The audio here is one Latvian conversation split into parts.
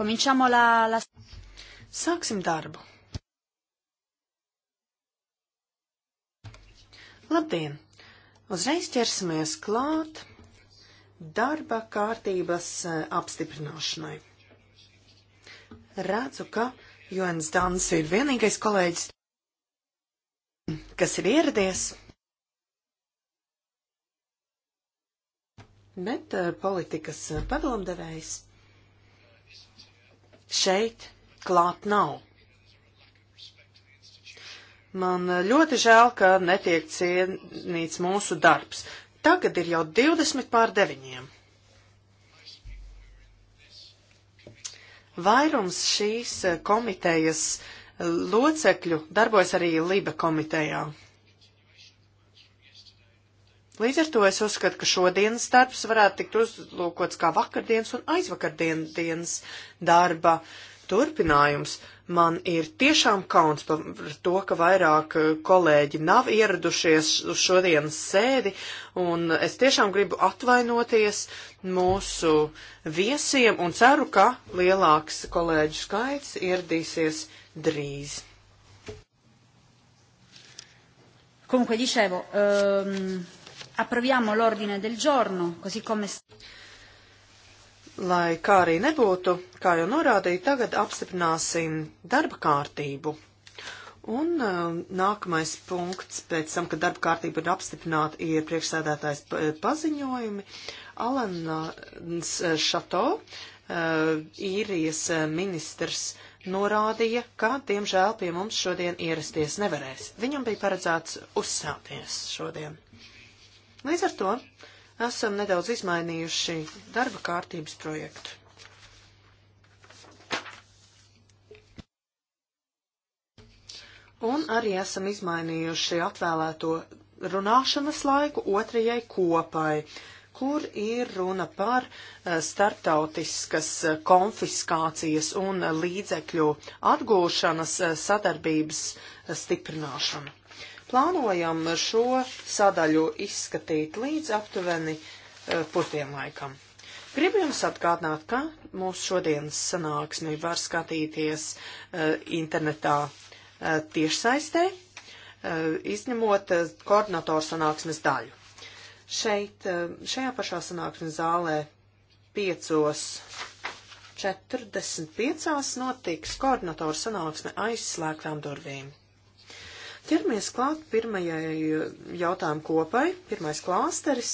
Cominciamo la, la... Sāksim darbu. Labdien! Uzreiz ķersimies klāt darba kārtības eh, apstiprināšanai. Redzu, ka Joens Dans ir vienīgais kolēģis, kas ir ieradies. Bet eh, politikas eh, padomdevējs šeit klāt nav. Man ļoti žēl, ka netiek cienīts mūsu darbs. Tagad ir jau 20 pār 9. Vairums šīs komitejas locekļu darbojas arī Liba komitejā. Līdz ar to es uzskatu, ka šodienas darbs varētu tikt uzlūkots kā vakardienas un aizvakardienas dienas darba turpinājums. Man ir tiešām kauns par to, ka vairāk eh, kolēģi nav ieradušies uz šodienas sēdi, un es tiešām gribu atvainoties mūsu viesiem un ceru, ka lielāks kolēģu skaits ieradīsies drīz. Comunque dicevo, um, Approviamo l'ordine del giorno, così come. Lai kā arī nebūtu, kā jau norādīju, tagad apstiprināsim darba kārtību. Un uh, nākamais punkts, pēc tam, kad darba kārtība ir apstiprināta, ir priekšsēdētājs eh, paziņojumi. Alans uh, eh, Šato, uh, īrijas ministrs, norādīja, ka, diemžēl, pie mums šodien ierasties nevarēs. Viņam bija paredzēts uzstāties šodien. Uh, Līdz ar to esam nedaudz izmainījuši darba kārtības projektu. Un arī esam izmainījuši atvēlēto runāšanas laiku otrajai kopai, kur ir runa par eh, startautiskas eh, konfiskācijas un eh, līdzekļu atgūšanas sadarbības stiprināšanu. Plānojam šo sadaļu izskatīt līdz aptuveni e, pusdienlaikam. Gribu jums atgādināt, ka mūsu šodienas sanāksmi var skatīties e, internetā e, tiešsaistē, izņemot koordinatoru sanāksmes daļu. Šeit, šajā pašā sanāksmes zālē 5.45 notiks koordinatoru sanāksme aizslēgtām durvīm. Ķeramies klāt pirmajai eh, jautājumu kopai, pirmais klāsteris,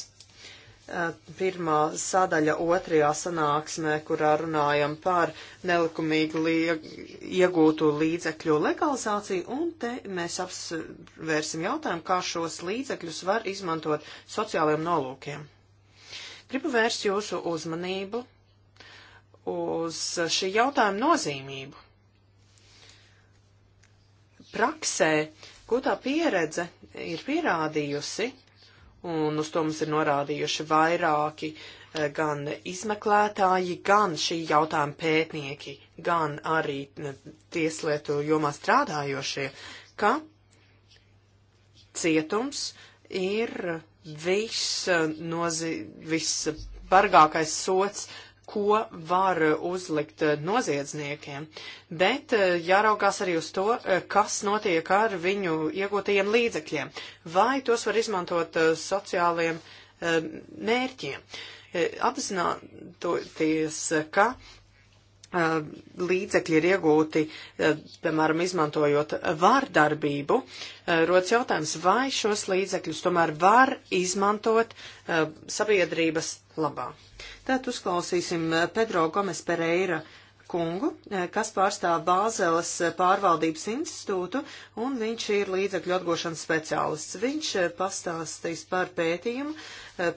eh, pirmā sadaļa otrajā sanāksmē, kurā runājam par nelikumīgi lieg, iegūtu līdzekļu legalizāciju, un te mēs apsvērsim jautājumu, kā šos līdzekļus var izmantot sociālajiem nolūkiem. Gribu vērst jūsu uzmanību uz šī jautājuma nozīmību. Praksē Gūtā pieredze ir pierādījusi, un uz to mums ir norādījuši vairāki eh, gan izmeklētāji, gan šī jautājuma pētnieki, gan arī eh, tieslietu jomā strādājošie, ka cietums ir viss eh, nozi, viss bargākais sots ko var uzlikt eh, noziedzniekiem, bet eh, jāraugās arī uz to, eh, kas notiek ar viņu iegūtajiem līdzekļiem, vai tos var izmantot sociāliem mērķiem. Apzināties, ka līdzekļi ir iegūti, piemēram, izmantojot vārdarbību, rodas jautājums, vai šos līdzekļus tomēr var izmantot sabiedrības labā. Tad uzklausīsim Pedro Gomes Pereira kungu, eh, kas pārstāv Bāzeles eh, pārvaldības institūtu, un viņš ir līdzekļu atgošanas speciālists. Viņš eh, pastāstīs par pētījumu,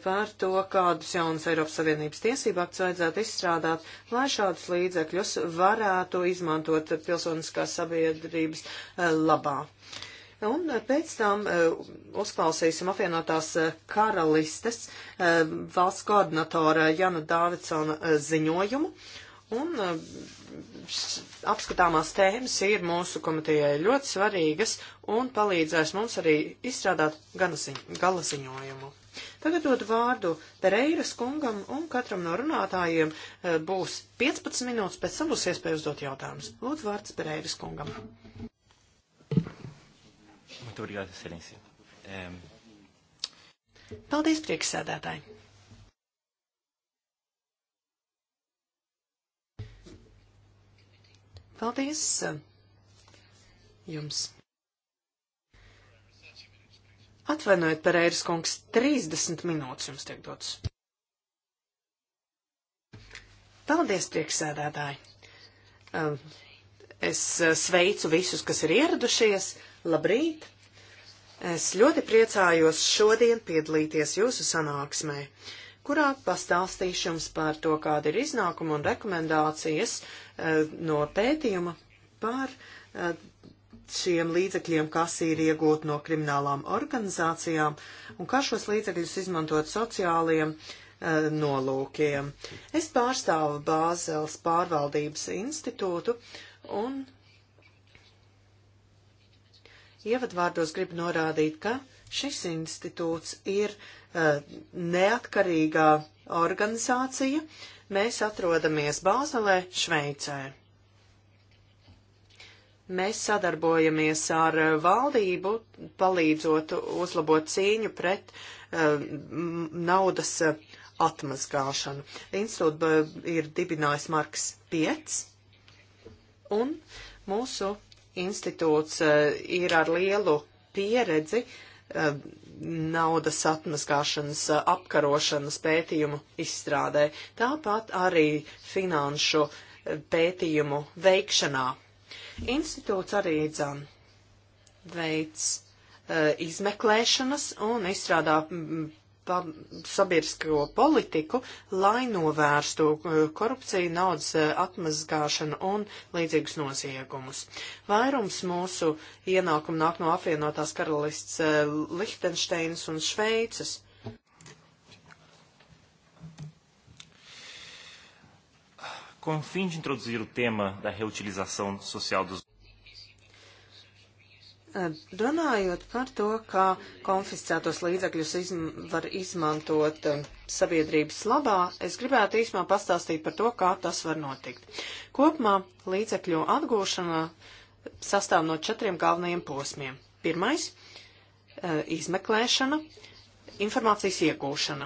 par to, kādus jaunus Eiropas Savienības tiesību aktus vajadzētu izstrādāt, lai šādus līdzekļus varētu izmantot pilsoniskās sabiedrības labā. Un pēc tam uzklausīsim apvienotās karalistes valsts koordinatora Jana Dāvidsona ziņojumu. Un uh, apskatāmās tēmas ir mūsu komitejai ļoti svarīgas un palīdzēs mums arī izstrādāt galaziņojumu. Tagad dod vārdu Pereiras kungam un katram no runātājiem uh, būs 15 minūtes, pēc tam būs iespēja uzdot jautājumus. Lūdzu vārds Pereiras kungam. Ehm, Paldies, prieksēdētāji! Paldies eh, jums! Atvainojiet, Pereiras kungs, 30 minūtes jums tiek dots. Paldies, prieksēdētāji! Um, es eh, sveicu visus, kas ir ieradušies. Labrīt! Es ļoti priecājos šodien piedalīties jūsu sanāksmē kurā pastāstīšu jums par to, kāda ir iznākuma un rekomendācijas eh, no pētījuma par eh, šiem līdzekļiem, kas ir iegūti no kriminālām organizācijām un kā šos līdzekļus izmantot sociālajiem eh, nolūkiem. Es pārstāvu Bāzels pārvaldības institūtu un ievadvārdos gribu norādīt, ka šis institūts ir uh, Eh, neatkarīgā organizācija. Mēs atrodamies Bāzelē, Šveicē. Mēs sadarbojamies ar valdību, palīdzot uzlabot cīņu pret uh, naudas eh, atmazgāšanu. Institūts ir dibinājis Marks 5, un mūsu institūts uh, ir ar lielu pieredzi uh, naudas atmaskāšanas eh, apkarošanas pētījumu izstrādē, tāpat arī finanšu eh, pētījumu veikšanā. Institūts arī dzan veids eh, izmeklēšanas un izstrādā sabiedrisko politiku, lai novērstu eh, korupciju, naudas eh, atmazgāšanu un līdzīgus noziegumus. Vairums mūsu ienākumu nāk no apvienotās karalists eh, Lihtensteinas un Šveices. Com o fim de introduzir o tema da reutilização social dos Eh, runājot par to, kā konfiscētos līdzekļus izm var izmantot eh, sabiedrības labā, es gribētu īsumā pastāstīt par to, kā tas var notikt. Kopumā līdzekļu atgūšana sastāv no četriem galvenajiem posmiem. Pirmais eh, - izmeklēšana, informācijas iegūšana.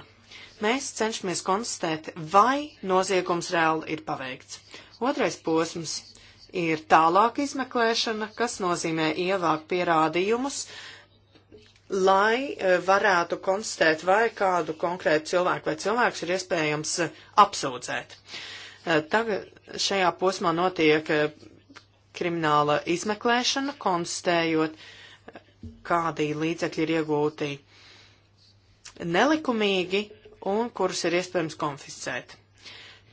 Mēs cenšamies konstatēt, vai noziegums reāli ir paveikts. Otrais posms ir tālāk izmeklēšana, kas nozīmē ievākt pierādījumus, lai e, varētu konstatēt, vai kādu konkrētu cilvēku vai cilvēks ir iespējams e, apsūdzēt. E, Tagad šajā posmā notiek krimināla izmeklēšana, konstatējot, kādi līdzekļi ir iegūti nelikumīgi un kurus ir iespējams konfiscēt.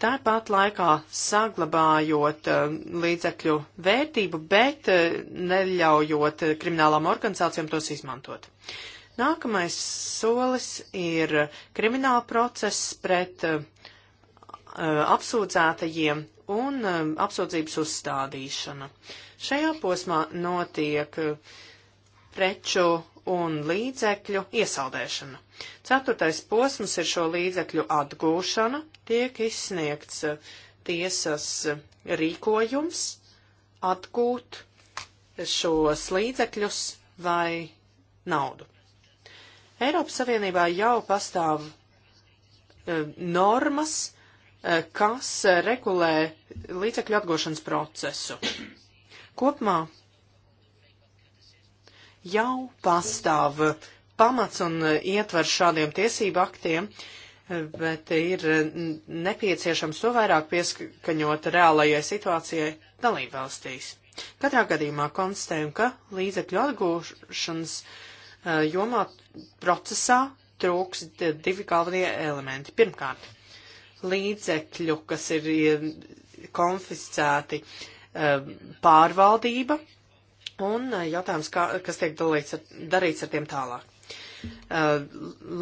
Tāpat laikā saglabājot eh, līdzekļu vērtību, bet eh, neļaujot kriminālām organizācijām tos izmantot. Nākamais solis ir krimināla process pret eh, apsūdzētajiem un apsūdzības uzstādīšana. Šajā posmā notiek preču un līdzekļu iesaldēšana. Ceturtais posms ir šo līdzekļu atgūšana, tiek izsniegts eh, tiesas eh, rīkojums atgūt šos līdzekļus vai naudu. Eiropas Savienībā jau pastāv eh, normas, kas regulē līdzekļu atgūšanas procesu. Kopumā jau pastāv pamats un ietver šādiem tiesību aktiem, bet ir nepieciešams to vairāk pieskaņot reālajai situācijai dalībvalstīs. Katrā gadījumā konstatējam, ka līdzekļu atgūšanas eh, jomā procesā trūks divi galvenie elementi. Pirmkārt, līdzekļu, kas ir eh, konfiscēti, eh, pārvaldība, un eh, jautājums, kā, kas tiek dalīts ar, darīts ar tiem tālāk. Eh,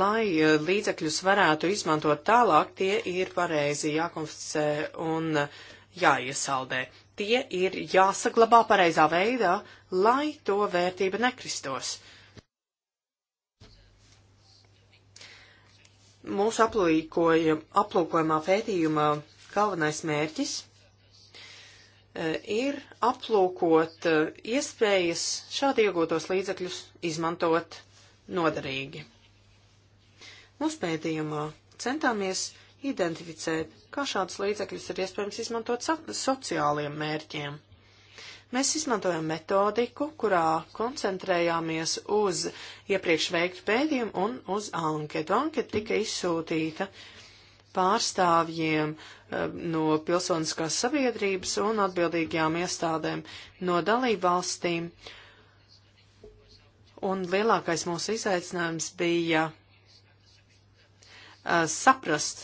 lai eh, līdzekļus varētu izmantot tālāk, tie ir pareizi jākonfiscē un jāiesaldē. Tie ir jāsaglabā pareizā veidā, lai to vērtība nekristos. Mūsu aplūkojumā pētījumā galvenais mērķis E, ir aplūkot e, iespējas šādi iegūtos līdzekļus izmantot noderīgi. Mūsu pētījumā centāmies identificēt, kā šādus līdzekļus ir iespējams izmantot sociāliem mērķiem. Mēs izmantojam metodiku, kurā koncentrējāmies uz iepriekš veiktu pētījumu un uz anketu. Anketa tika izsūtīta uh, pārstāvjiem eh, no pilsoniskās sabiedrības un atbildīgajām iestādēm no dalībvalstīm. Un lielākais mūsu izaicinājums bija eh, saprast,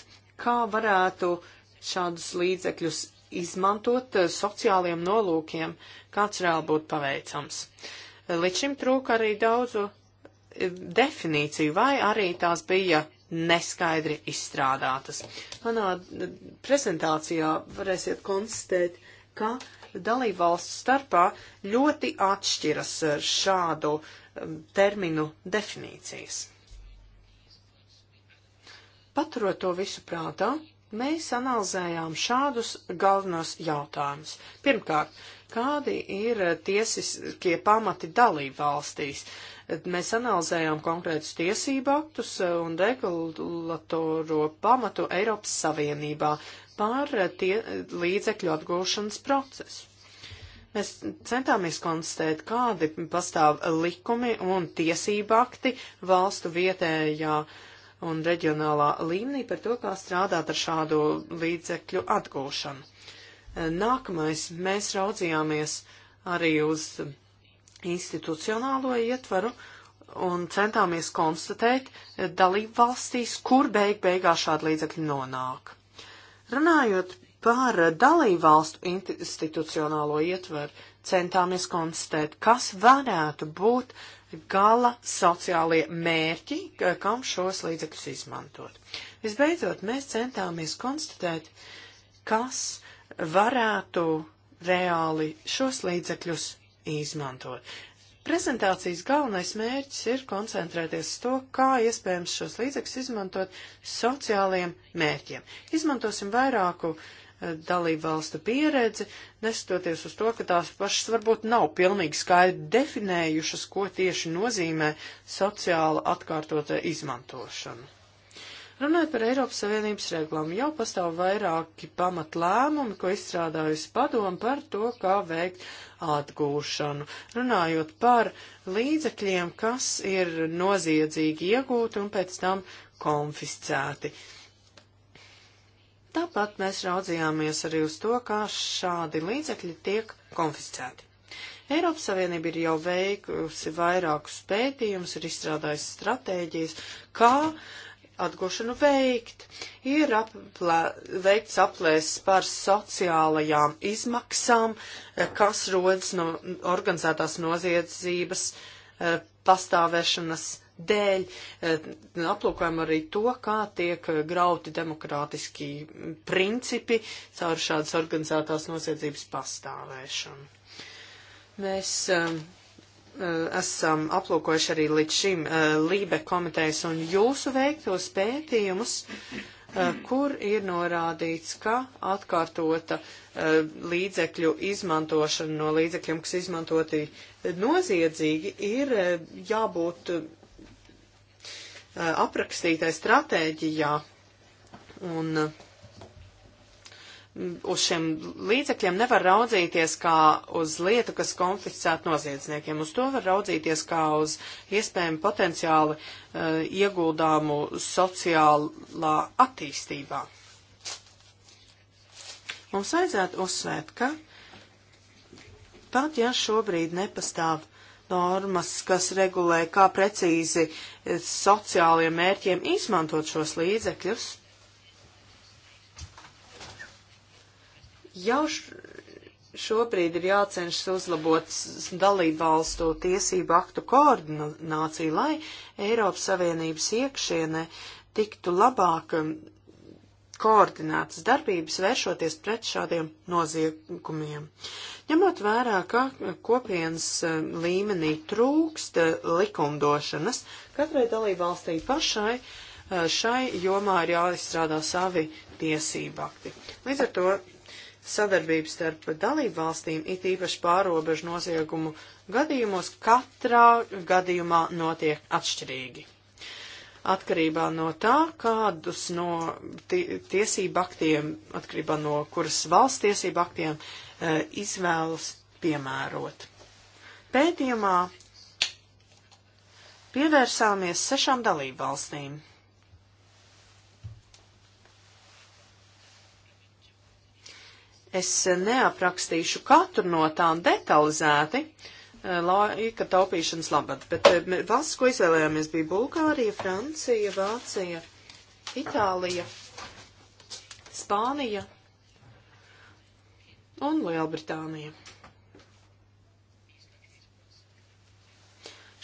kā varētu šādus līdzekļus izmantot eh, sociāliem nolūkiem, kāds reāli būtu paveicams. Līdz šim trūka arī daudzu definīciju, vai arī tās bija neskaidri izstrādātas. Manā eh, prezentācijā varēsiet konstatēt, ka dalībvalstu starpā ļoti atšķiras eh, šādu eh, terminu definīcijas. Paturot to visu prātā, mēs analizējām šādus galvenos jautājumus. Pirmkārt, Kādi ir tiesiskie pamati dalību valstīs? Mēs analizējām konkrētus tiesību aktus un regulatoro pamatu Eiropas Savienībā par tie, līdzekļu atgūšanas procesu. Mēs centāmies konstatēt, kādi pastāv likumi un tiesība akti valstu vietējā un reģionālā līmenī par to, kā strādāt ar šādu līdzekļu atgūšanu. Nākamais mēs raudzījāmies arī uz institucionālo ietvaru un centāmies konstatēt dalību valstīs, kur beig beigā šādi līdzekļi nonāk. Runājot par dalību valstu institucionālo ietvaru, centāmies konstatēt, kas varētu būt gala sociālie mērķi, kam šos līdzekļus izmantot. Visbeidzot, mēs centāmies konstatēt, kas varētu reāli šos līdzekļus izmantot. Prezentācijas galvenais mērķis ir koncentrēties uz to, kā iespējams šos līdzekļus izmantot sociālajiem mērķiem. Izmantosim vairāku eh, dalību valstu pieredzi, nestoties uz to, ka tās pašas varbūt nav pilnīgi skaidri definējušas, ko tieši nozīmē sociāla atkārtota izmantošana. Runājot par Eiropas Savienības reglām, jau pastāv vairāki pamatlēmumi, ko izstrādājusi padomu par to, kā veikt atgūšanu. Runājot par līdzekļiem, kas ir noziedzīgi iegūti un pēc tam konfiscēti. Tāpat mēs raudzījāmies arī uz to, kā šādi līdzekļi tiek konfiscēti. Eiropas Savienība ir jau veikusi vairākus pētījumus, ir izstrādājusi stratēģijas, kā atgošanu veikt. Ir aplē, veikts aplēses par sociālajām izmaksām, eh, kas rodas no organizētās noziedzības eh, pastāvēšanas dēļ. Eh, aplūkojam arī to, kā tiek grauti demokrātiski principi caur šādas organizētās noziedzības pastāvēšanu. Mēs Eh, esam aplūkojuši arī līdz šim eh, Lībe komitejas un jūsu veiktos pētījumus, eh, kur ir norādīts, ka atkārtota līdzekļu izmantošana no līdzekļiem, kas izmantoti noziedzīgi, ir jābūt aprakstītai stratēģijā. Un uh, uz šiem līdzekļiem nevar raudzīties kā uz lietu, kas konfiscēta noziedzniekiem. Uz to var raudzīties kā uz iespējami potenciāli uh, ieguldāmu sociālā attīstībā. Mums vajadzētu uzsvērt, ka pat ja šobrīd nepastāv normas, kas regulē, kā precīzi eh, sociālajiem mērķiem izmantot šos līdzekļus, Jau šobrīd ir jācenšas uzlabot dalību valstu tiesību aktu koordināciju, lai Eiropas Savienības iekšienē tiktu labāk um, koordinētas darbības vēršoties pret šādiem noziegumiem. Ņemot vērā, ka kopienas um, līmenī trūkst uh, likumdošanas, katrai dalībvalstī pašai uh, šai jomā ir jāizstrādā savi tiesību akti. Līdz ar to sadarbību starp dalību valstīm, it īpaši pārobežu noziegumu gadījumos, katrā gadījumā notiek atšķirīgi. Atkarībā no tā, kādus no tiesību aktiem, atkarībā no kuras valsts tiesību aktiem e, izvēlas piemērot. Pētījumā pievērsāmies sešām dalību valstīm Es neaprakstīšu katru no tām detalizēti eh, laika taupīšanas labad, bet eh, valsts, ko izvēlējāmies, bija Bulgārija, Francija, Vācija, Itālija, Spānija un Lielbritānija.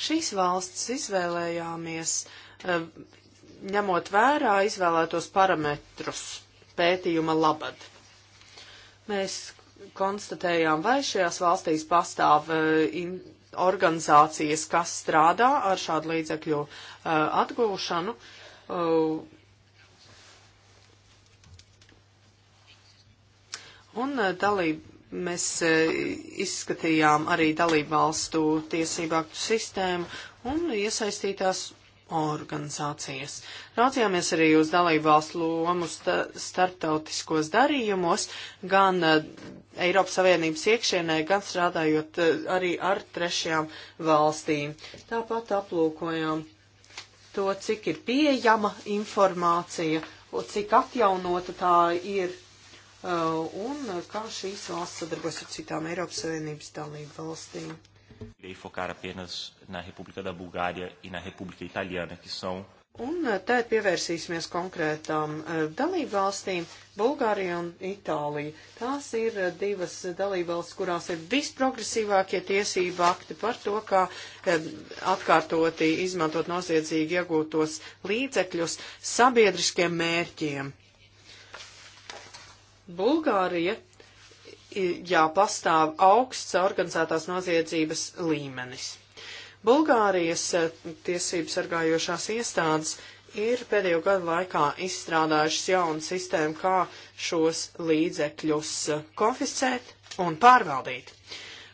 Šīs valsts izvēlējāmies eh, ņemot vērā izvēlētos parametrus pētījuma labad. Mēs konstatējām, vai šajās valstīs pastāv e, in, organizācijas, kas strādā ar šādu līdzekļu uh, atgūšanu. Uh, un uh, dalību mēs izskatījām arī dalību valstu tiesību aktu sistēmu un iesaistītās organizācijas. Raudzījāmies arī uz dalību valstu lomu sta starptautiskos darījumos, gan uh, Eiropas Savienības iekšienē, gan strādājot uh, arī ar trešajām valstīm. Tāpat aplūkojām to, cik ir pieejama informācija, cik atjaunota tā ir uh, un kā šīs valsts sadarbojas ar citām Eiropas Savienības dalību valstīm. Irei focar apenas na República da Bulgária e na República Italiana, que são. Un eh, tad pievērsīsimies konkrētām eh, dalībvalstīm - Bulgārija un Itālija. Tās ir eh, divas dalībvalstis, kurās ir visprogresīvākie tiesība akti par to, kā atkārtoti izmantot noziedzīgi iegūtos līdzekļus sabiedriskiem mērķiem. Bulgārija jāpastāv augsts organizētās noziedzības līmenis. Bulgārijas e, tiesību sargājošās iestādes ir pēdējo gadu laikā izstrādājušas jaunu sistēmu, kā šos līdzekļus e, konfiscēt un pārvaldīt.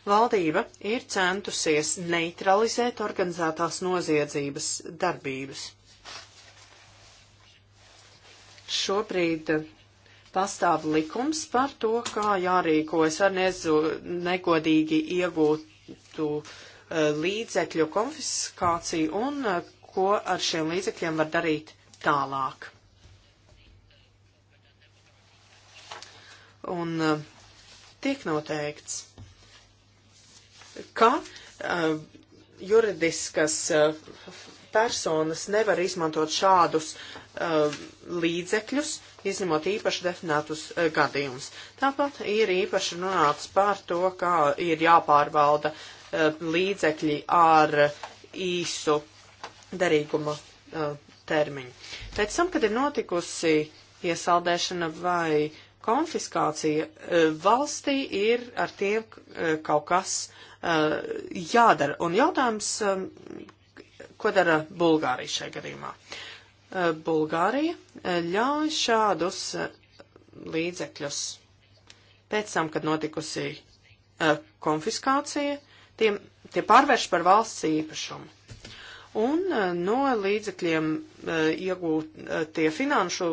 Valdība ir centusies neutralizēt organizētās noziedzības darbības. Šobrīd e, pastāv likums par to, kā jārīkojas ar nezu, negodīgi iegūtu uh, līdzekļu konfiskāciju un uh, ko ar šiem līdzekļiem var darīt tālāk. Un uh, tiek noteikts, ka juridiskas personas nevar izmantot šādus uh, līdzekļus, izņemot īpaši definētus uh, gadījumus. Tāpat ir īpaši runāts par to, kā ir jāpārvalda uh, līdzekļi ar īsu derīguma uh, termiņu. Pēc tam, kad ir notikusi iesaldēšana vai konfiskācija, uh, valstī ir ar tiem uh, kaut kas jādara. Un jautājums, um, Ko dara Bulgārija šajā gadījumā? Eh, Bulgārija eh, ļauj šādus eh, līdzekļus pēc tam, kad notikusi konfiskācija, tie, tie pārvērš par valsts īpašumu. Un no līdzekļiem iegūtie finanšu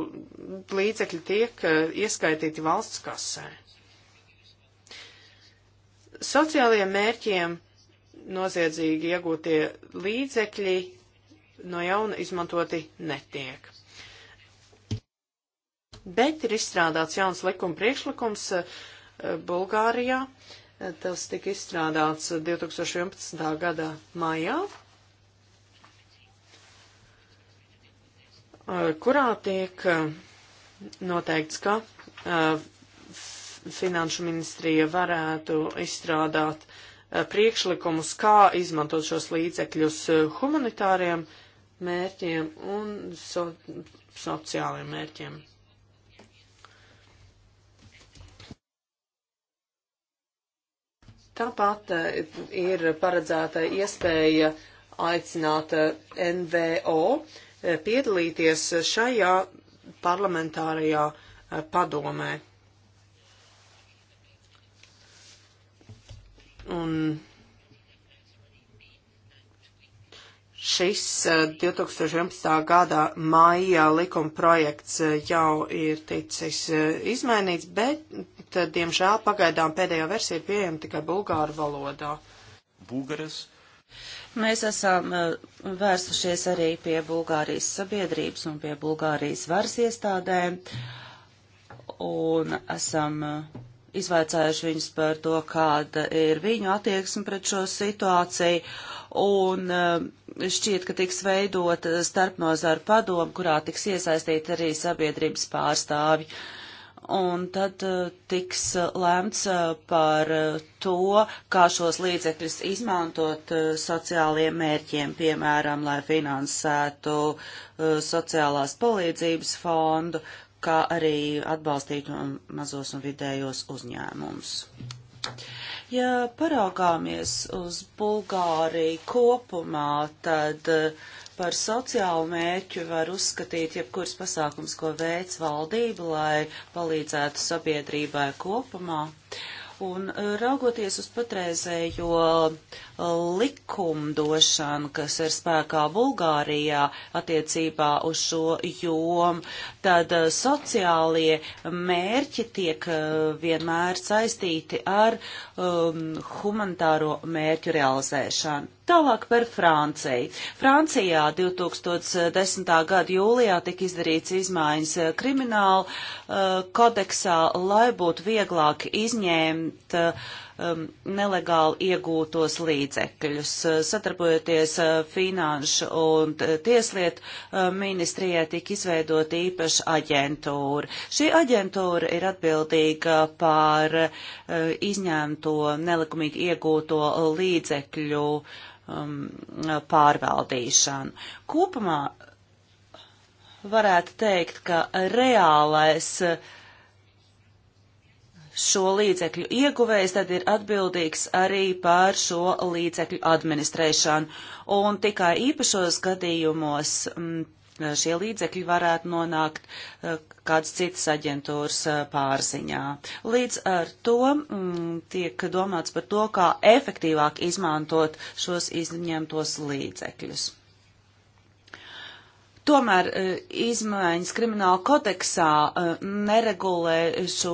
līdzekļi tiek ieskaitīti valsts kasē sociālajiem mērķiem noziedzīgi iegūtie līdzekļi no jauna izmantoti netiek. Bet ir izstrādāts jauns likuma priekšlikums eh, Bulgārijā. Eh, tas tika izstrādāts 2011. gada maijā, eh, kurā tiek noteikts, ka finanšu ministrija varētu izstrādāt uh, Eh, priekšlikumus, kā izmantot šos līdzekļus eh, humanitāriem mērķiem un so sociāliem mērķiem. Tāpat eh, ir paredzēta iespēja aicināt NVO piedalīties šajā parlamentārajā padomē. Un šis 2011. Eh, gada maija likuma projekts eh, jau ir ticis eh, izmainīts, bet, diemžēl, pagaidām pēdējā versija ir pieejama tikai bulgāru valodā. Bulgaras. Mēs esam vērsušies arī pie Bulgārijas sabiedrības un pie Bulgārijas varas iestādēm un esam izvaicājuši viņus par to, kāda ir viņu attieksme pret šo situāciju. Un eh, šķiet, ka tiks veidot starpnozāru padomu, kurā tiks iesaistīti arī sabiedrības pārstāvji. Un tad eh, tiks eh, lēmts par to, kā šos līdzekļus izmantot sociāliem mērķiem, piemēram, lai finansētu sociālās palīdzības fondu, uh, kā arī atbalstīt mazos un vidējos uzņēmumus. Ja paraugāmies uz Bulgāriju kopumā, tad eh, par sociālu mērķu var uzskatīt jebkurs pasākums, ko veic valdība, lai palīdzētu sabiedrībai kopumā. Uh, Un e, raugoties uz patreizējo e, likumdošanu, kas ir spēkā Bulgārijā attiecībā uz šo jomu, tad e, sociālie mērķi tiek vienmēr saistīti ar um, humanitāro mērķu realizēšanu. Tālāk par Franciju. Francijā 2010. gada jūlijā tika izdarīts izmaiņas eh, krimināla uh, kodeksā, lai būtu vieglāk izņemt uh, um, nelegāli iegūtos līdzekļus. Satarbojoties uh, finanšu un tieslietu uh, ministrijai tika izveidot īpaša aģentūra. Šī aģentūra ir atbildīga par uh, izņemto nelikumīgi iegūto līdzekļu uh, um, pārvaldīšanu. Kopumā varētu teikt, ka reālais uh, šo līdzekļu ieguvējs tad ir atbildīgs arī par šo līdzekļu administrēšanu. Un tikai īpašos gadījumos m, mm, šie līdzekļi varētu nonākt kādas citas aģentūras pārziņā. Līdz ar to m, mm, tiek domāts par to, kā efektīvāk izmantot šos izņemtos līdzekļus. Tomēr izmaiņas krimināla kodeksā neregulē šo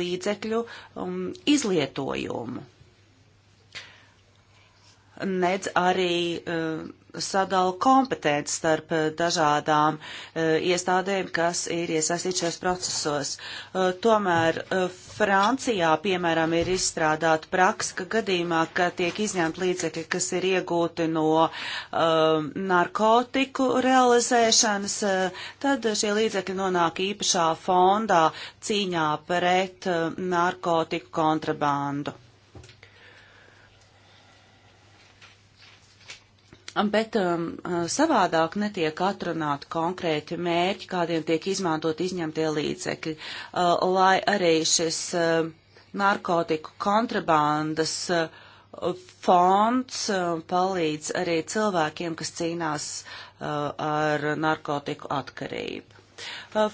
līdzekļu um, izlietojumu. Nedz arī sadala kompetenci starp eh, dažādām uh, iestādēm, kas ir iesaistīts šajos procesos. Uh, tomēr uh, Francijā, piemēram, ir izstrādāta praksa, ka gadījumā, ka tiek izņemt līdzekļi, kas ir iegūti no narkotiku realizēšanas, tad šie līdzekļi nonāk īpašā fondā cīņā pret narkotiku kontrabandu. bet um, uh, savādāk netiek atrunāti konkrēti mērķi, kādiem tiek izmantot izņemtie līdzekļi, uh, lai arī šis uh, narkotiku kontrabandas uh, fonds uh, palīdz arī cilvēkiem, kas cīnās uh, ar narkotiku atkarību.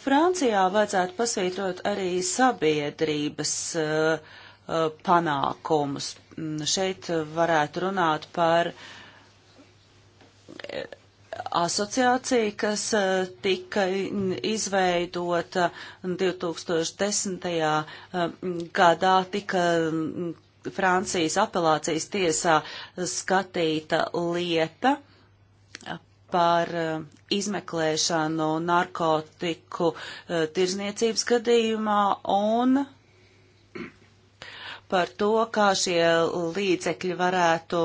Francijā vajadzētu pasvītrot arī sabiedrības panākumus. Mm, šeit varētu runāt par uh, asociācija, kas eh, tika izveidota 2010. Eh, gadā, tika Francijas apelācijas tiesā skatīta lieta par eh, izmeklēšanu narkotiku tirzniecības gadījumā un par to, kā šie līdzekļi varētu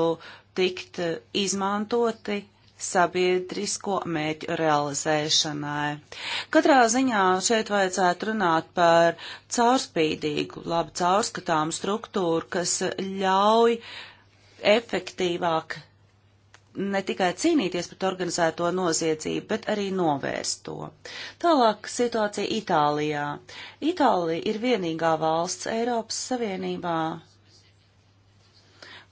tikt izmantoti sabiedrisko mēķu realizēšanai. Katrā ziņā šeit vajadzētu runāt par caurspīdīgu, labi caurskatām struktūru, kas ļauj efektīvāk ne tikai cīnīties pret organizēto noziedzību, bet arī novērst to. Tālāk situācija Itālijā. Itālija ir vienīgā valsts Eiropas Savienībā,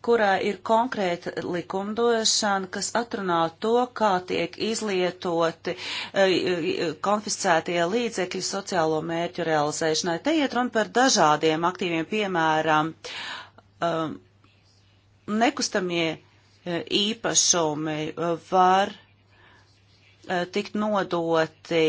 kurā ir konkrēta likumdošana, kas atrunā to, kā tiek izlietoti e, e, konfiscētie līdzekļi sociālo mērķu realizēšanai. Te iet runa par dažādiem aktīviem, piemēram, e, nekustamie īpašumi var tikt nodoti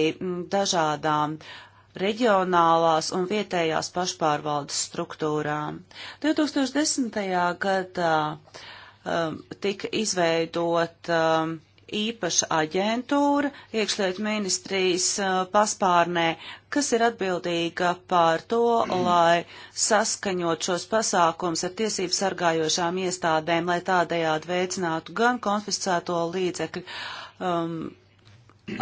dažādām uh, reģionālās un vietējās pašpārvaldes struktūrām. 2010. gadā um, tika izveidot um, īpaša aģentūra iekšlietu ministrijas uh, paspārnē, kas ir atbildīga par to, lai saskaņot šos pasākums ar tiesību sargājošām iestādēm, lai tādējādi veicinātu gan konfiscēto līdzekļu um,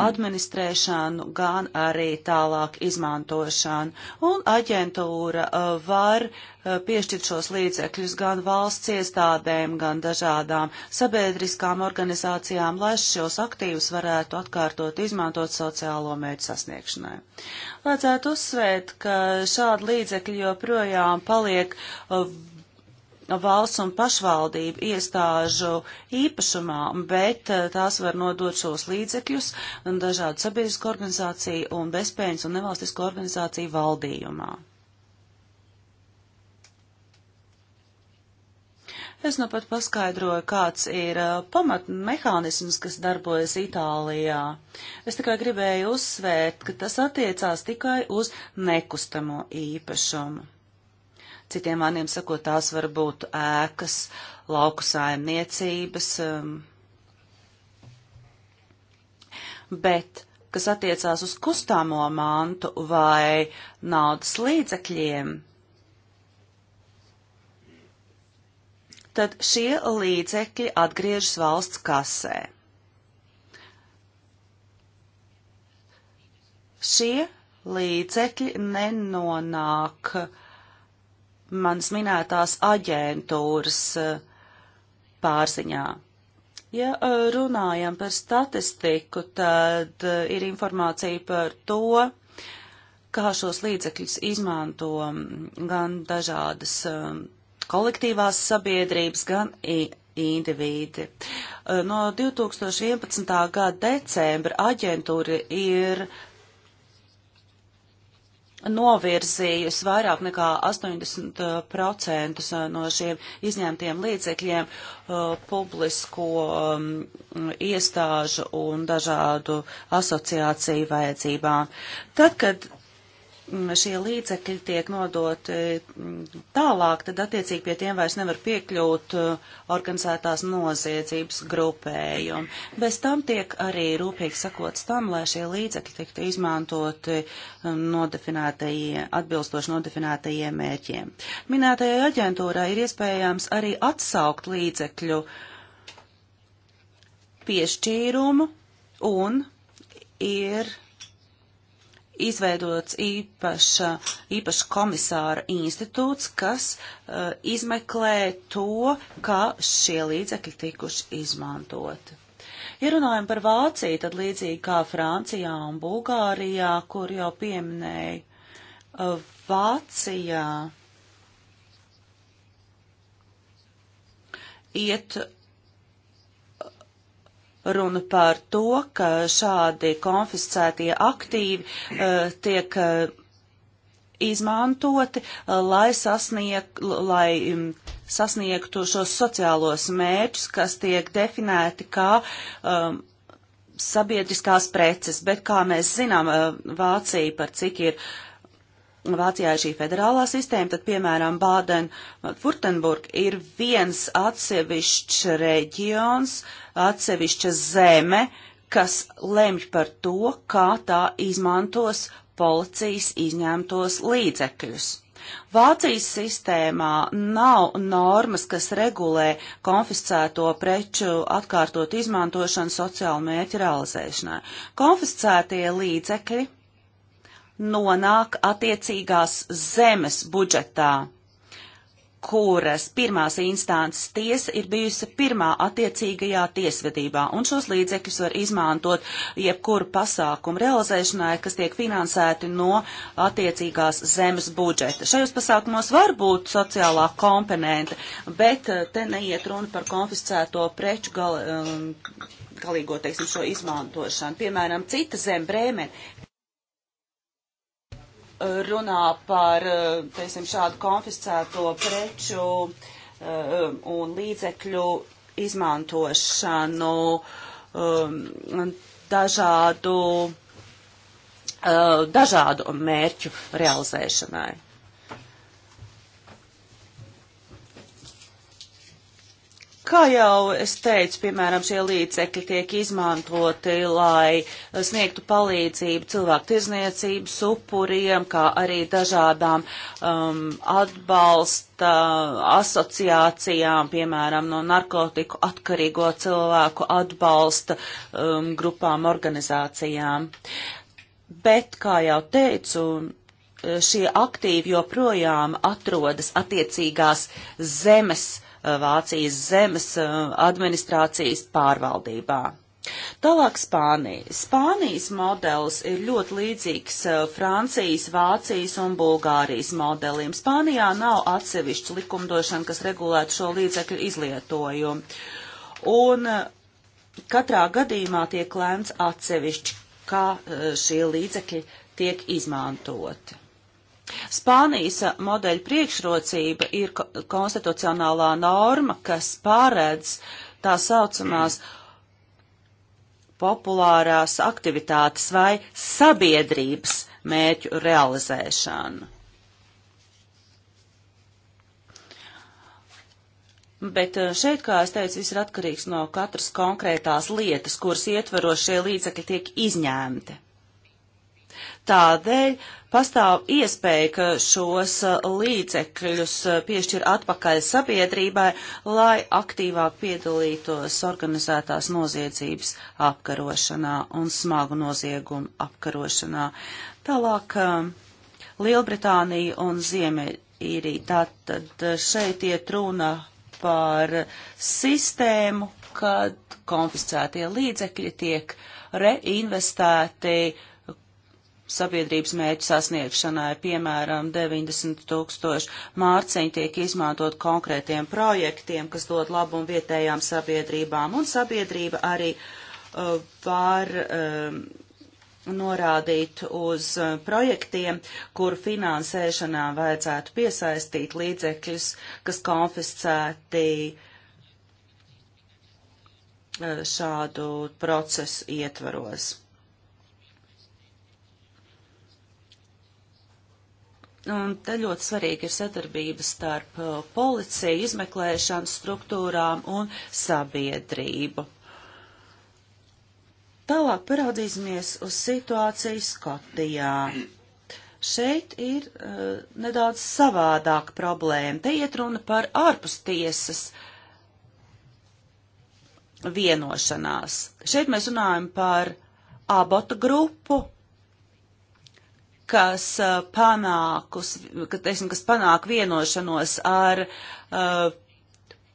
administrēšanu, gan arī tālāk izmantošanu. Un aģentūra uh, var uh, piešķirt šos līdzekļus gan valsts iestādēm, gan dažādām sabiedriskām organizācijām, lai šos aktīvus varētu atkārtot izmantot sociālo mērķu sasniegšanai. Vajadzētu uzsvērt, ka šādi līdzekļi joprojām paliek uh, valsts un pašvaldību iestāžu īpašumā, bet eh, tās var nodot šos līdzekļus dažādu sabiedrisku organizāciju un bezpējas un nevalstisku organizāciju valdījumā. Es nu pat paskaidroju, kāds ir eh, pamatmehānisms, kas darbojas Itālijā. Es tikai gribēju uzsvērt, ka tas attiecās tikai uz nekustamo īpašumu. Citiem vārdiem sakot, tās var būt ēkas, lauku saimniecības, um, bet, kas attiecās uz kustāmo mantu vai naudas līdzekļiem, tad šie līdzekļi atgriežas valsts kasē. Šie līdzekļi nenonāk uh, manas minētās aģentūras eh, pārziņā. Ja eh, runājam par statistiku, tad eh, ir informācija par to, kā šos līdzekļus izmanto mm, gan dažādas kolektīvās sabiedrības, gan indivīdi. No 2011. gada decembra aģentūra ir novirzījusi vairāk nekā 80% eh, no šiem izņemtiem līdzekļiem uh, publisko um, iestāžu un dažādu asociāciju vajadzībām. Tad, kad Mm, šie līdzekļi tiek nodoti mm, tālāk, tad attiecīgi pie tiem vairs nevar piekļūt uh, organizētās noziedzības grupējumi. Bez tam tiek arī rūpīgi sakots tam, lai šie līdzekļi tiktu izmantoti um, nodefinētajiem, atbilstoši nodefinētajiem mērķiem. Minētajai aģentūrai ir iespējams arī atsaukt līdzekļu piešķīrumu un ir izveidots īpaša, īpaša komisāra institūts, kas uh, izmeklē to, kā šie līdzekļi tikuši izmantoti. Ja runājam par Vāciju, tad līdzīgi kā Francijā un Bulgārijā, kur jau pieminēju, uh, eh, Vācijā iet runa par to, ka šādi konfiscētie aktīvi uh, tiek uh, izmantoti, uh, lai, sasnieg, lai um, sasniegtu šos sociālos mērķus, kas tiek definēti kā um, sabiedriskās preces, bet kā mēs zinām, Vācija par cik ir uh, Vācijā ir šī federālā sistēma, tad, piemēram, Bādena-Furtenburg uh, ir viens atsevišķs reģions, atsevišķa zeme, kas lemj par to, kā tā izmantos policijas izņemtos līdzekļus. Vācijas sistēmā nav normas, kas regulē konfiscēto preču atkārtot izmantošanu sociālu mērķu realizēšanai. Konfiscētie līdzekļi nonāk attiecīgās zemes budžetā kuras pirmās instances tiesa ir bijusi pirmā attiecīgajā tiesvedībā, un šos līdzekļus var izmantot jebkuru pasākumu realizēšanai, kas tiek finansēti no attiecīgās zemes budžeta. Šajos pasākumos var būt sociālā komponente, bet eh, te neiet runa par konfiscēto preču gal, um, galīgo, teiksim, šo izmantošanu. Piemēram, cita zem brēmeni runā par, eh, teiksim, šādu konfiscēto preču eh, un līdzekļu izmantošanu eh, dažādu, dažādu mērķu realizēšanai. Kā jau es teicu, piemēram, šie līdzekļi tiek izmantoti, lai sniegtu palīdzību cilvēku tirzniecības upuriem, kā arī dažādām um, atbalsta asociācijām, piemēram, no narkotiku atkarīgo cilvēku atbalsta um, grupām, organizācijām. Bet, kā jau teicu, šie aktīvi joprojām atrodas attiecīgās zemes, uh, Vācijas zemes eh, administrācijas pārvaldībā. Tālāk Spānija. Spānijas modelis ir ļoti līdzīgs eh, Francijas, Vācijas un Bulgārijas modelim. Spānijā nav atsevišķa likumdošana, kas regulētu šo līdzekļu izlietojumu. Un eh, katrā gadījumā tiek lēmts atsevišķi, kā šie līdzekļi tiek izmantoti. Spānijas modeļa priekšrocība ir konstitucionālā norma, kas pārēdz tā saucamās populārās aktivitātes vai sabiedrības mērķu realizēšanu. Bet eh, šeit, kā es teicu, viss ir atkarīgs no katras konkrētās lietas, kuras ietverošie līdzekļi tiek izņemti. Tādēļ pastāv iespēja, ka šos uh, līdzekļus uh, piešķir atpakaļ sabiedrībai, lai aktīvāk piedalītos organizētās noziedzības apkarošanā un smagu noziegumu apkarošanā. Tālāk um, Lielbritānija un Ziemeļīrija. Tātad uh, šeit iet runa par sistēmu, kad konfiscētie līdzekļi tiek reinvestēti uh, sabiedrības mērķu sasniegšanai, piemēram, 90 tūkstoši mārciņu tiek izmantot konkrētiem projektiem, kas dod labumu vietējām sabiedrībām, un sabiedrība arī uh, var uh, norādīt uz uh, projektiem, kur finansēšanā vajadzētu piesaistīt līdzekļus, kas konfiscēti uh, šādu procesu ietvaros. Un te ļoti svarīgi ir sadarbība starp uh, policiju, izmeklēšanas struktūrām un sabiedrību. Tālāk paraudzīsimies uz situāciju Skotijā. Šeit ir uh, nedaudz savādāk problēma. Te iet runa par ārpus tiesas vienošanās. Šeit mēs runājam par abota grupu kas uh, panākus, ka, teiksim, kas panāk vienošanos ar uh,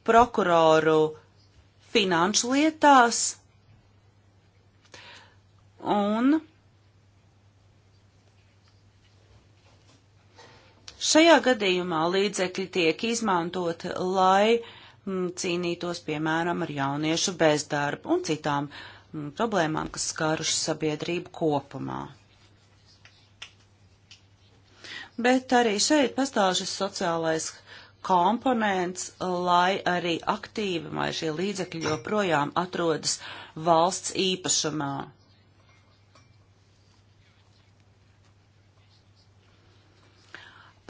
prokuroru finanšu lietās un Šajā gadījumā līdzekļi tiek izmantoti, lai m, mm, cīnītos, piemēram, ar jauniešu bezdarbu un citām m, mm, problēmām, kas skārušas sabiedrību kopumā bet arī šeit pastāv šis sociālais komponents, lai arī aktīvi vai šie līdzekļi joprojām atrodas valsts īpašumā.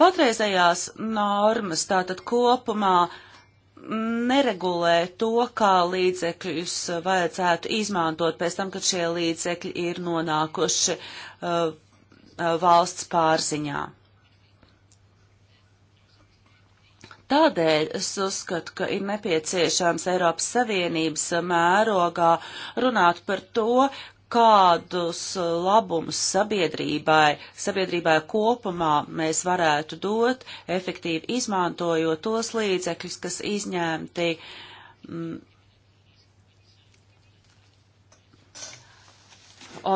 Patreizējās normas tātad kopumā neregulē to, kā līdzekļus vajadzētu izmantot pēc tam, kad šie līdzekļi ir nonākuši uh, uh valsts pārziņā. Tādēļ es uzskatu, ka ir nepieciešams Eiropas Savienības mērogā runāt par to, kādus labumus sabiedrībai, sabiedrībai kopumā mēs varētu dot, efektīvi izmantojot tos līdzekļus, kas izņemti mm,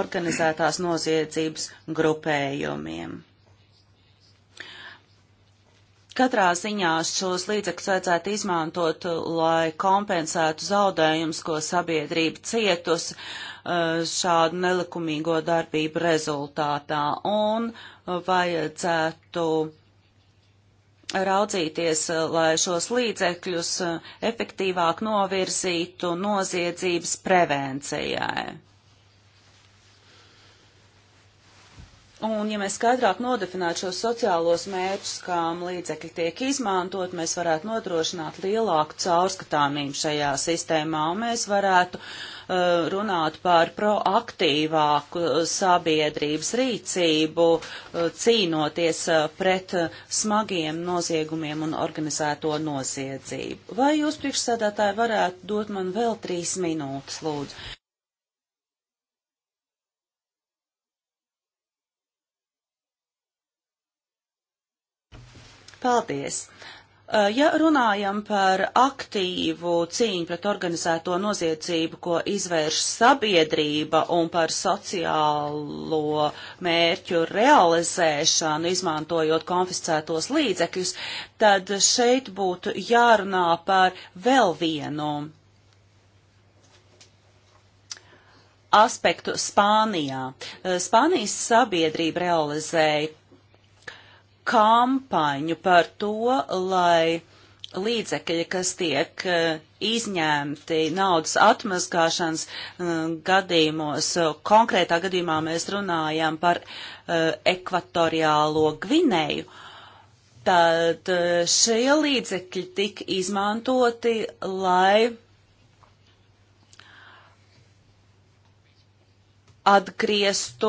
organizētās noziedzības grupējumiem. Katrā ziņā šos līdzekļus vajadzētu izmantot, lai kompensētu zaudējumus, ko sabiedrība cietus uh, šādu nelikumīgo darbību rezultātā. Un vajadzētu raudzīties, lai šos līdzekļus uh, efektīvāk novirzītu noziedzības prevencijai. Un, ja mēs skaidrāk nodefinētu šos sociālos mērķus, kām līdzekļi tiek izmantot, mēs varētu nodrošināt lielāku caurskatāmību šajā sistēmā, un mēs varētu uh, runāt par proaktīvāku uh, sabiedrības rīcību, uh, cīnoties uh, pret uh, smagiem noziegumiem un organizēto noziedzību. Vai jūs priekšsēdētāji varētu dot man vēl trīs minūtes, lūdzu? Paldies! Uh, ja runājam par aktīvu cīņu pret organizēto noziedzību, ko izvērš sabiedrība un par sociālo mērķu realizēšanu, izmantojot konfiscētos līdzekļus, tad šeit būtu jārunā par vēl vienu aspektu Spānijā. Uh, Spānijas sabiedrība realizēja kampaņu par to, lai līdzekļi, kas tiek eh, izņemti naudas atmazgāšanas eh, gadījumos, konkrētā gadījumā mēs runājam par eh, ekvatoriālo Gvinēju, tad šie līdzekļi tika izmantoti, lai atgrieztu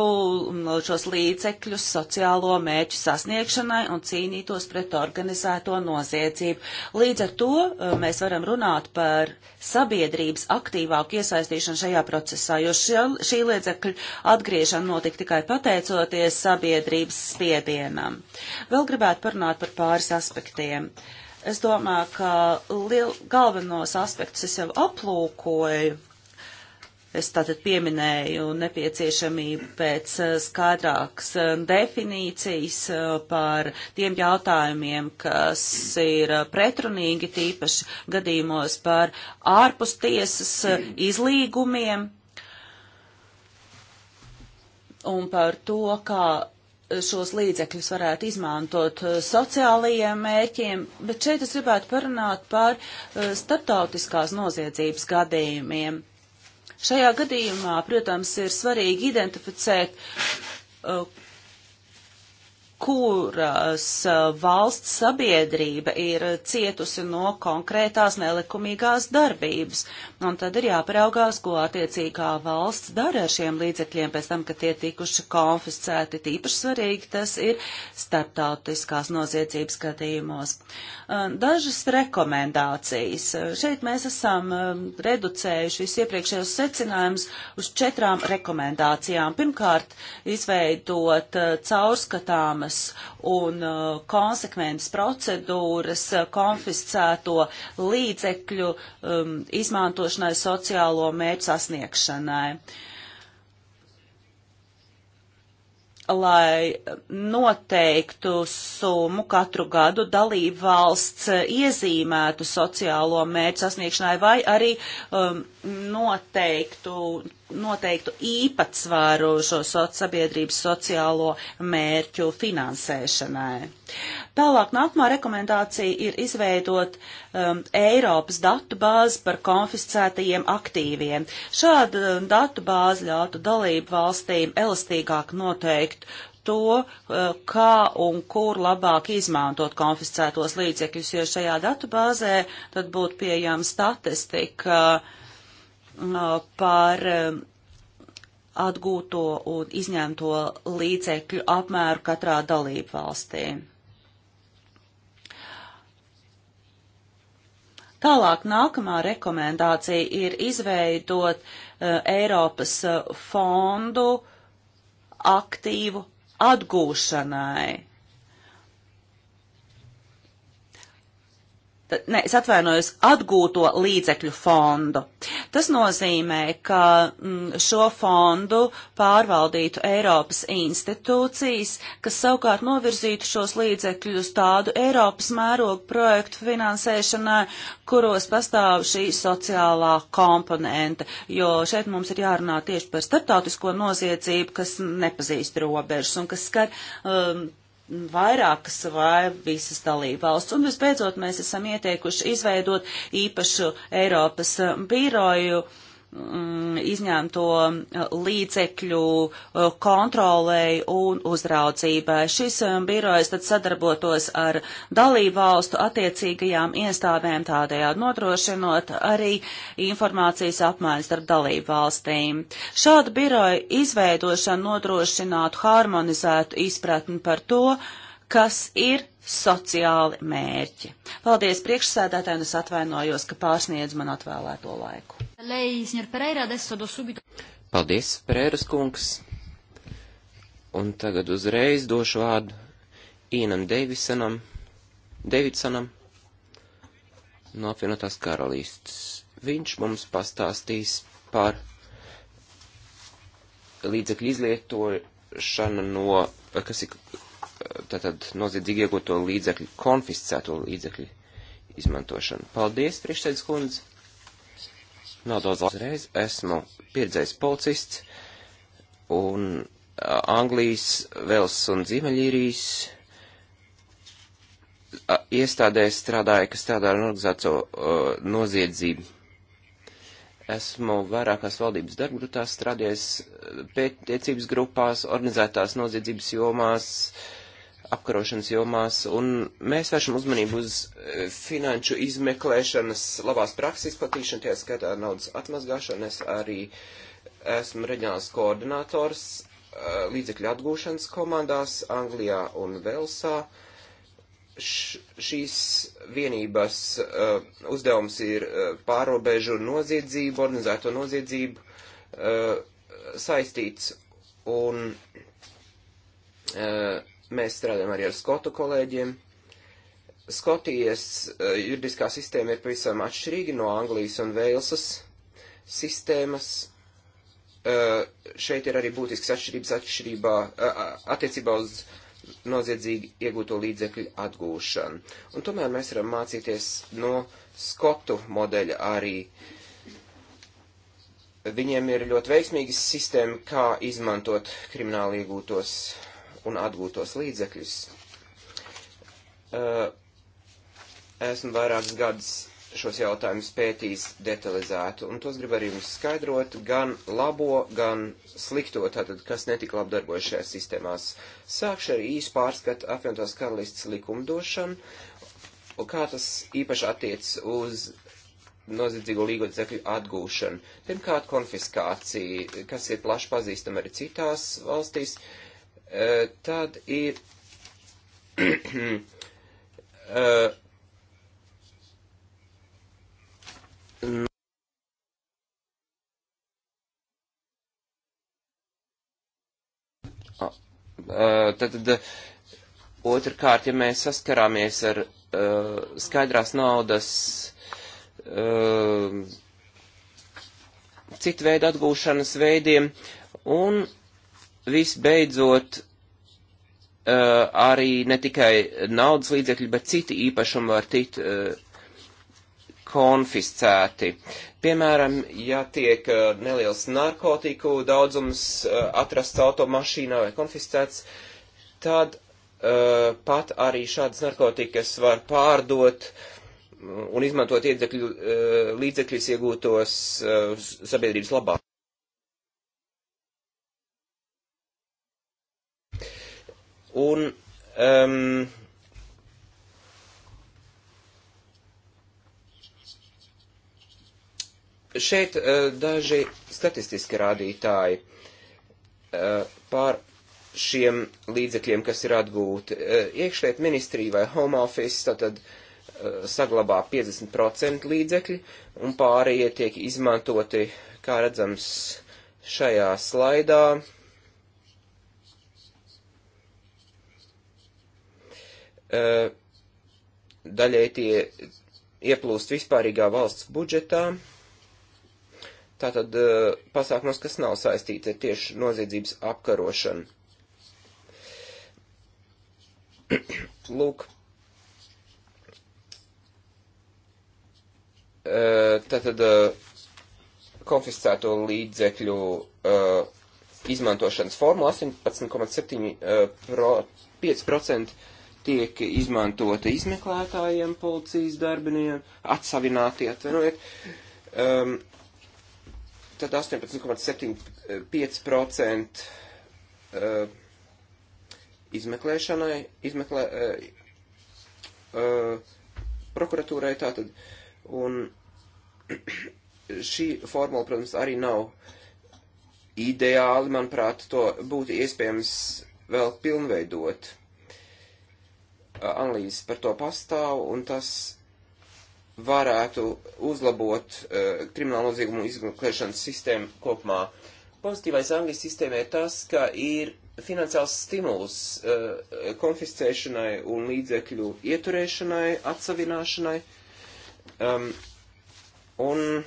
um, šos līdzekļus sociālo mēķu sasniegšanai un cīnītos pret organizēto noziedzību. Līdz ar to uh, mēs varam runāt par sabiedrības aktīvāku iesaistīšanu šajā procesā, jo šie, šī līdzekļa atgriešana notika tikai pateicoties sabiedrības spiedienam. Vēl gribētu parunāt par pāris aspektiem. Es domāju, ka liel, galvenos aspektus es jau aplūkoju Es tātad pieminēju nepieciešamību pēc eh, skaidrākas eh, definīcijas eh, par tiem jautājumiem, kas ir pretrunīgi, tīpaši gadījumos par ārpus tiesas izlīgumiem un par to, kā šos līdzekļus varētu izmantot sociālajiem mērķiem, bet šeit es gribētu parunāt par starptautiskās noziedzības gadījumiem. Šajā gadījumā, protams, ir svarīgi identificēt, uh, kuras valsts sabiedrība ir cietusi no konkrētās nelikumīgās darbības. Un tad ir jāparaugās, ko attiecīgā valsts dara ar šiem līdzekļiem pēc tam, kad tie tikuši konfiscēti. Tīpaši svarīgi tas ir starptautiskās noziedzības gadījumos. Dažas rekomendācijas. Šeit mēs esam reducējuši visu iepriekšējos secinājumus uz četrām rekomendācijām. Pirmkārt, izveidot caurskatāmas skaidras un uh, konsekventas procedūras uh, konfiscēto līdzekļu um, izmantošanai sociālo mērķu sasniegšanai. lai noteiktu summu katru gadu dalību valsts iezīmētu sociālo mērķu sasniegšanai vai arī um, noteiktu, noteiktu īpatsvaru šo soc, sabiedrības sociālo mērķu finansēšanai. Tālāk nākamā rekomendācija ir izveidot um, Eiropas datu bāzi par konfiscētajiem aktīviem. Šāda datu bāze ļautu dalību valstīm elastīgāk noteikt to, uh, kā un kur labāk izmantot konfiscētos līdzekļus, jo šajā datubāzē tad būtu pieejama statistika uh, Uh, par um, atgūto un izņemto līdzekļu apmēru katrā dalību valstī. Tālāk nākamā rekomendācija ir izveidot uh, Eiropas uh, fondu aktīvu atgūšanai. ne, es atvainojos, atgūto līdzekļu fondu. Tas nozīmē, ka m, mm, šo fondu pārvaldītu Eiropas institūcijas, kas savukārt novirzītu šos līdzekļus tādu Eiropas mērogu projektu finansēšanai, kuros pastāv šī sociālā komponente, jo šeit mums ir jārunā tieši par starptautisko noziedzību, kas nepazīst robežas un kas skar um, vairākas vai visas dalībvalsts. Un visbeidzot, mēs esam ieteikuši izveidot īpašu Eiropas biroju uh, Mm, izņemto eh, līdzekļu eh, kontrolei un uzraudzībai. Šis eh, birojs tad sadarbotos ar dalībvalstu attiecīgajām iestādēm tādējādi nodrošinot arī informācijas apmaiņas starp dalībvalstīm. Šāda biroja izveidošana nodrošinātu harmonizētu izpratni par to, kas ir sociāli mērķi. Paldies priekšsēdētājiem, es atvainojos, ka pārsniedz man atvēlēto laiku. Paldies, Prēras kungs. Un tagad uzreiz došu vārdu Īnam Deivisanam, Deivisanam no apvienotās karalīstas. Viņš mums pastāstīs par līdzekļu izlietošanu no, kas ir tātad noziedzīgi iegūto līdzekļu, konfiscēto līdzekļu izmantošanu. Paldies, priekšsēdus kundze! Nodod uzreiz, esmu pieredzējis policists un Anglijas, Vels un Ziemeļīrijas iestādēs strādāju, kas strādā ar organizāciju uh, noziedzību. Esmu vairākās valdības darbgrupās strādājis pētniecības grupās, organizētās noziedzības jomās, uh, apkarošanas jomās, un mēs vēršam uzmanību uz eh, finanšu izmeklēšanas labās prakses izplatīšanu, tajā skatā naudas atmazgāšanu. Es arī esmu reģionāls koordinators eh, līdzekļu atgūšanas komandās Anglijā un Velsā. Š šīs vienības uh, uzdevums ir uh, pārobežu noziedzību, organizēto noziedzību uh, saistīts un uh, Mēs strādājam arī ar skotu kolēģiem. Skotijas eh, juridiskā sistēma ir pavisam atšķirīga no Anglijas un Velsas sistēmas. Eh, šeit ir arī būtisks atšķirības atšķirībā, eh, attiecībā uz noziedzīgi iegūto līdzekļu atgūšanu. Un tomēr mēs varam mācīties no skotu modeļa arī. Viņiem ir ļoti veiksmīga sistēma, kā izmantot krimināli iegūtos un atgūtos līdzekļus. Uh, esmu vairākus gadus šos jautājumus pētījis detalizētu, un tos gribu arī jums skaidrot, gan labo, gan slikto, tātad, kas netika labi darbojas šajās sistēmās. Sākšu ar īsu pārskatu apvienotās karalistas likumdošanu, un kā tas īpaši attiec uz noziedzīgo līgodzekļu atgūšanu. Pirmkārt, konfiskācija, kas ir plaši pazīstama arī citās valstīs. Uh, Eh, tad ir eh, eh, Tad, tad otrkārt, ja mēs saskarāmies ar uh, skaidrās naudas uh, citu veidu atgūšanas veidiem, un uh, visbeidzot, uh, arī ne tikai naudas līdzekļi, bet citi īpašumi var tikt uh, konfiscēti. Piemēram, ja tiek uh, neliels narkotiku daudzums uh, atrasts automašīnā vai konfiscēts, tad uh, pat arī šādas narkotikas var pārdot un izmantot iedzekļu, uh, līdzekļus iegūtos uh, sabiedrības labā. Un, um, šeit uh, daži statistiski rādītāji uh, par šiem līdzekļiem, kas ir atgūti. Uh, Iekšliet ministrija vai home office, tātad uh, saglabā 50% līdzekļi un pārējie tiek izmantoti, kā redzams, šajā slaidā. Uh, Eh, daļai tie ieplūst vispārīgā valsts budžetā. Tātad eh, pasākumos, kas nav saistīti ar tieši noziedzības apkarošanu. Lūk, eh, tātad konfiscēto līdzekļu izmantošanas formula 18,75% tiek izmantota izmeklētājiem, policijas darbiniekiem, atsavināti, atvainojiet. Um, tad 18,75% uh, izmeklēšanai, izmeklē, uh, uh, prokuratūrai tātad. Un šī formula, protams, arī nav ideāli, manuprāt, to būtu iespējams vēl pilnveidot analīzes par to pastāv, un tas varētu uzlabot uh, kriminālu noziegumu izmeklēšanas sistēmu kopumā. Pozitīvais Anglijas sistēmē ir tas, ka ir finansiāls stimuls uh, e, konfiscēšanai un līdzekļu ieturēšanai, atsavināšanai. Um, un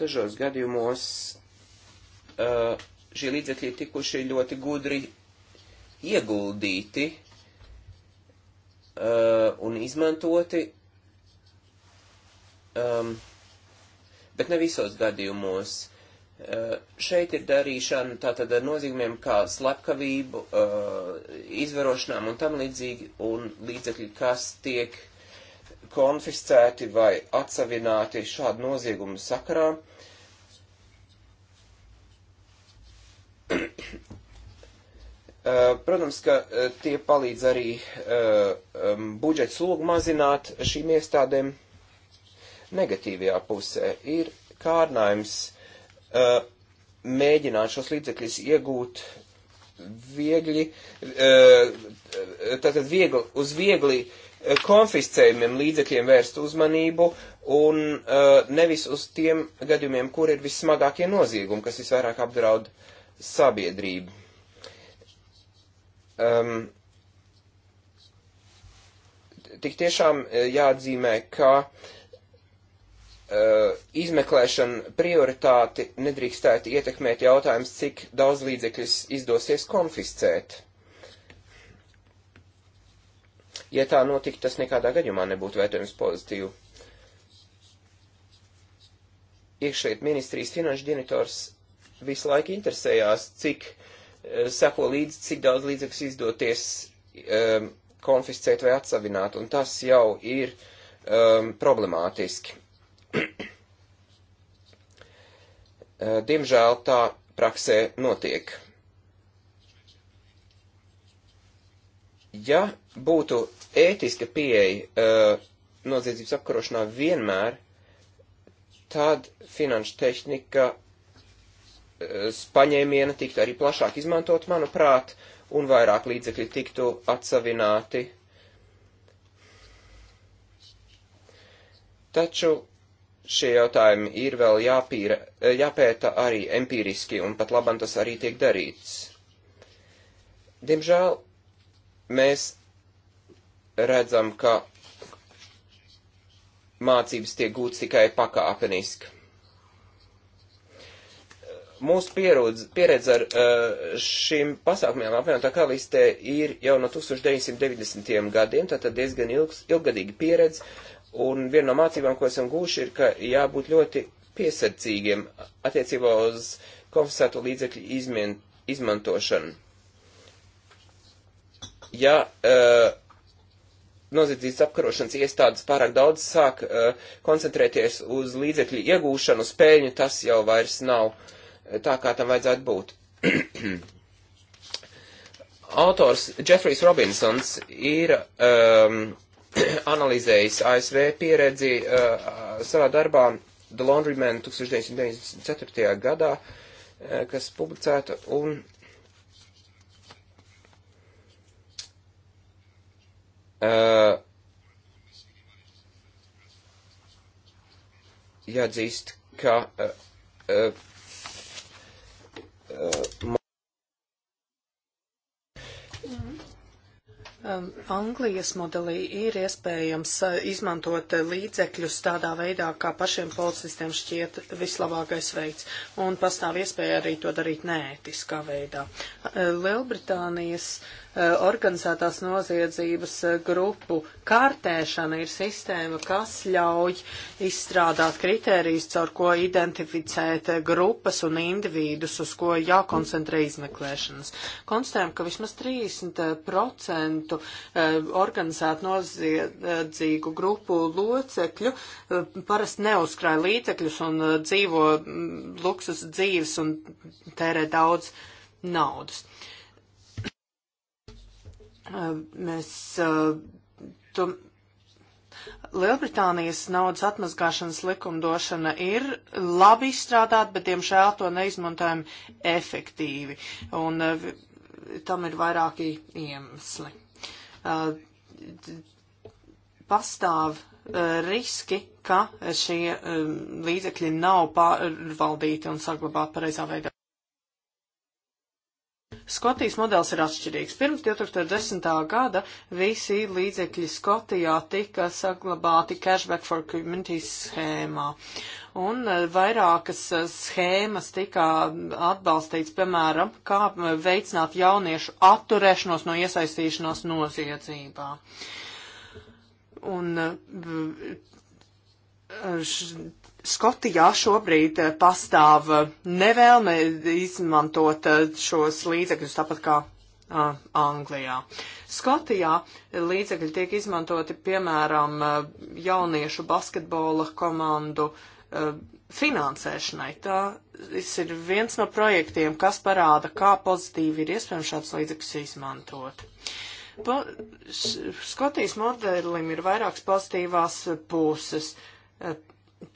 dažos gadījumos uh, šie līdzekļi tikuši ļoti gudri ieguldīti uh, un izmantoti, um, bet ne visos gadījumos. Uh, šeit ir darīšana tātad ar nozīmēm kā slepkavību, uh, izvarošanām un tam līdzīgi, un līdzekļi, kas tiek konfiscēti vai atsavināti šādu noziegumu sakarā, uh, Eh, protams, ka eh, tie palīdz arī eh, budžeta slogu mazināt šīm iestādēm negatīvajā pusē. Ir kārdinājums mēģināt šos līdzekļus iegūt viegli, tātad viegli, uz viegli konfiscējumiem līdzekļiem vērst uzmanību un nevis uz tiem gadījumiem, kur ir vissmagākie noziegumi, kas visvairāk apdraud sabiedrību. Um, tik tiešām uh, jāatzīmē, ka uh, izmeklēšana prioritāti nedrīkstētu ietekmēt jautājums, cik daudz līdzekļus izdosies konfiscēt. Ja tā notika, tas nekādā gadījumā nebūtu vērtējums pozitīvu. Iekšliet ministrijas finanšu direktors visu laiku interesējās, cik uh, Eh, seko līdzi, cik daudz līdzekļus izdoties um, konfiscēt vai atsavināt, un tas jau ir um, problemātiski. Diemžēl tā praksē notiek. Ja būtu ētiska pieeja uh, noziedzības apkarošanā vienmēr, tad finanšu tehnika paņēmiena tiktu arī plašāk izmantot, manuprāt, un vairāk līdzekļi tiktu atsavināti. Taču šie jautājumi ir vēl jāpīra, jāpēta arī empiriski, un pat labam tas arī tiek darīts. Diemžēl mēs redzam, ka mācības tiek gūtas tikai pakāpeniski mūsu pieredze, pieredze ar uh, šīm pasākumiem apvienotā karalistē ir jau no 1990. gadiem, tātad diezgan ilgs, ilgadīga pieredze, un viena no mācībām, ko esam gūši, ir, ka jābūt ļoti piesardzīgiem attiecībā uz konfiscēto līdzekļu izmien, izmantošanu. Ja uh, noziedzības apkarošanas iestādes pārāk daudz sāk uh, koncentrēties uz līdzekļu iegūšanu, spēļņu, tas jau vairs nav tā kā tam vajadzētu būt. Autors Jeffrijs Robinsons ir um, analizējis ASV pieredzi uh, savā darbā The Laundryman 1994. gadā, uh, kas publicēta un uh, jāatzīst, ka uh, uh, Um, Anglijas modelī ir iespējams uh, izmantot uh, līdzekļus tādā veidā, kā pašiem policistiem šķiet vislabākais veids, un pastāv iespēja arī to darīt neētiskā veidā. Uh, Lielbritānijas uh, Eh, organizētās noziedzības eh, grupu kārtēšana ir sistēma, kas ļauj izstrādāt kritērijus, caur ko identificēt eh, grupas un individus, uz ko jākoncentrē izmeklēšanas. Konstatējam, ka vismaz 30% organizētu noziedzīgu grupu locekļu parasti neuzkrāja līdzekļus un dzīvo mm, luksus dzīves un tērē daudz naudas. Uh, naudas. Mēs eh, to. Lielbritānijas naudas atmazgāšanas likumdošana ir labi izstrādāta, bet, diemžēl, to neizmantojam efektīvi. Un eh, tam ir vairāki iemesli. Eh, pastāv riski, ka šie līdzekļi nav pārvaldīti un saglabāti pareizā veidā. Skotijas modelis ir atšķirīgs. Pirms 2010. gada visi līdzekļi Skotijā tika saglabāti Cashback for Communities schēmā. Un eh, vairākas eh, schēmas tika atbalstīts, piemēram, kā eh, veicināt jauniešu atturēšanos no iesaistīšanās noziedzībā. Un š, Skotijā šobrīd eh, pastāv eh, nevēlme izmantot eh, šos līdzekļus tāpat kā uh, Anglijā. Skotijā līdzekļi tiek izmantoti piemēram jauniešu basketbola komandu uh, finansēšanai. Tas ir viens no projektiem, kas parāda, kā pozitīvi ir iespējams šāds līdzekļus izmantot. Pa, Skotijas modelim ir vairākas pozitīvās puses. Uh,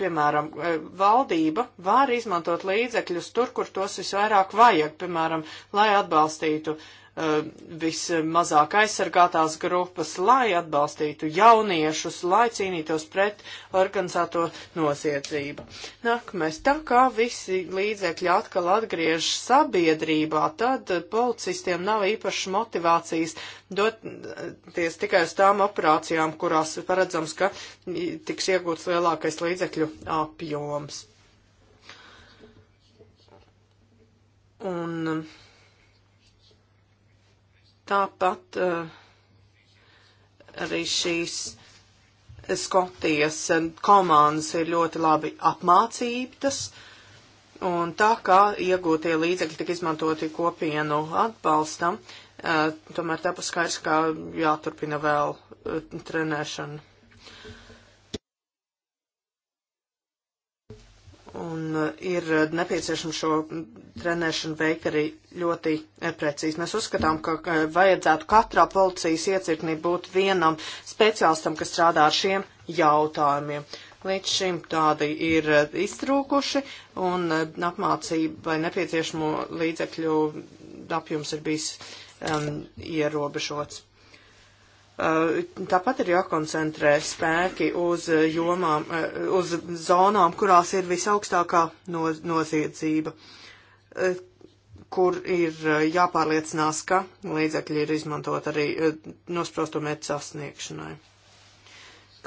piemēram, e, valdība var izmantot līdzekļus tur, kur tos visvairāk vajag, piemēram, lai atbalstītu uh, Uh, vismazāk aizsargātās grupas, lai atbalstītu jauniešus, lai cīnītos pret organizēto nosiedzību. Nākamais, tā kā visi līdzekļi atkal atgriež sabiedrībā, tad policistiem nav īpašas motivācijas doties tikai uz tām operācijām, kurās paredzams, ka tiks iegūts lielākais līdzekļu apjoms. Un, um, Tāpat eh, arī šīs Skotijas eh, komandas ir ļoti labi apmācītas, un tā kā iegūtie līdzekļi tika izmantoti kopienu atbalstam, eh, tomēr tāpēc skaidrs, ka jāturpina vēl trenēšana. Un uh, ir uh, nepieciešams šo trenēšanu veikt arī ļoti uh, precīzi. Mēs uzskatām, ka vajadzētu katrā policijas iecirknī būt vienam speciālistam, kas strādā ar šiem jautājumiem. Līdz šim tādi ir iztrūkuši, un apmācība vai nepieciešamo līdzekļu apjoms ir bijis um, ierobežots. Eh, tāpat ir jākoncentrē spēki uz jomām, eh, uz zonām, kurās ir visaugstākā no, noziedzība, eh, kur ir jāpārliecinās, ka līdzekļi ir izmantot arī nosprosto mērķu sasniegšanai.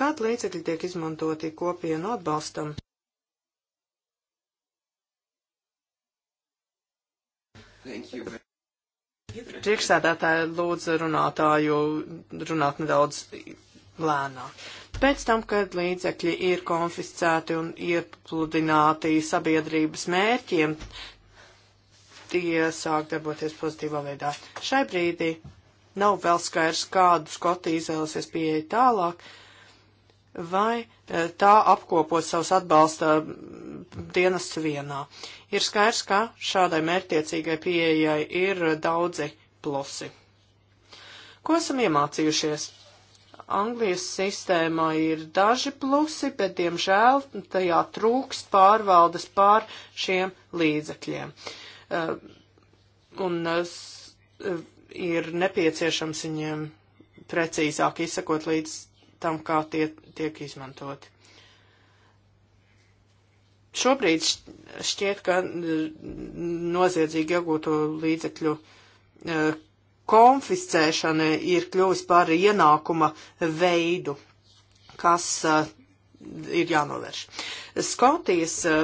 Kādi līdzekļi tiek izmantoti kopienu atbalstam? Thank you. Priekšsēdētāji lūdzu runātāju runāt nedaudz lēnāk. Pēc tam, kad līdzekļi ir konfiscēti un iepludināti sabiedrības mērķiem, tie sāk darboties pozitīvā veidā. Šai brīdī nav vēl skaidrs, kādu Skotiju izvēlēsies pieeja tālāk, uh, vai eh, tā apkopot savus atbalsta mm, dienestus vienā. Ir skaidrs, ka šādai mērķtiecīgai pieejai ir daudzi plusi. Ko esam iemācījušies? Anglijas sistēmā ir daži plusi, bet, diemžēl, tajā trūkst pārvaldes pār šiem līdzekļiem. Eh, un eh, ir nepieciešams viņiem precīzāk izsakot līdz tam, kā tie tiek izmantoti. Šobrīd šķiet, ka mm, noziedzīgi iegūto līdzekļu e, konfiscēšana ir kļuvusi par ienākuma veidu, kas e, ir jānovērš. Skotijas e,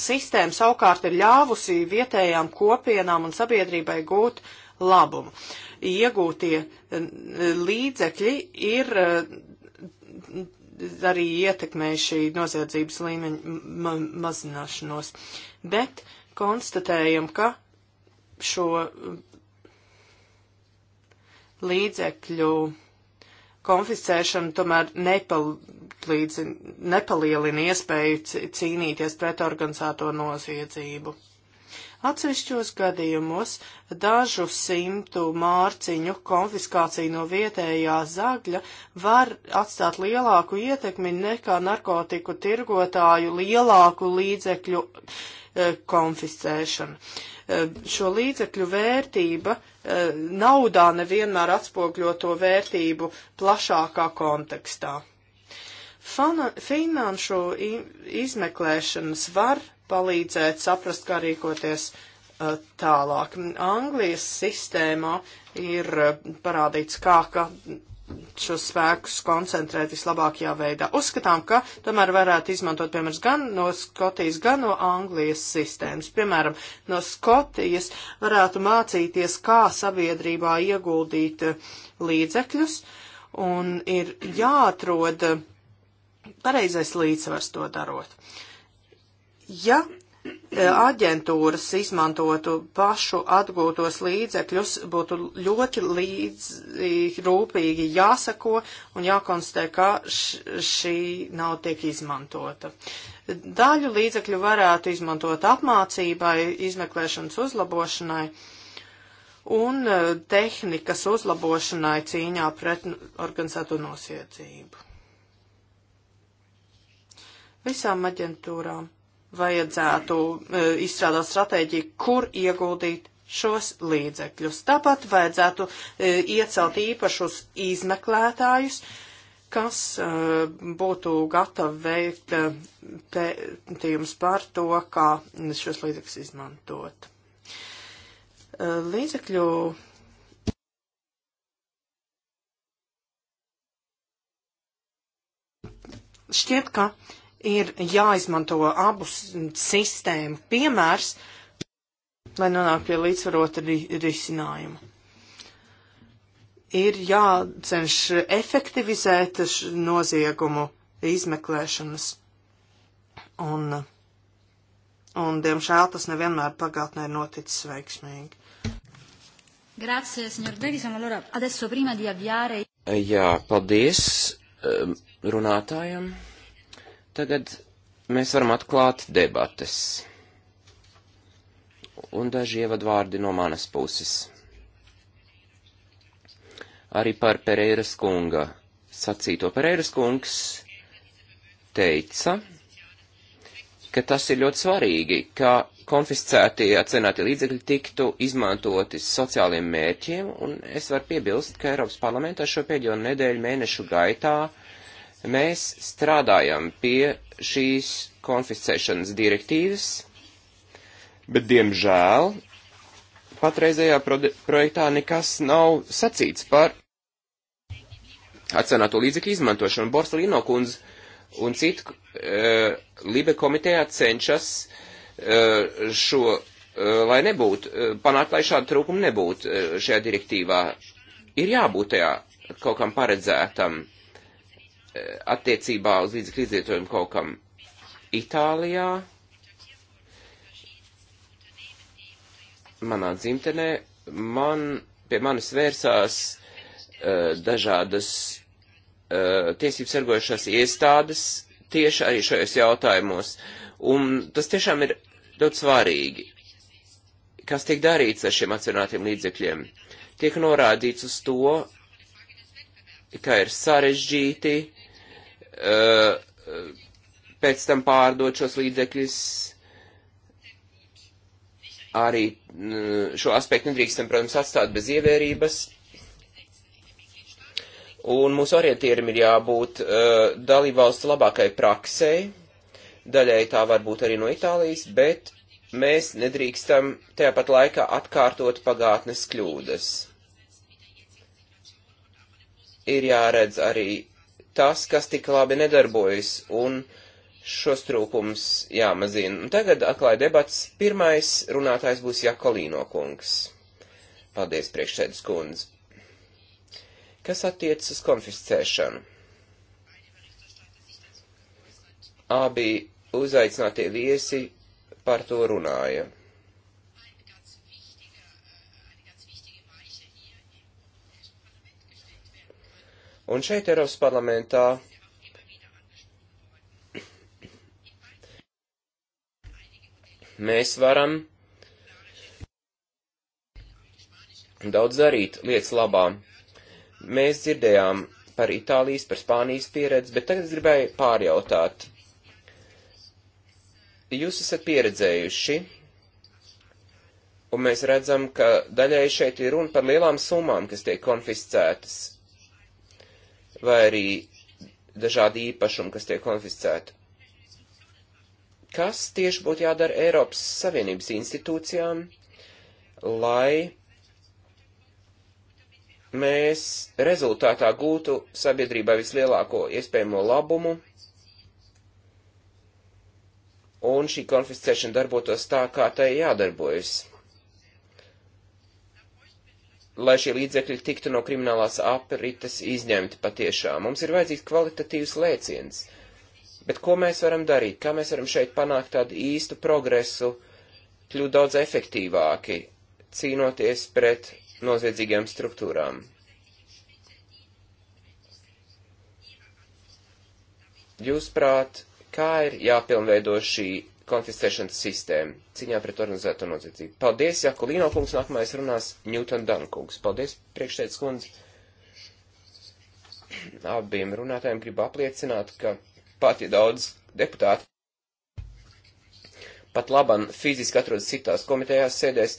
sistēma savukārt ir ļāvusi vietējām kopienām un sabiedrībai gūt labumu. Iegūtie līdzekļi ir arī ietekmē šī noziedzības līmeņa ma mazināšanos. Bet konstatējam, ka šo mm, līdzekļu konfiscēšana tomēr nepalīdz, nepalielina iespēju cīnīties pret organizēto noziedzību. Atsevišķos gadījumos dažu simtu mārciņu konfiskācija no vietējā zagļa var atstāt lielāku ietekmi nekā narkotiku tirgotāju lielāku līdzekļu e, konfiscēšana. E, šo līdzekļu vērtība e, naudā nevienmēr atspogļo to vērtību plašākā kontekstā. Fana, finanšu izmeklēšanas var palīdzēt saprast, kā rīkoties uh, tālāk. Anglijas sistēmā ir uh, parādīts, kā, ka šos spēkus koncentrēt vislabākajā veidā. Uzskatām, ka tomēr varētu izmantot, piemēram, gan no Skotijas, gan no Anglijas sistēmas. Piemēram, no Skotijas varētu mācīties, kā sabiedrībā ieguldīt uh, līdzekļus, un ir jāatrod pareizais līdzsvars to darot. Uh, Ja e, aģentūras izmantotu pašu atgūtos līdzekļus, būtu ļoti līdz rūpīgi jāsako un jākonstatē, ka šī nav tiek izmantota. Daļu līdzekļu varētu izmantot apmācībai, izmeklēšanas uzlabošanai un e, tehnikas uzlabošanai cīņā pret organizēto nosiedzību. Visām aģentūrām vajadzētu e, izstrādāt stratēģiju, kur ieguldīt šos līdzekļus. Tāpat vajadzētu e, iecelt īpašus izmeklētājus, kas e, būtu gatavi veikt pētījums par to, kā šos līdzekļus izmantot. Līdzekļu šķiet, ka ir jāizmanto abu sistēmu piemērs, lai nonāktu pie līdzsvarota ri risinājuma. Ir jācenš efektivizēt noziegumu izmeklēšanas. Un, un, diemžēl, tas nevienmēr pagātnē ir noticis veiksmīgi. Grazie, signor Davison. Allora, adesso prima di avviare... Jā, paldies ehm, runātājiem. Tagad mēs varam atklāt debates. Un daži ievadvārdi no manas puses. Arī par Pereiras kunga sacīto Pereiras kungs teica, ka tas ir ļoti svarīgi, ka konfiscētie atcenātie līdzekļi tiktu izmantoti sociāliem mērķiem, un es varu piebilst, ka Eiropas parlamentā šo pēdējo nedēļu mēnešu gaitā uh, Mēs strādājam pie šīs konfiscēšanas direktīvas, bet diemžēl patreizējā projektā nekas nav sacīts par atcenāto līdzekļu izmantošanu. Borsalino kundze un citu e, Libe komitejā cenšas e, šo, e, lai nebūtu, e, panākt, lai šāda trūkuma nebūtu e, šajā direktīvā. Ir jābūt tajā kaut kam paredzētam. Eh, attiecībā uz līdzekļu izlietojumu kaut kam Itālijā, manā dzimtenē, man, pie manis vērsās uh, dažādas uh, tiesību sargojušās iestādes tieši arī šajos jautājumos. Un tas tiešām ir ļoti svarīgi, kas tiek darīts ar šiem atcerinātiem līdzekļiem. Tiek norādīts uz to, ka ir sarežģīti Eh, pēc tam pārdot šos līdzekļus. Arī eh, šo aspektu nedrīkstam, protams, atstāt bez ievērības. Un mūsu orientierim ir jābūt uh, eh, dalībvalsts labākai praksei, daļai tā varbūt arī no Itālijas, bet mēs nedrīkstam tajāpat laikā atkārtot pagātnes kļūdas. Ir jāredz arī tas, kas tik labi nedarbojas, un šos trūkums jāmazina. Un tagad atklāja debats. Pirmais runātājs būs Jakolīno kungs. Paldies, priekšsēdus kundz. Kas attiecas uz konfiscēšanu? Abi uzaicinātie viesi par to runāja. Un šeit Eiropas parlamentā mēs varam daudz darīt lietas labā. Mēs dzirdējām par Itālijas, par Spānijas pieredzi, bet tagad es gribēju pārjautāt. Jūs esat pieredzējuši, un mēs redzam, ka daļai šeit ir runa par lielām summām, kas tiek konfiscētas vai arī dažādi īpašumi, kas tiek konfiscēti. Kas tieši būtu jādara Eiropas Savienības institūcijām, lai mēs rezultātā gūtu sabiedrībā vislielāko iespējamo labumu, un šī konfiscēšana darbotos tā, kā tai jādarbojas lai šie līdzekļi tiktu no kriminālās aprites izņemti patiešām. Mums ir vajadzīgs kvalitatīvs lēciens. Bet ko mēs varam darīt? Kā mēs varam šeit panākt tādu īstu progresu, kļūt daudz efektīvāki, cīnoties pret noziedzīgām struktūrām? Jūsprāt, kā ir jāpilnveido šī konfiscēšanas sistēmu ciņā pret organizēto noziedzību. Paldies, Jakulīno kungs, nākamais runās Newton Dankungs. Paldies, priekšsēdus kundze. Abiem runātājiem gribu apliecināt, ka pati daudz deputāti pat laban fiziski atrodas citās komitejās sēdēs.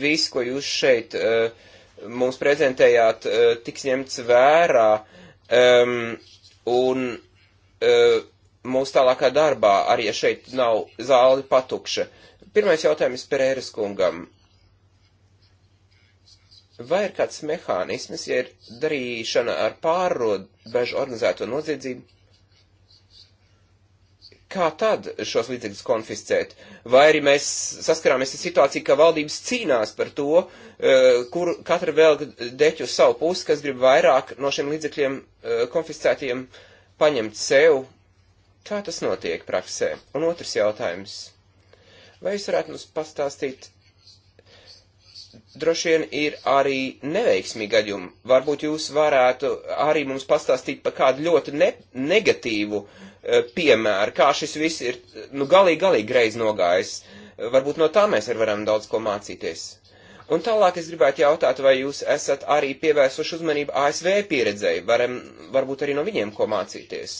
Viss, ko jūs šeit uh, mums prezentējāt, uh, tiks ņemts vērā. Um, un, uh, mūsu tālākā darbā, arī ja šeit nav zāli patukša. Pirmais jautājums par ēras kungam. Vai ir kāds mehānisms, ja ir darīšana ar pārrobežu organizēto noziedzību? Kā tad šos līdzekļus konfiscēt? Vai arī mēs saskarāmies ar situāciju, ka valdības cīnās par to, eh, kur katra vēl deķu uz savu pusi, kas grib vairāk no šiem līdzekļiem eh, konfiscētiem paņemt sev Kā tas notiek praksē? Un otrs jautājums. Vai jūs varētu mums pastāstīt, droši vien ir arī neveiksmīgi gadījumi. Varbūt jūs varētu arī mums pastāstīt par kādu ļoti ne negatīvu uh, piemēru, kā šis viss ir, nu, galīgi, galīgi greiz nogājis. Varbūt no tā mēs arī varam daudz ko mācīties. Un tālāk es gribētu jautāt, vai jūs esat arī pievērsuši uzmanību ASV pieredzēji, varam varbūt arī no viņiem ko mācīties.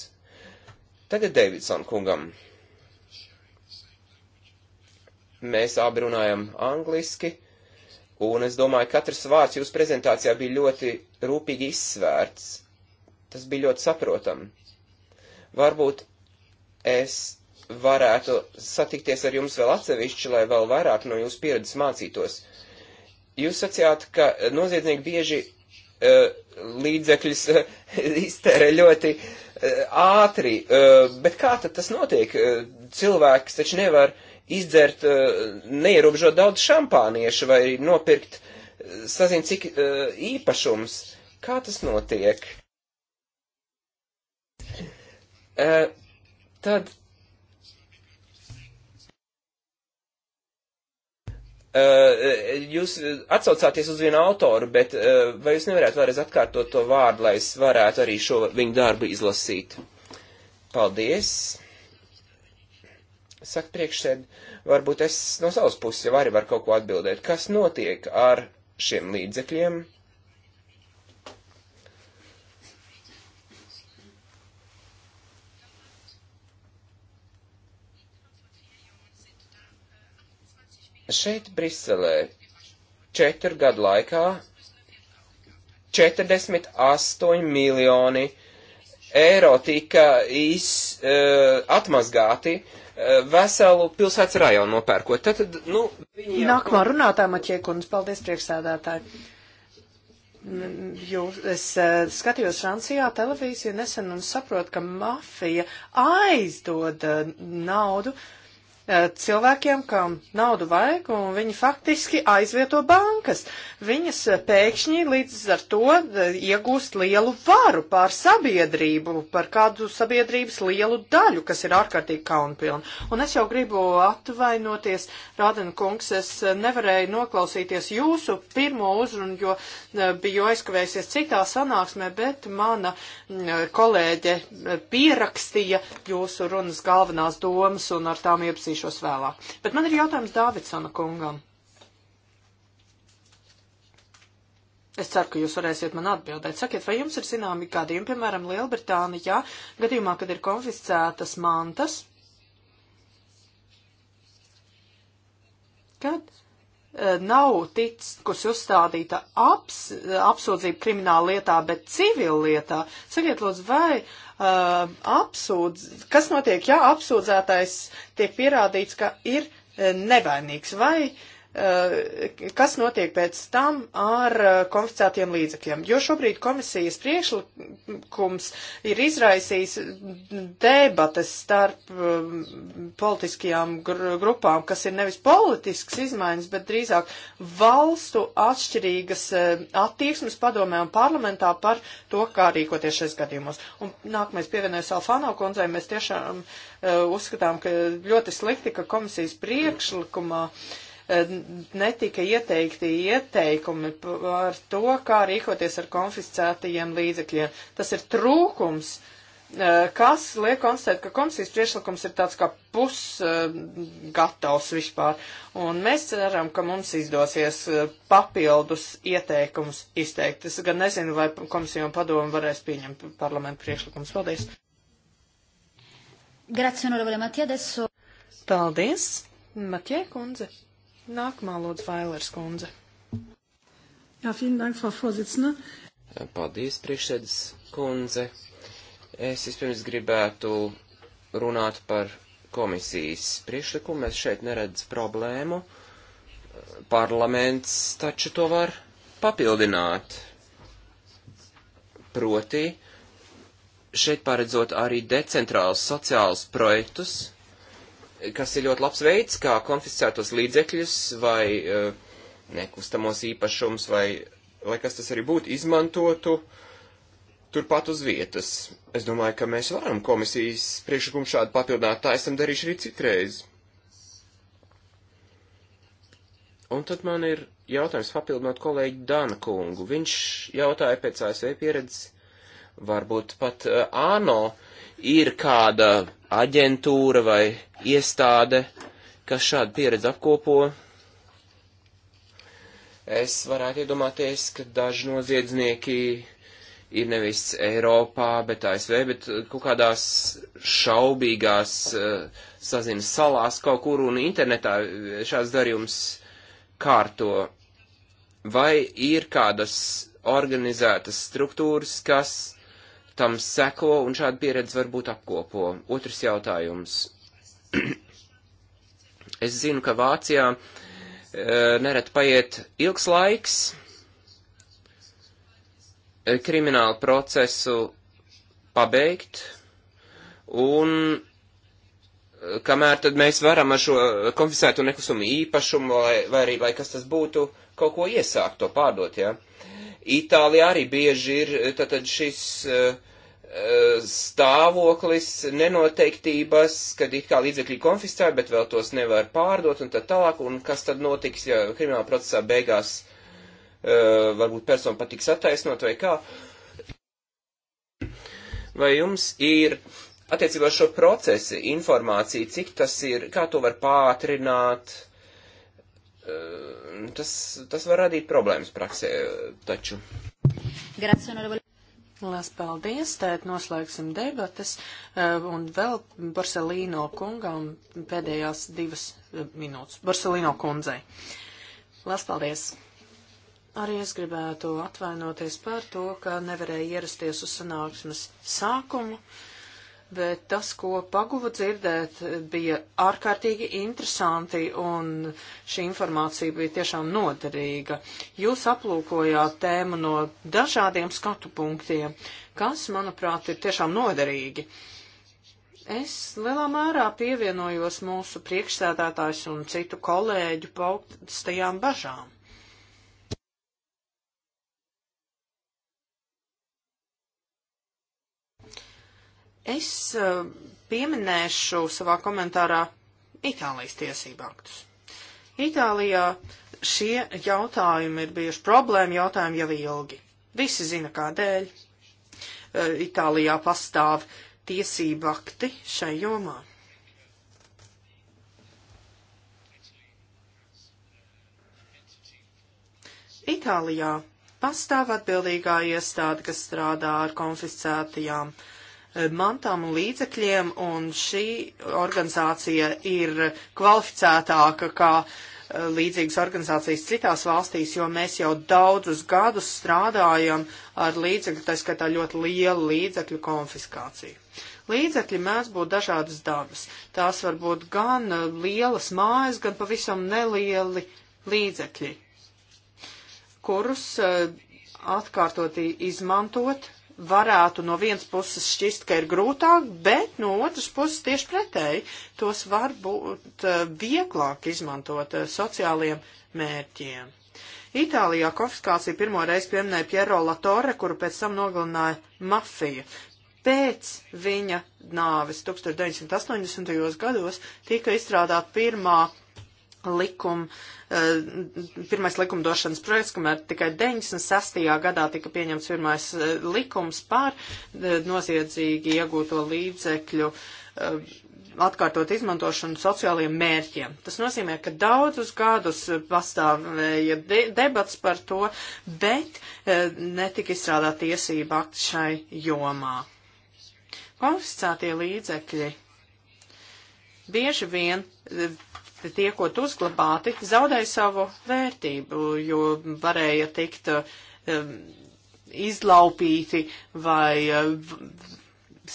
Tagad Davidson kungam. Mēs abi runājam angliski, un es domāju, katrs vārds jūsu prezentācijā bija ļoti rūpīgi izsvērts. Tas bija ļoti saprotam. Varbūt es varētu satikties ar jums vēl atsevišķi, lai vēl vairāk no jūsu pieredzes mācītos. Jūs sacījāt, ka noziedznieki bieži uh, līdzekļus uh, iztērē ļoti uh, Eh, ātri, eh, bet kā tad tas notiek? Eh, cilvēks taču nevar izdzert neierobežot daudz šampāniešu vai nopirkt, sazin, cik īpašums. Kā tas notiek? Tad Eh, eh, jūs eh, atsaucāties uz vienu autoru, bet vai jūs nevarētu vēlreiz atkārtot to vārdu, lai es varētu arī šo viņu darbu izlasīt? Paldies! Saka priekšsēd, varbūt es no savas puses jau arī varu kaut ko atbildēt. Kas notiek ar šiem līdzekļiem? Uh, Šeit Briselē četru gadu laikā 48 miljoni eiro tika iz, uh, atmazgāti uh, veselu pilsētas rajonu nopērkot. Tad, nu, viņi jau... Nākamā runātā, Maķiekunis, paldies priekšsēdētāji. Jūs, es uh, skatījos Francijā televīziju nesen un saprotu, ka mafija aizdod uh, naudu uh, Eh, cilvēkiem, kam naudu vajag, un viņi faktiski aizvieto bankas. Viņas eh, pēkšņi līdz ar to eh, iegūst lielu varu pār sabiedrību, par kādu sabiedrības lielu daļu, kas ir ārkārtīgi kaunpilna. Un es jau gribu atvainoties, Rādena kungs, es nevarēju noklausīties jūsu pirmo uzrunu, jo biju aizkavējusies citā sanāksmē, bet mana mm, kolēģe pierakstīja jūsu runas galvenās domas un ar tām iepazīstināja iepazīšos vēlāk. Bet man ir jautājums Dāvidsona kungam. Es ceru, ka jūs varēsiet man atbildēt. Sakiet, vai jums ir zināmi gadījumi, piemēram, Lielbritānijā, gadījumā, kad ir konfiscētas mantas, kad e, nav tikus uzstādīta aps, e, apsūdzība krimināla lietā, bet civil lietā. Sakiet, lūdzu, vai uh, apsūdz, kas notiek, ja apsūdzētais tiek pierādīts, ka ir uh, nevainīgs vai uh, Eh, kas notiek pēc tam ar eh, konfiscētiem līdzekļiem. Jo šobrīd komisijas priekšlikums ir izraisījis debates starp eh, politiskajām grupām, kas ir nevis politisks izmaiņas, bet drīzāk valstu atšķirīgas attieksmes padomē un parlamentā par to, kā rīkoties šais gadījumos. Un nākamais pievienojas Alfāno kundzei, mēs tiešām uh, uzskatām, ka ļoti slikti, ka komisijas priekšlikumā uh, Eh, netika ieteikti ieteikumi par to, kā rīkoties ar konfiscētajiem līdzekļiem. Tas ir trūkums, eh, kas liek konstatēt, ka komisijas priešlikums ir tāds kā pusgatavs eh, vispār. Un mēs ceram, ka mums izdosies papildus ieteikumus izteikt. Es gan nezinu, vai komisija un padomu varēs pieņemt parlamentu priešlikumus. Paldies! Grazie, onorevole Matija, adesso. Paldies, Matija kundze. Nākamā lūdzu Vailers kundze. Jā, vielen dank, Frau Vorsitzne. Paldies, priekšsēdus kundze. Es vispirms gribētu runāt par komisijas priekšlikumu. Es šeit neredzu problēmu. Parlaments taču to var papildināt. Proti, šeit paredzot arī decentrālus sociālus projektus, kas ir ļoti labs veids, kā konfiscētos līdzekļus vai eh, nekustamos īpašums vai, lai kas tas arī būtu, izmantotu turpat uz vietas. Es domāju, ka mēs varam komisijas priekšlikumu šādu papildināt, tā esam darījuši arī citreiz. Un tad man ir jautājums papildinot kolēģi Dāna kungu. Viņš jautāja pēc ASV pieredzes, varbūt pat uh, eh, ANO ir kāda aģentūra vai iestāde, kas šādu pieredzi apkopo. Es varētu iedomāties, ka daži noziedznieki ir nevis Eiropā, bet ASV, bet uh, kaut kādās šaubīgās uh, saziņas salās kaut kur un internetā uh, šāds darījums kārto. Vai ir kādas organizētas struktūras, kas tam seko un šāda pieredze varbūt apkopo. Otrs jautājums. es zinu, ka Vācijā e, eh, neret paiet ilgs laiks e, kriminālu procesu pabeigt, un eh, kamēr tad mēs varam ar šo konfiscēto nekustumu īpašumu, vai, vai arī, lai kas tas būtu, kaut ko iesākt, to pārdot, jā. Ja? Itālijā arī bieži ir tātad e, šis e, e, stāvoklis nenoteiktības, kad it kā līdzekļi konfiscē, bet vēl tos nevar pārdot un tā tālāk, un kas tad notiks, ja krimināla procesā beigās varbūt persona patiks attaisnot vai kā. Vai jums ir attiecībā šo procesu informācija, cik tas ir, kā to var pātrināt, Eh, nu, tas, tas var radīt problēmas praksē eh, taču. Lielas paldies, tēt noslēgsim debatas eh, un vēl Barcelīno kungam pēdējās divas minūtes. Barcelīno kundzei. Lielas paldies. Arī es gribētu atvainoties par to, ka nevarēju ierasties uz sanāksmes sākumu. Uh, bet tas, ko paguva dzirdēt, bija ārkārtīgi interesanti un šī informācija bija tiešām noderīga. Jūs aplūkojāt tēmu no dažādiem skatu punktiem, kas, manuprāt, ir tiešām noderīgi. Es lielā mērā pievienojos mūsu priekšsēdētājs un citu kolēģu paustajām bažām. Es eh, pieminēšu savā komentārā Itālijas tiesību aktus. Itālijā šie jautājumi ir bijuši problēma jautājumi jau ilgi. Visi zina, kādēļ. Eh, Itālijā pastāv tiesību akti šai jomā. Itālijā pastāv atbildīgā iestāde, kas strādā ar konfiscētajām uh, mantām un līdzekļiem, un šī organizācija ir kvalificētāka kā e, līdzīgas organizācijas citās valstīs, jo mēs jau daudzus gadus strādājam ar līdzekļu, tā skaitā ļoti lielu līdzekļu konfiskāciju. Līdzekļi mēdz būt dažādas dabas. Tās var būt gan e, lielas mājas, gan pavisam nelieli līdzekļi, kurus e, atkārtoti izmantot varētu no vienas puses šķist, ka ir grūtāk, bet no otras puses tieši pretēji tos var būt eh, vieglāk izmantot eh, sociāliem mērķiem. Itālijā konfiskācija pirmo reizi pieminēja Piero Latore, kuru pēc tam nogalināja mafija. Pēc viņa nāves 1980. gados tika izstrādāta pirmā likuma, eh, pirmais likumdošanas projekts, kamēr tikai 96. gadā tika pieņemts pirmais eh, likums par eh, noziedzīgi iegūto līdzekļu atkārtot izmantošanu sociālajiem mērķiem. Tas nozīmē, ka daudzus gadus pastāvēja de debats par to, bet e, netika izstrādāt tiesība akti šai jomā. Konfiscētie līdzekļi bieži vien tiekot uzglabāti, zaudēja savu vērtību, jo varēja tikt um, izlaupīti vai um,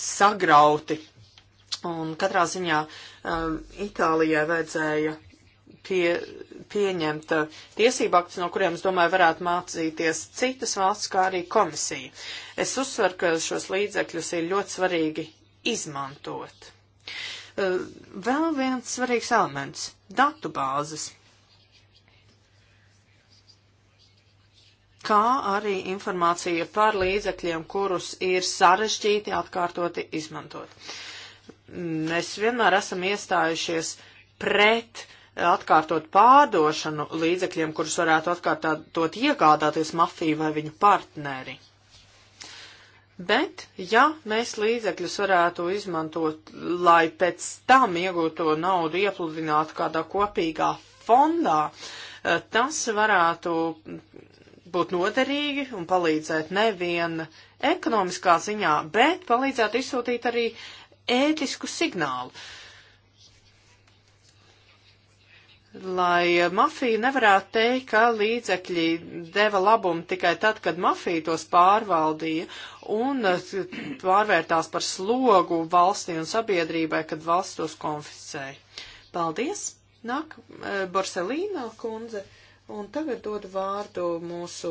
sagrauti. Un katrā ziņā um, Itālijai vajadzēja pie, pieņemt uh, tiesību aktus, no kuriem, es domāju, varētu mācīties citas valsts, kā arī komisija. Es uzsveru, ka šos līdzekļus ir ļoti svarīgi izmantot. Uh, Eh, vēl viens svarīgs elements - datu bāzes. Kā arī informācija par līdzekļiem, kurus ir sarežģīti atkārtoti izmantot. Mēs vienmēr esam iestājušies pret uh, atkārtot pārdošanu līdzekļiem, kurus varētu atkārtot iegādāties mafija vai viņu partneri. Bet, ja mēs līdzekļus varētu izmantot, lai pēc tam iegūto naudu iepludinātu kādā kopīgā fondā, eh, tas varētu būt noderīgi un palīdzēt nevien ekonomiskā ziņā, bet palīdzētu izsūtīt arī ētisku signālu. Uh, lai mafija nevarētu teikt, ka līdzekļi deva labumu tikai tad, kad mafija tos pārvaldīja un pārvērtās par slogu valstī un sabiedrībai, kad valsts tos konfiscēja. Paldies! Nāk e, Borselīna kundze, un tagad dod vārdu mūsu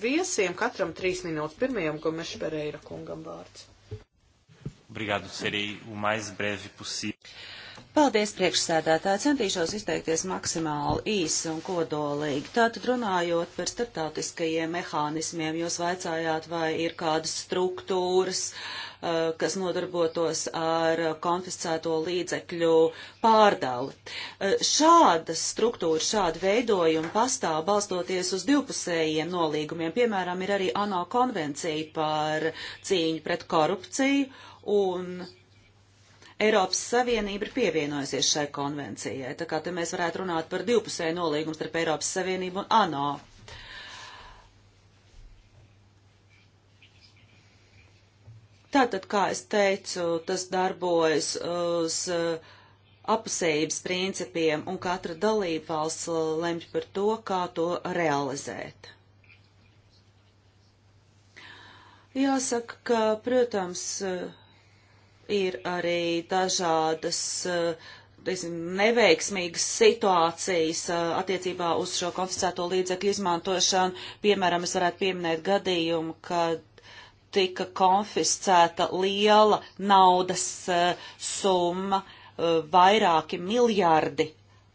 viesiem, katram trīs minūtes pirmajam, ko Mešpereira kungam vārds. Obrigado, serei o mais breve possível. Paldies, priekšsēdētāji. Centīšos izteikties maksimāli īsi un kodolīgi. Tātad runājot par starptautiskajiem mehānismiem, jūs vaicājāt, vai ir kādas struktūras, uh, kas nodarbotos ar konfiscēto līdzekļu pārdali. Uh, šādas struktūras, šāda veidojuma pastāv balstoties uz divpusējiem nolīgumiem. Piemēram, ir arī ANO konvencija par cīņu pret korupciju un Eiropas Savienība ir pievienojusies šai konvencijai. Tā kā te mēs varētu runāt par divpusēju nolīgumu starp Eiropas Savienību un ANO. Tātad, kā es teicu, tas darbojas uz uh, apusējības principiem, un katra dalība valsts lemj par to, kā to realizēt. Jāsaka, ka, protams, uh, ir arī dažādas eh, teiksim, neveiksmīgas situācijas eh, attiecībā uz šo konfiscēto līdzekļu izmantošanu. Piemēram, es varētu pieminēt gadījumu, kad tika konfiscēta liela naudas eh, summa, vairāki miljardi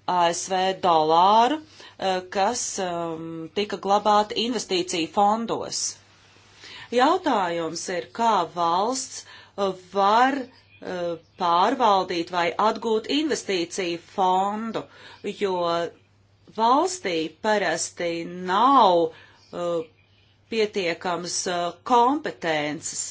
ASV dolāru, kas ehm, tika glabāti investīciju fondos. Jautājums ir, kā valsts uh, var eh, pārvaldīt vai atgūt investīciju fondu, jo valstī parasti nav eh, pietiekams eh, kompetences,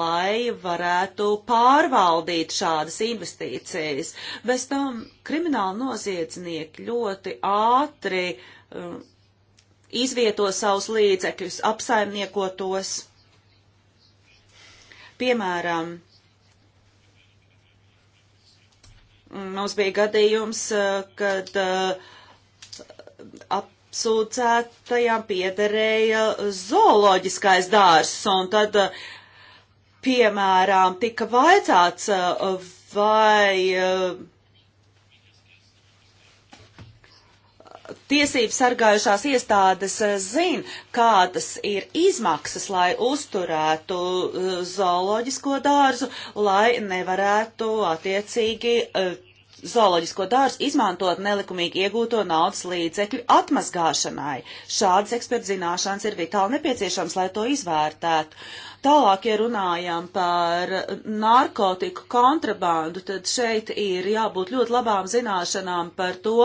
lai varētu pārvaldīt šādas investīcijas. Bez tam krimināli noziedznieki ļoti ātri izvieto savus līdzekļus, apsaimniekotos. Piemēram, mums bija gadījums, eh, kad ap eh, apsūdzētajām piederēja zooloģiskais dārsts, un tad, eh, piemēram, tika vaicāts, vai tiesības sargājušās iestādes eh, zina, kādas ir izmaksas, lai uzturētu eh, zooloģisko dārzu, lai nevarētu attiecīgi eh, zooloģisko dārstu izmantot nelikumīgi iegūto naudas līdzekļu atmazgāšanai. Šādas eksperta zināšanas ir vitāli nepieciešams, lai to izvērtētu. Tālāk, ja runājam par narkotiku kontrabandu, tad šeit ir jābūt ļoti labām zināšanām par to,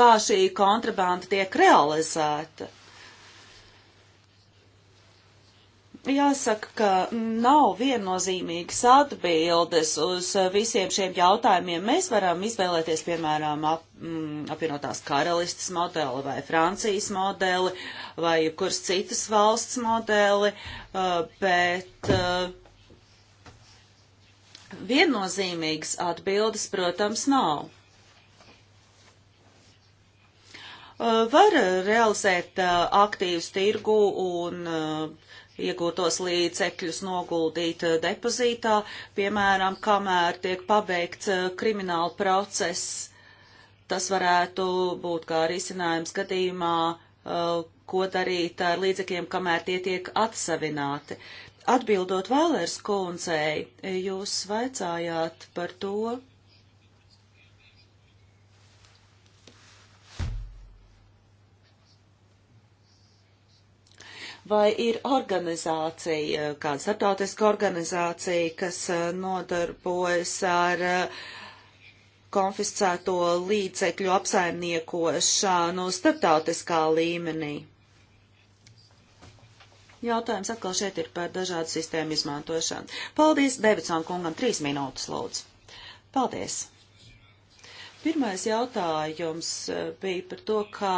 kā šī kontrabanda tiek realizēta. Jāsaka, ka nav viennozīmīgas atbildes uz eh, visiem šiem jautājumiem. Mēs varam izvēlēties, piemēram, ap, m, mm, apvienotās karalistas modeli vai Francijas modeli vai kuras citas valsts modeli, eh, bet eh, viennozīmīgas atbildes, protams, nav. Var realizēt aktīvus tirgu un uh, iegūtos līdzekļus noguldīt eh, depozītā, piemēram, kamēr tiek pabeigts eh, krimināla process. Tas varētu būt kā risinājums gadījumā, eh, ko darīt ar līdzekļiem, kamēr tie tiek atsavināti. Atbildot Vēlērs kundzei, jūs vaicājāt par to, vai ir organizācija, eh, kāda starptautiska organizācija, kas eh, nodarbojas ar eh, konfiscēto līdzekļu apsaimniekošanu starptautiskā līmenī. Jautājums atkal šeit ir par dažādu sistēmu izmantošanu. Paldies Davidsonam kungam, trīs minūtes lūdzu. Paldies. Pirmais jautājums bija par to, kā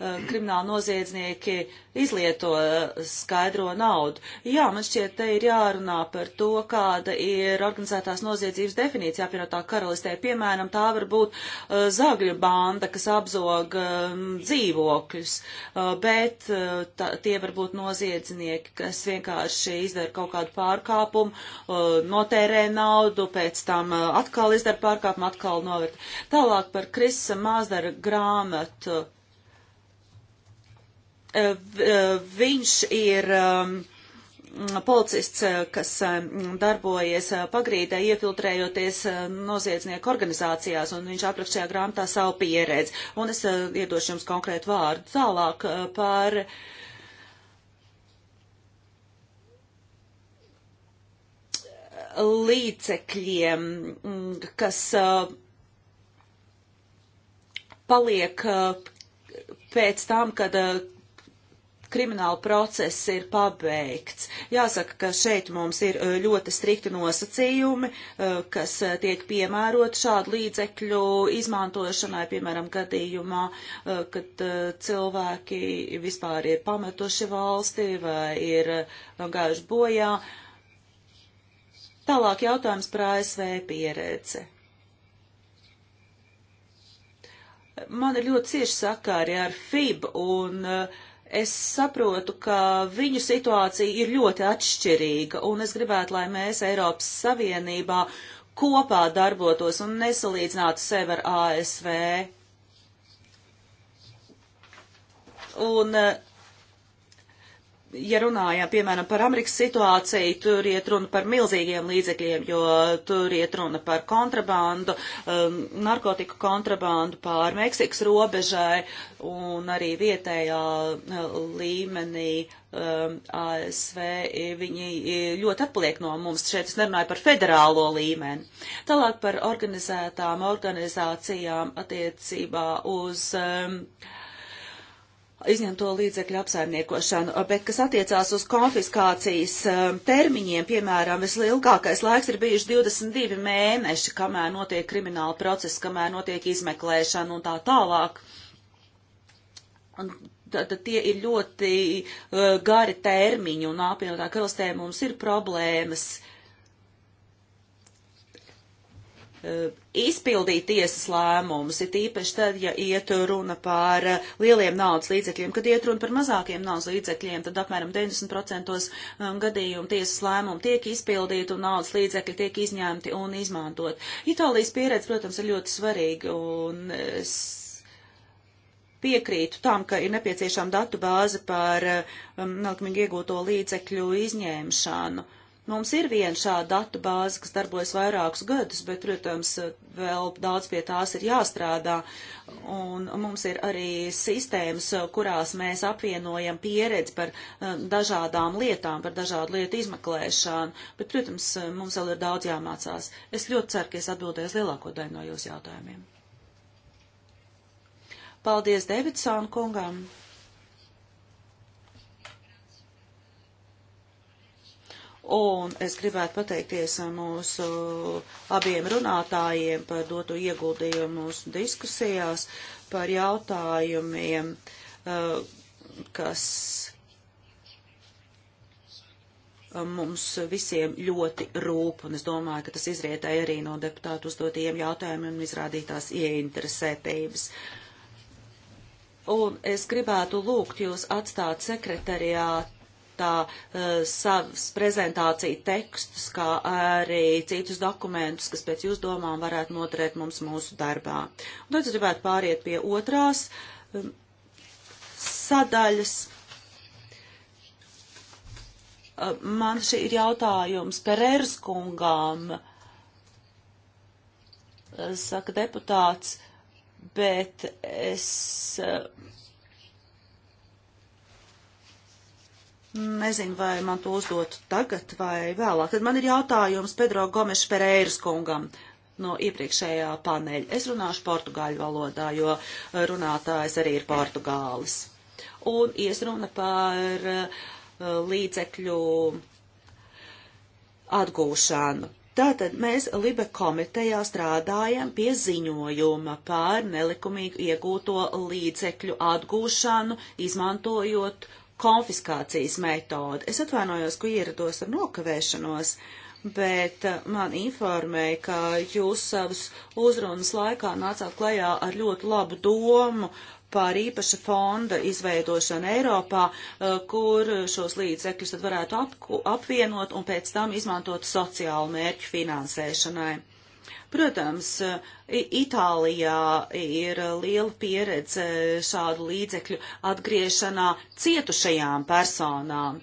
Eh, krimināli noziedznieki izlieto eh, skaidro naudu. Jā, man šķiet, te ir jārunā par to, kāda ir organizētās noziedzības definīcija apvienotā karalistē. Piemēram, tā var būt uh, zagļu banda, kas apzog um, dzīvokļus, uh, bet uh, tā, tie var būt noziedznieki, kas vienkārši izdara kaut kādu pārkāpumu, notērē naudu, pēc tam atkal izdara pārkāpumu, atkal novērt. Tālāk par Krisa Mazdara grāmatu Eh, eh, viņš ir ehm, policists, eh, kas ehm, darbojies pagrīdē, iefiltrējoties noziedznieku organizācijās, un viņš aprakst šajā grāmatā savu pieredzi. Un es iedošu jums konkrētu vārdu tālāk par. līdzekļiem, mm, kas paliek pēc tam, kad krimināla process ir pabeigts. Jāsaka, ka šeit mums ir e, ļoti strikti nosacījumi, e, kas e, tiek piemērot šādu līdzekļu izmantošanai, piemēram, gadījumā, kad cilvēki vispār ir pametuši valsti vai ir gājuši bojā. Tālāk jautājums par ASV pieredzi. Man ir ļoti cieši sakāri ar FIB un uh, Es saprotu, ka viņu situācija ir ļoti atšķirīga, un es gribētu, lai mēs Eiropas Savienībā kopā darbotos un nesalīdzinātu sevi ar ASV. Un uh, ja runājām, piemēram, par Amerikas situāciju, tur iet runa par milzīgiem līdzekļiem, jo tur iet runa par kontrabandu, um, narkotiku kontrabandu pār Meksikas robežai un arī vietējā uh, līmenī um, ASV. Viņi e, ļoti atpaliek no mums. Šeit es nerunāju par federālo līmeni. Tālāk par organizētām organizācijām attiecībā uz um, izņemto līdzekļu apsaimniekošanu, bet kas attiecās uz konfiskācijas um, termiņiem, piemēram, vislielākais laiks ir bijuši 22 mēneši, kamēr notiek krimināla procesa, kamēr notiek izmeklēšana un tā tālāk. Un tad tie ir ļoti uh, gari termiņi, un apvienotā karalistē mums ir problēmas uh, Eh, izpildīt tiesas lēmumus, ir īpaši tad, ja iet runa par eh, lieliem naudas līdzekļiem, kad iet runa par mazākiem naudas līdzekļiem, tad apmēram 90% eh, gadījumu tiesas lēmumu tiek izpildīti un naudas līdzekļi tiek izņemti un izmantot. Itālijas pieredze, protams, ir ļoti svarīga un es piekrītu tam, ka ir nepieciešama datu bāze par um, nelikumīgi iegūto līdzekļu izņēmšanu. Uh, Mums ir viena šāda datu bāze, kas darbojas vairākus gadus, bet, protams, vēl daudz pie tās ir jāstrādā. Un mums ir arī sistēmas, kurās mēs apvienojam pieredzi par eh, dažādām lietām, par dažādu lietu izmeklēšanu. Bet, protams, mums vēl ir daudz jāmācās. Es ļoti ceru, ka es atbildēju uz lielāko daļu no jūsu jautājumiem. Paldies Davidsona kungam! Un es gribētu pateikties mūsu abiem runātājiem par doto ieguldījumu mūsu diskusijās, par jautājumiem, eh, kas mums visiem ļoti rūp, un es domāju, ka tas izrietēja arī no deputātu uzdotajiem jautājumiem un izrādītās ieinteresētības. Un es gribētu lūgt jūs atstāt sekretariātu martā eh, savas prezentāciju tekstus, kā arī citus dokumentus, kas pēc jūs domām varētu noturēt mums mūsu darbā. Un tad es gribētu pāriet pie otrās eh, sadaļas. Eh, man šī ir jautājums Pereiras kungām, saka deputāts, bet es Nezinu, vai man to uzdot tagad vai vēlāk. Tad man ir jautājums Pedro Gomeša Pereiras kungam no iepriekšējā paneļa. Es runāšu portugāļu valodā, jo runātājs arī ir portugālis. Un iesruna par uh, līdzekļu atgūšanu. Tātad mēs Libe komitejā strādājam pie ziņojuma par nelikumīgu iegūto līdzekļu atgūšanu, izmantojot konfiskācijas metodu. Es atvainojos, ka ierados ar nokavēšanos, bet uh, man informēja, ka jūs savas uzrunas laikā nācāt klajā ar ļoti labu domu par īpaša fonda izveidošanu Eiropā, uh, kur šos līdzekļus tad varētu apvienot un pēc tam izmantot sociālu mērķu finansēšanai. Protams, Itālijā ir liela pieredze šādu līdzekļu atgriešanā cietušajām personām.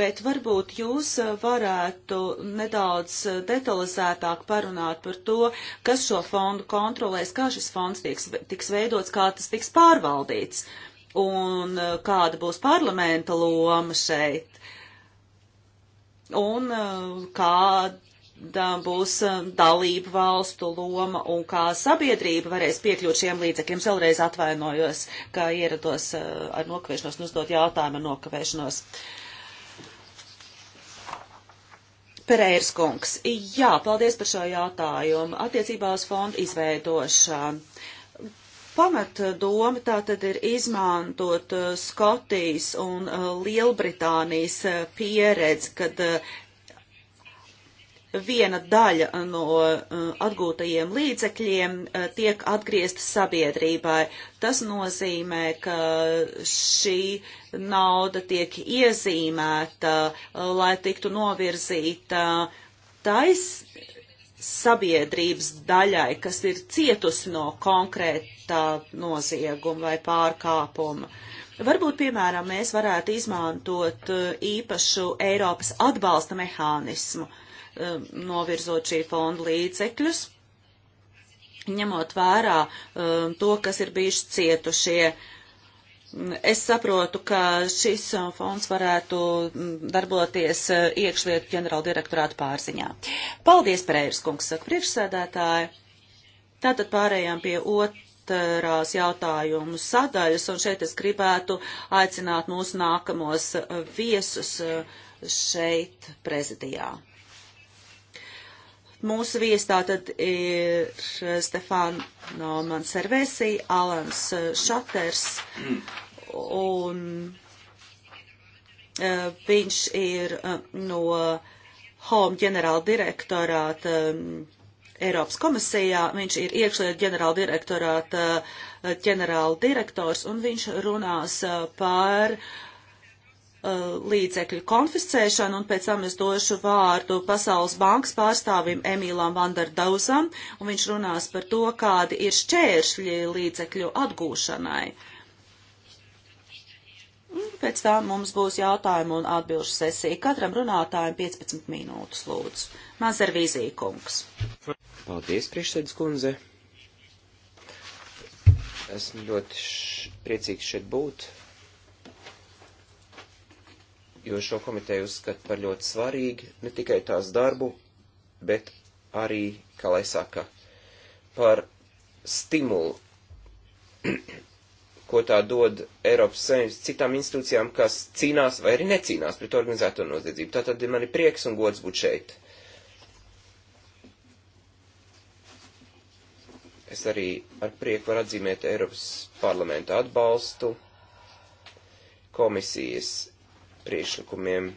Bet varbūt jūs varētu nedaudz detalizētāk parunāt par to, kas šo fondu kontrolēs, kā šis fonds tiks, tiks veidots, kā tas tiks pārvaldīts un kāda būs parlamenta loma šeit un kāda būs eh, dalību valstu loma un kā sabiedrība varēs piekļūt šiem līdzekļiem. Vēlreiz atvainojos, ka ierados eh, ar nokavēšanos un uzdot jautājumu ar nokavēšanos. Pereiras kungs, jā, paldies par šo jautājumu. Attiecībā uz fondu izveidošanu. Pamat eh, doma tā tad ir izmantot Skotijas un Lielbritānijas pieredzi, kad viena daļa no eh, atgūtajiem līdzekļiem eh, tiek atgriezta sabiedrībai. Tas nozīmē, ka šī nauda tiek iezīmēta, eh, lai tiktu novirzīta tais sabiedrības daļai, kas ir cietusi no konkrētā nozieguma vai pārkāpuma. Varbūt, piemēram, mēs varētu izmantot īpašu Eiropas atbalsta mehānismu, uh, um, novirzot šī fonda līdzekļus, ņemot vērā um, to, kas ir bijuši cietušie. Mm, es saprotu, ka šis uh, fonds varētu mm, darboties uh, iekšlietu ģenerāla direktorāta pārziņā. Paldies, Preiras kungs, saka priekšsēdētāji. Tātad pārējām pie otrās jautājumu sadaļas, un šeit es gribētu aicināt mūsu nākamos viesus uh, šeit prezidijā. Mūsu viesi tātad ir Stefano Manservesi, Alans eh, Šaters un eh, viņš ir eh, no Home ģenerāla direktorāta Eiropas komisijā, viņš ir iekšlietu ģenerāla direktorāta ģenerāla direktors, un viņš runās par uh, Uh, līdzekļu konfiscēšanu, un pēc tam es došu vārdu Pasaules bankas pārstāvim Emīlam Vandardauzam, un viņš runās par to, kādi ir šķēršļi līdzekļu atgūšanai. Pēc tam mums būs jautājumu un atbilžu sesija. Katram runātājam 15 minūtes lūdzu. Mazer Vīzīkungs. Paldies, priekšsēdus kundze. Esmu ļoti š... priecīgs šeit būt jo šo komiteju uzskat par ļoti svarīgu ne tikai tās darbu, bet arī, kā lai saka, par stimulu, ko tā dod Eiropas Savienības citām institūcijām, kas cīnās vai arī necīnās pret organizēto noziedzību. Tātad man ir prieks un gods būt šeit. Es arī ar prieku varu atzīmēt Eiropas parlamenta atbalstu, komisijas priekšlikumiem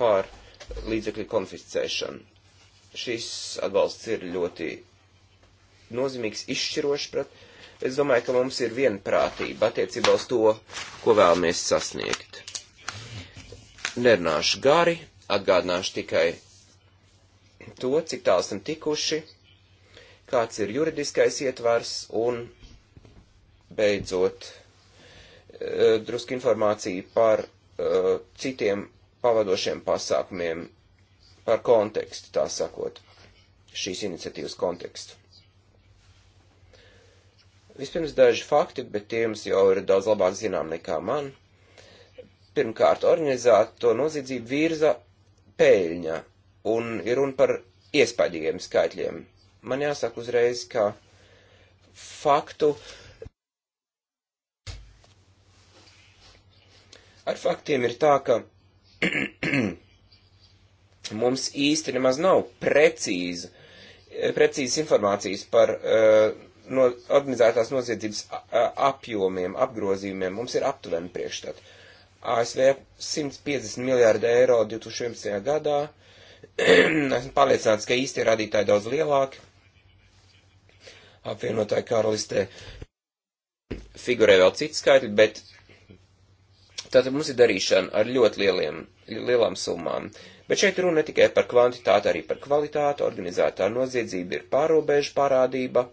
par līdzekļu konfiscēšanu. Šis atbalsts ir ļoti nozīmīgs, izšķirošs, pret. Es domāju, ka mums ir vienprātība attiecībā uz to, ko vēlamies sasniegt. Nerunāšu gari, atgādināšu tikai to, cik tālu esam tikuši, kāds ir juridiskais ietvars un beidzot Eh, drusku informāciju par uh, citiem pavadošiem pasākumiem, par kontekstu, tā sakot, šīs iniciatīvas kontekstu. Vispirms daži fakti, bet tie jums jau ir daudz labāk zinām nekā man. Pirmkārt, organizēto noziedzību virza peļņa un ir runa par iespaidīgiem skaitļiem. Man jāsaka uzreiz, ka faktu uh, Ar faktiem ir tā, ka mums īsti nemaz nav precīza, precīzas informācijas par uh, no organizētās noziedzības apjomiem, apgrozījumiem. Mums ir aptuveni priekšstat. ASV 150 miljārdi eiro 2011. gadā. Esmu pārliecināts, ka īstie radītāji daudz lielāki. Apvienotāji karalistē figurē vēl citi skaitļi, bet Tātad mums ir darīšana ar ļoti lieliem, lielām summām. Bet šeit runa ne tikai par kvantitāti, arī par kvalitāti. Organizētā noziedzība ir pārobežu parādība.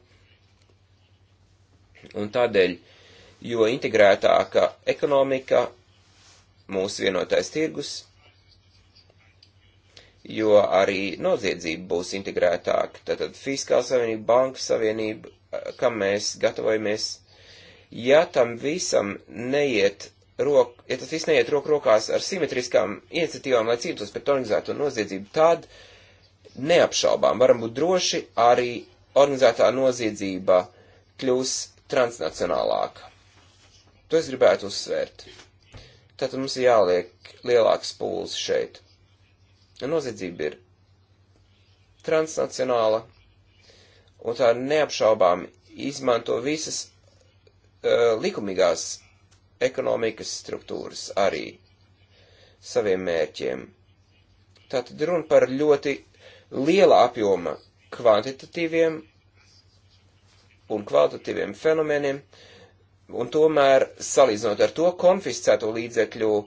Un tādēļ, jo integrētāka ekonomika, mūsu vienotais tirgus, jo arī noziedzība būs integrētāka. Tātad fiskāla savienība, banka savienība, kam mēs gatavojamies. Ja tam visam neiet rok, ja tas viss neiet roku rokās ar simetriskām iniciatīvām, lai cīnītos pret organizēto noziedzību, tad neapšaubām varam būt droši arī organizētā noziedzība kļūs transnacionālāka. To es gribētu uzsvērt. Tātad mums ir jāliek lielāks pūles šeit. Noziedzība ir transnacionāla, un tā neapšaubām izmanto visas uh, likumīgās ekonomikas struktūras arī saviem mērķiem. Tātad runa par ļoti liela apjoma kvantitatīviem un kvalitatīviem fenomeniem, un tomēr, salīdzinot ar to, konfiscēto līdzekļu uh,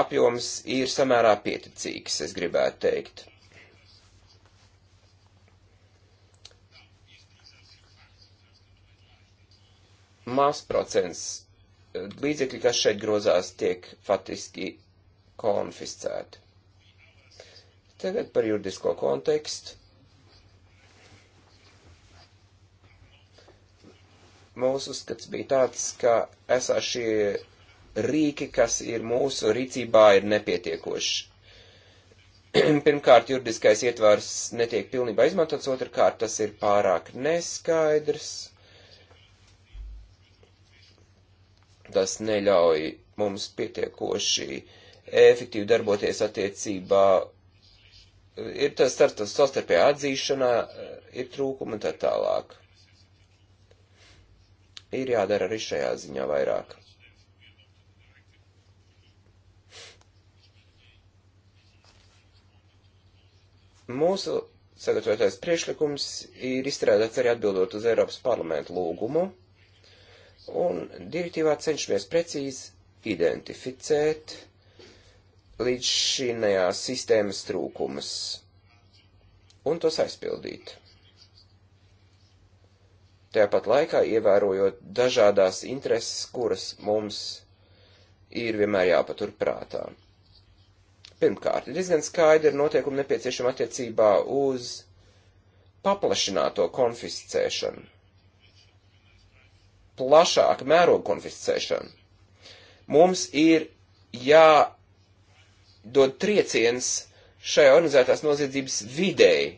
apjoms ir samērā pieticīgs, es gribētu teikt. Mās procents līdzekļi, kas šeit grozās, tiek faktiski konfiscēti. Tagad par juridisko kontekstu. Mūsu uzskats bija tāds, ka esā šie rīki, kas ir mūsu rīcībā, ir nepietiekoši. Pirmkārt, juridiskais ietvars netiek pilnībā izmantots, otrkārt, tas ir pārāk neskaidrs Tas neļauj mums pietiekoši efektīvi darboties attiecībā. Ir tas starp tas sastarpējā atzīšanā, ir trūkumi un tā tālāk. Ir jādara arī šajā ziņā vairāk. Mūsu sagatavotais priekšlikums ir izstrādāts arī atbildot uz Eiropas parlamentu lūgumu Un direktīvā cenšamies precīzi identificēt līdz šīnējās sistēmas trūkumus un tos aizpildīt. Tāpat laikā ievērojot dažādās intereses, kuras mums ir vienmēr jāpatur prātā. Pirmkārt, diezgan skaidri ir noteikumi nepieciešama attiecībā uz paplašināto konfiscēšanu plašāka mēroga konfiscēšana. Mums ir jādod trieciens šai organizētās noziedzības videi.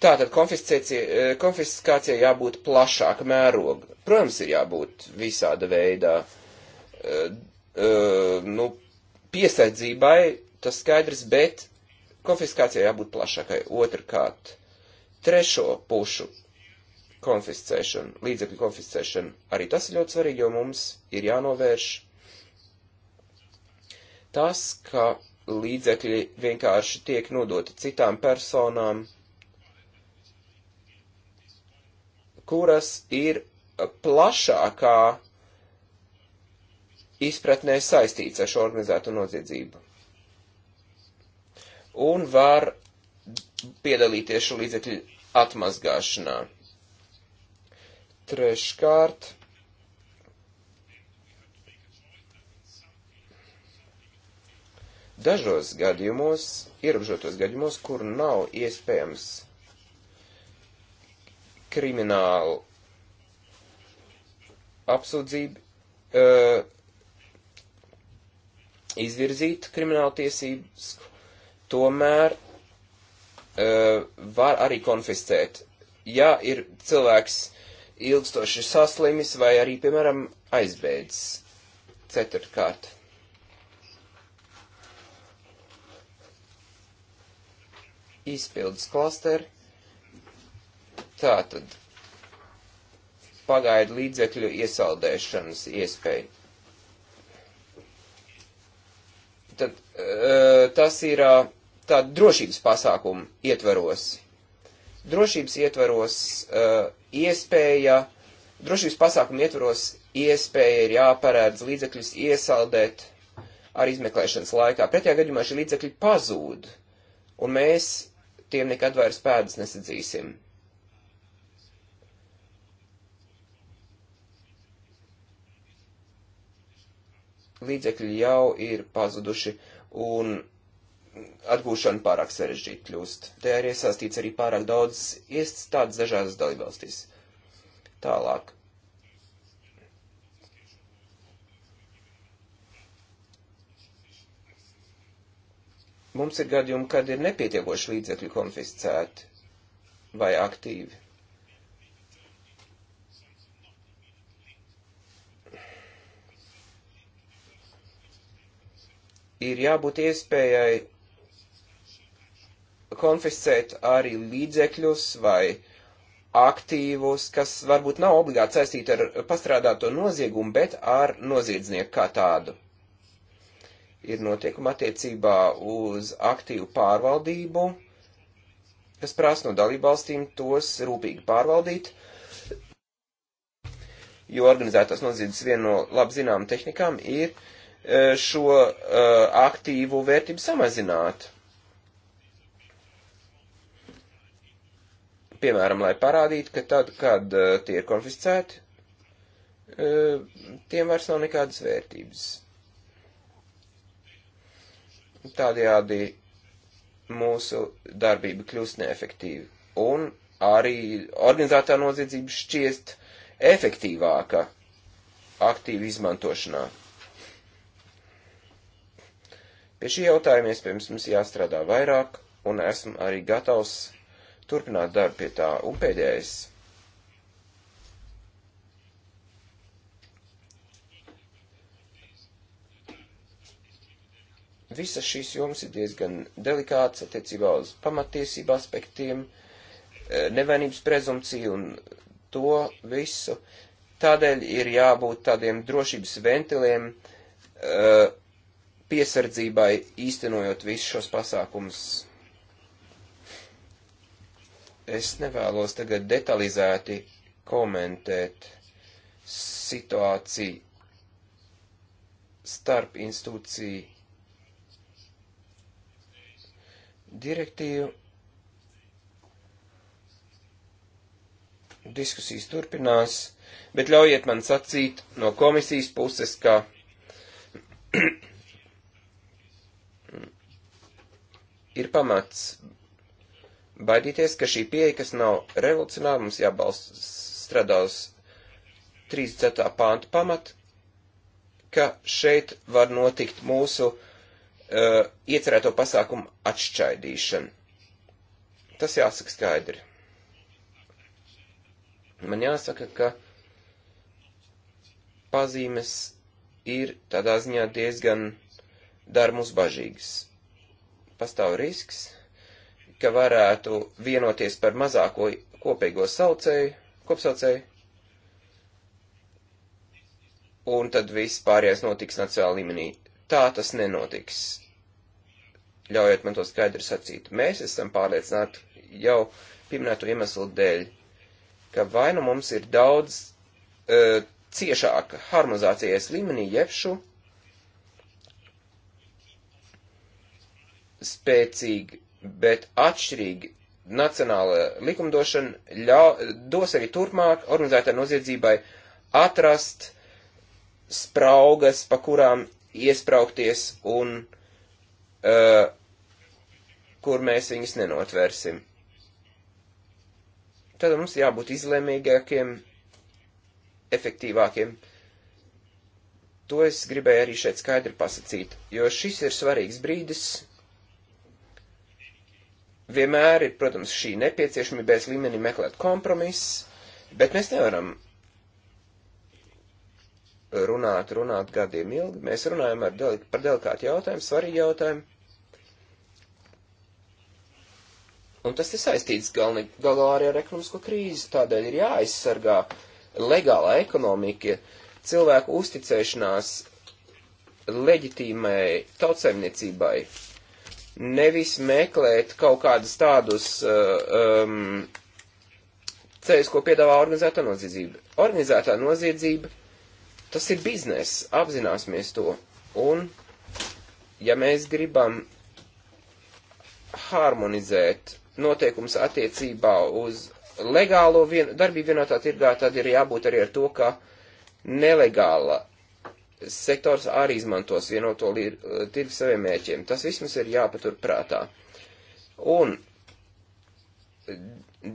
Tātad eh, konfiskācija jābūt plašāka mēroga. Protams, ir jābūt visāda veida, uh, eh, uh, eh, nu, piesaidzībai, tas skaidrs, bet konfiskācija jābūt plašākai. Otrkārt, trešo pušu konfiscēšanu, līdzekļu konfiscēšanu. Arī tas ir ļoti svarīgi, jo mums ir jānovērš tas, ka līdzekļi vienkārši tiek nodoti citām personām, kuras ir plašākā izpratnē saistīts ar šo organizēto noziedzību. Un var piedalīties šo līdzekļu atmazgāšanā. Treškārt, dažos gadījumos, ierobežotos gadījumos, kur nav iespējams kriminālu apsūdzību, uh, izvirzīt kriminālu tiesības, tomēr uh, var arī konfiscēt. Ja ir cilvēks ilgstoši saslimis vai arī, piemēram, aizbēdzis. Ceturtkārt. Izpildus klasteri. Tātad pagaidu līdzekļu iesaldēšanas iespēja. Tad, e, tas ir eh, tāda drošības pasākuma ietvaros drošības ietvaros uh, iespēja, drošības pasākumu ietvaros iespēja ir jāparēdz līdzekļus iesaldēt ar izmeklēšanas laikā. Pretējā gadījumā šie līdzekļi pazūd, un mēs tiem nekad vairs pēdas nesadzīsim. Līdzekļi jau ir pazuduši, un atgūšana pārāk sarežģīta kļūst. Te arī iesaistīts arī pārāk daudz iestādes dažādas dalībvalstīs. Tālāk. Mums ir gadījumi, kad ir nepietiekoši līdzekļi konfiscēti vai aktīvi. Ir jābūt iespējai konfiscēt arī līdzekļus vai aktīvus, kas varbūt nav obligāti saistīti ar pastrādāto noziegumu, bet ar noziedznieku kā tādu. Ir notiekuma attiecībā uz aktīvu pārvaldību, kas prasa no dalībvalstīm tos rūpīgi pārvaldīt, jo organizētās noziedzes viena no labi zinām tehnikām ir eh, šo eh, aktīvu vērtību samazināt Piemēram, lai parādītu, ka tad, kad eh, tie ir konfiscēti, eh, tiem vairs nav nekādas vērtības. Tādējādi mūsu darbība kļūst neefektīva. Un arī organizētā noziedzība šķiest efektīvāka aktīvu izmantošanā. Pie šī jautājuma iespējams mums jāstrādā vairāk, un esmu arī gatavs turpināt darbu pie tā. Un pēdējais. Visas šīs jomas ir diezgan delikātas attiecībā uz pamatiesību aspektiem, eh, nevainības prezumciju un to visu. Tādēļ ir jābūt tādiem drošības ventiliem eh, piesardzībai, īstenojot visus šos pasākumus Es nevēlos tagad detalizēti komentēt situāciju starp institūciju direktīvu. Diskusijas turpinās, bet ļaujiet man sacīt no komisijas puses, ka ir pamats baidīties, ka šī pieeja, kas nav revolucionāra, mums jābalst strādā uz 34. pāntu pamat, ka šeit var notikt mūsu uh, iecerēto pasākumu atšķaidīšana. Tas jāsaka skaidri. Man jāsaka, ka pazīmes ir tādā ziņā diezgan dar mums bažīgas. Pastāv risks, ka varētu vienoties par mazāko kopīgo saucēju, kopsaucēju, un tad viss pārējais notiks nacionāla līmenī. Tā tas nenotiks. Ļaujiet man to skaidri sacīt. Mēs esam pārliecināti jau pieminēto iemeslu dēļ, ka vai nu mums ir daudz uh, ciešāka harmonizācijas līmenī jebšu spēcīgi bet atšķirīgi nacionāla likumdošana ļau, dos arī turpmāk organizētā noziedzībai atrast spraugas, pa kurām iespraukties un uh, kur mēs viņus nenotversim. Tad mums jābūt izlēmīgākiem, efektīvākiem. To es gribēju arī šeit skaidri pasakīt, jo šis ir svarīgs brīdis, Vienmēr ir, protams, šī nepieciešamība bez līmenī meklēt kompromiss, bet mēs nevaram runāt, runāt gadiem ilgi. Mēs runājam ar del par delikātu jautājumu, svarīgu jautājumu. Un tas ir saistīts galni, galā arī ar ekonomisko krīzi, tādēļ ir jāaizsargā legālā ekonomika, cilvēku uzticēšanās leģitīmai tautsaimniecībai, nevis meklēt kaut kādus tādus uh, um, ceļus, ko piedāvā organizētā noziedzība. Organizētā noziedzība, tas ir biznes, apzināsimies to. Un, ja mēs gribam harmonizēt noteikums attiecībā uz legālo vien, darbību vienotā tirgā, tad ir jābūt arī ar to, ka nelegāla sektors arī izmantos vienoto eh, tirgu saviem mēķiem. Tas viss mums ir jāpatur prātā. Un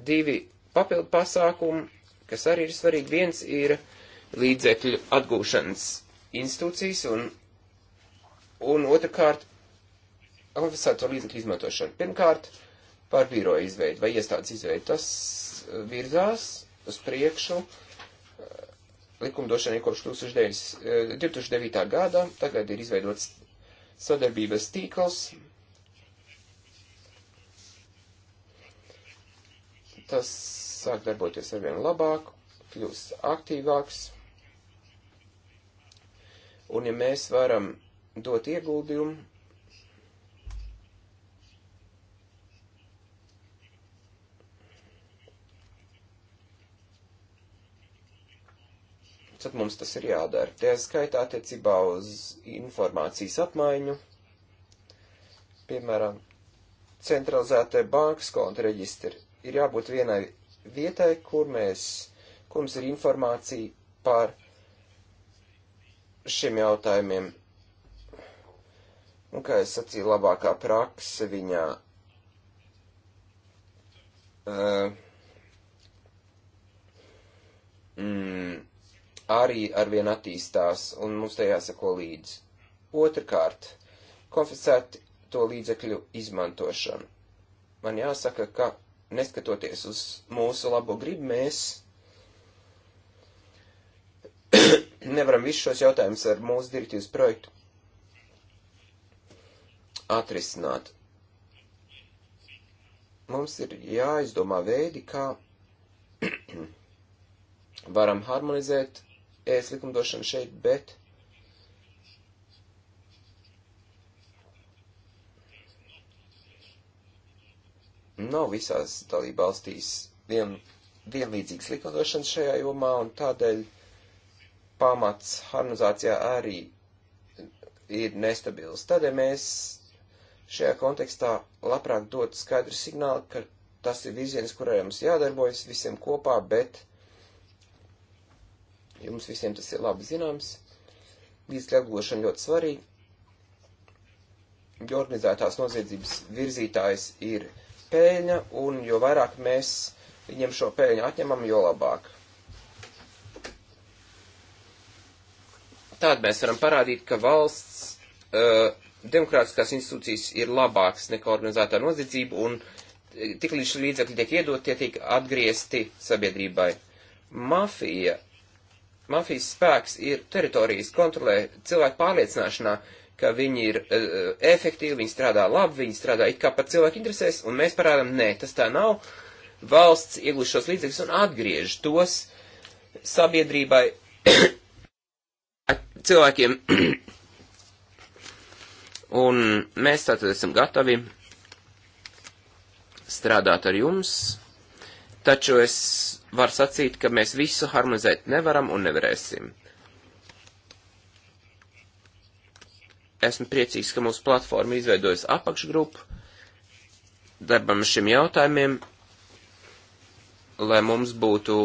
divi papildu pasākumi, kas arī ir svarīgi. Viens ir līdzekļu atgūšanas institūcijas un, un otrkārt konfiscēto līdzekļu izmantošanu. Pirmkārt, par biroju izveidu vai iestādes izveidu. Tas virzās uz priekšu likumdošanai kopš 2009. Eh, gada. Tagad ir izveidots sadarbības tīkls. Tas sāk darboties arvien labāk, kļūst aktīvāks. Un ja mēs varam dot ieguldījumu tad mums tas ir jādara. Tie skaitā attiecībā uz informācijas apmaiņu, piemēram, centralizētie bankas konta reģistri. Ir jābūt vienai vietai, kur mēs, kur mums ir informācija par šiem jautājumiem. Un, kā es sacīju, labākā prakse viņā uh, mm, arī arvien attīstās, un mums tajā sako līdzi. Otrakārt, konfiscēt to līdzekļu izmantošanu. Man jāsaka, ka neskatoties uz mūsu labo gribu, mēs nevaram visus šos jautājumus ar mūsu direktīvas projektu atrisināt. Mums ir jāizdomā veidi, kā varam harmonizēt es likumdošanu šeit, bet nav visās dalībvalstīs vien, vienlīdzīgas likumdošanas šajā jomā, un tādēļ pamats harmonizācijā arī ir nestabils. Tādēļ mēs šajā kontekstā labprāt dot skaidru signālu, ka tas ir virziens, kurā mums jādarbojas visiem kopā, bet Jums visiem tas ir labi zināms. Līdzekļu atgūšana ļoti svarīga, jo organizētās noziedzības virzītājs ir pēļņa, un jo vairāk mēs viņiem šo pēļņu atņemam, jo labāk. Tātad mēs varam parādīt, ka valsts uh, demokrātiskās institūcijas ir labāks nekā organizētā noziedzība, un tik līdz līdzekļi tiek iedot, tie tiek atgriezti sabiedrībai. Mafija mafijas spēks ir teritorijas kontrolē cilvēku pārliecināšanā, ka viņi ir uh, efektīvi, viņi strādā labi, viņi strādā it kā par cilvēku interesēs, un mēs parādām, nē, tas tā nav. Valsts iegūst šos līdzekļus un atgriež tos sabiedrībai, cilvēkiem. un mēs tātad esam gatavi strādāt ar jums, taču es var sacīt, ka mēs visu harmonizēt nevaram un nevarēsim. Esmu priecīgs, ka mūsu platforma izveidojas apakšgrupu darbam šim jautājumiem, lai mums būtu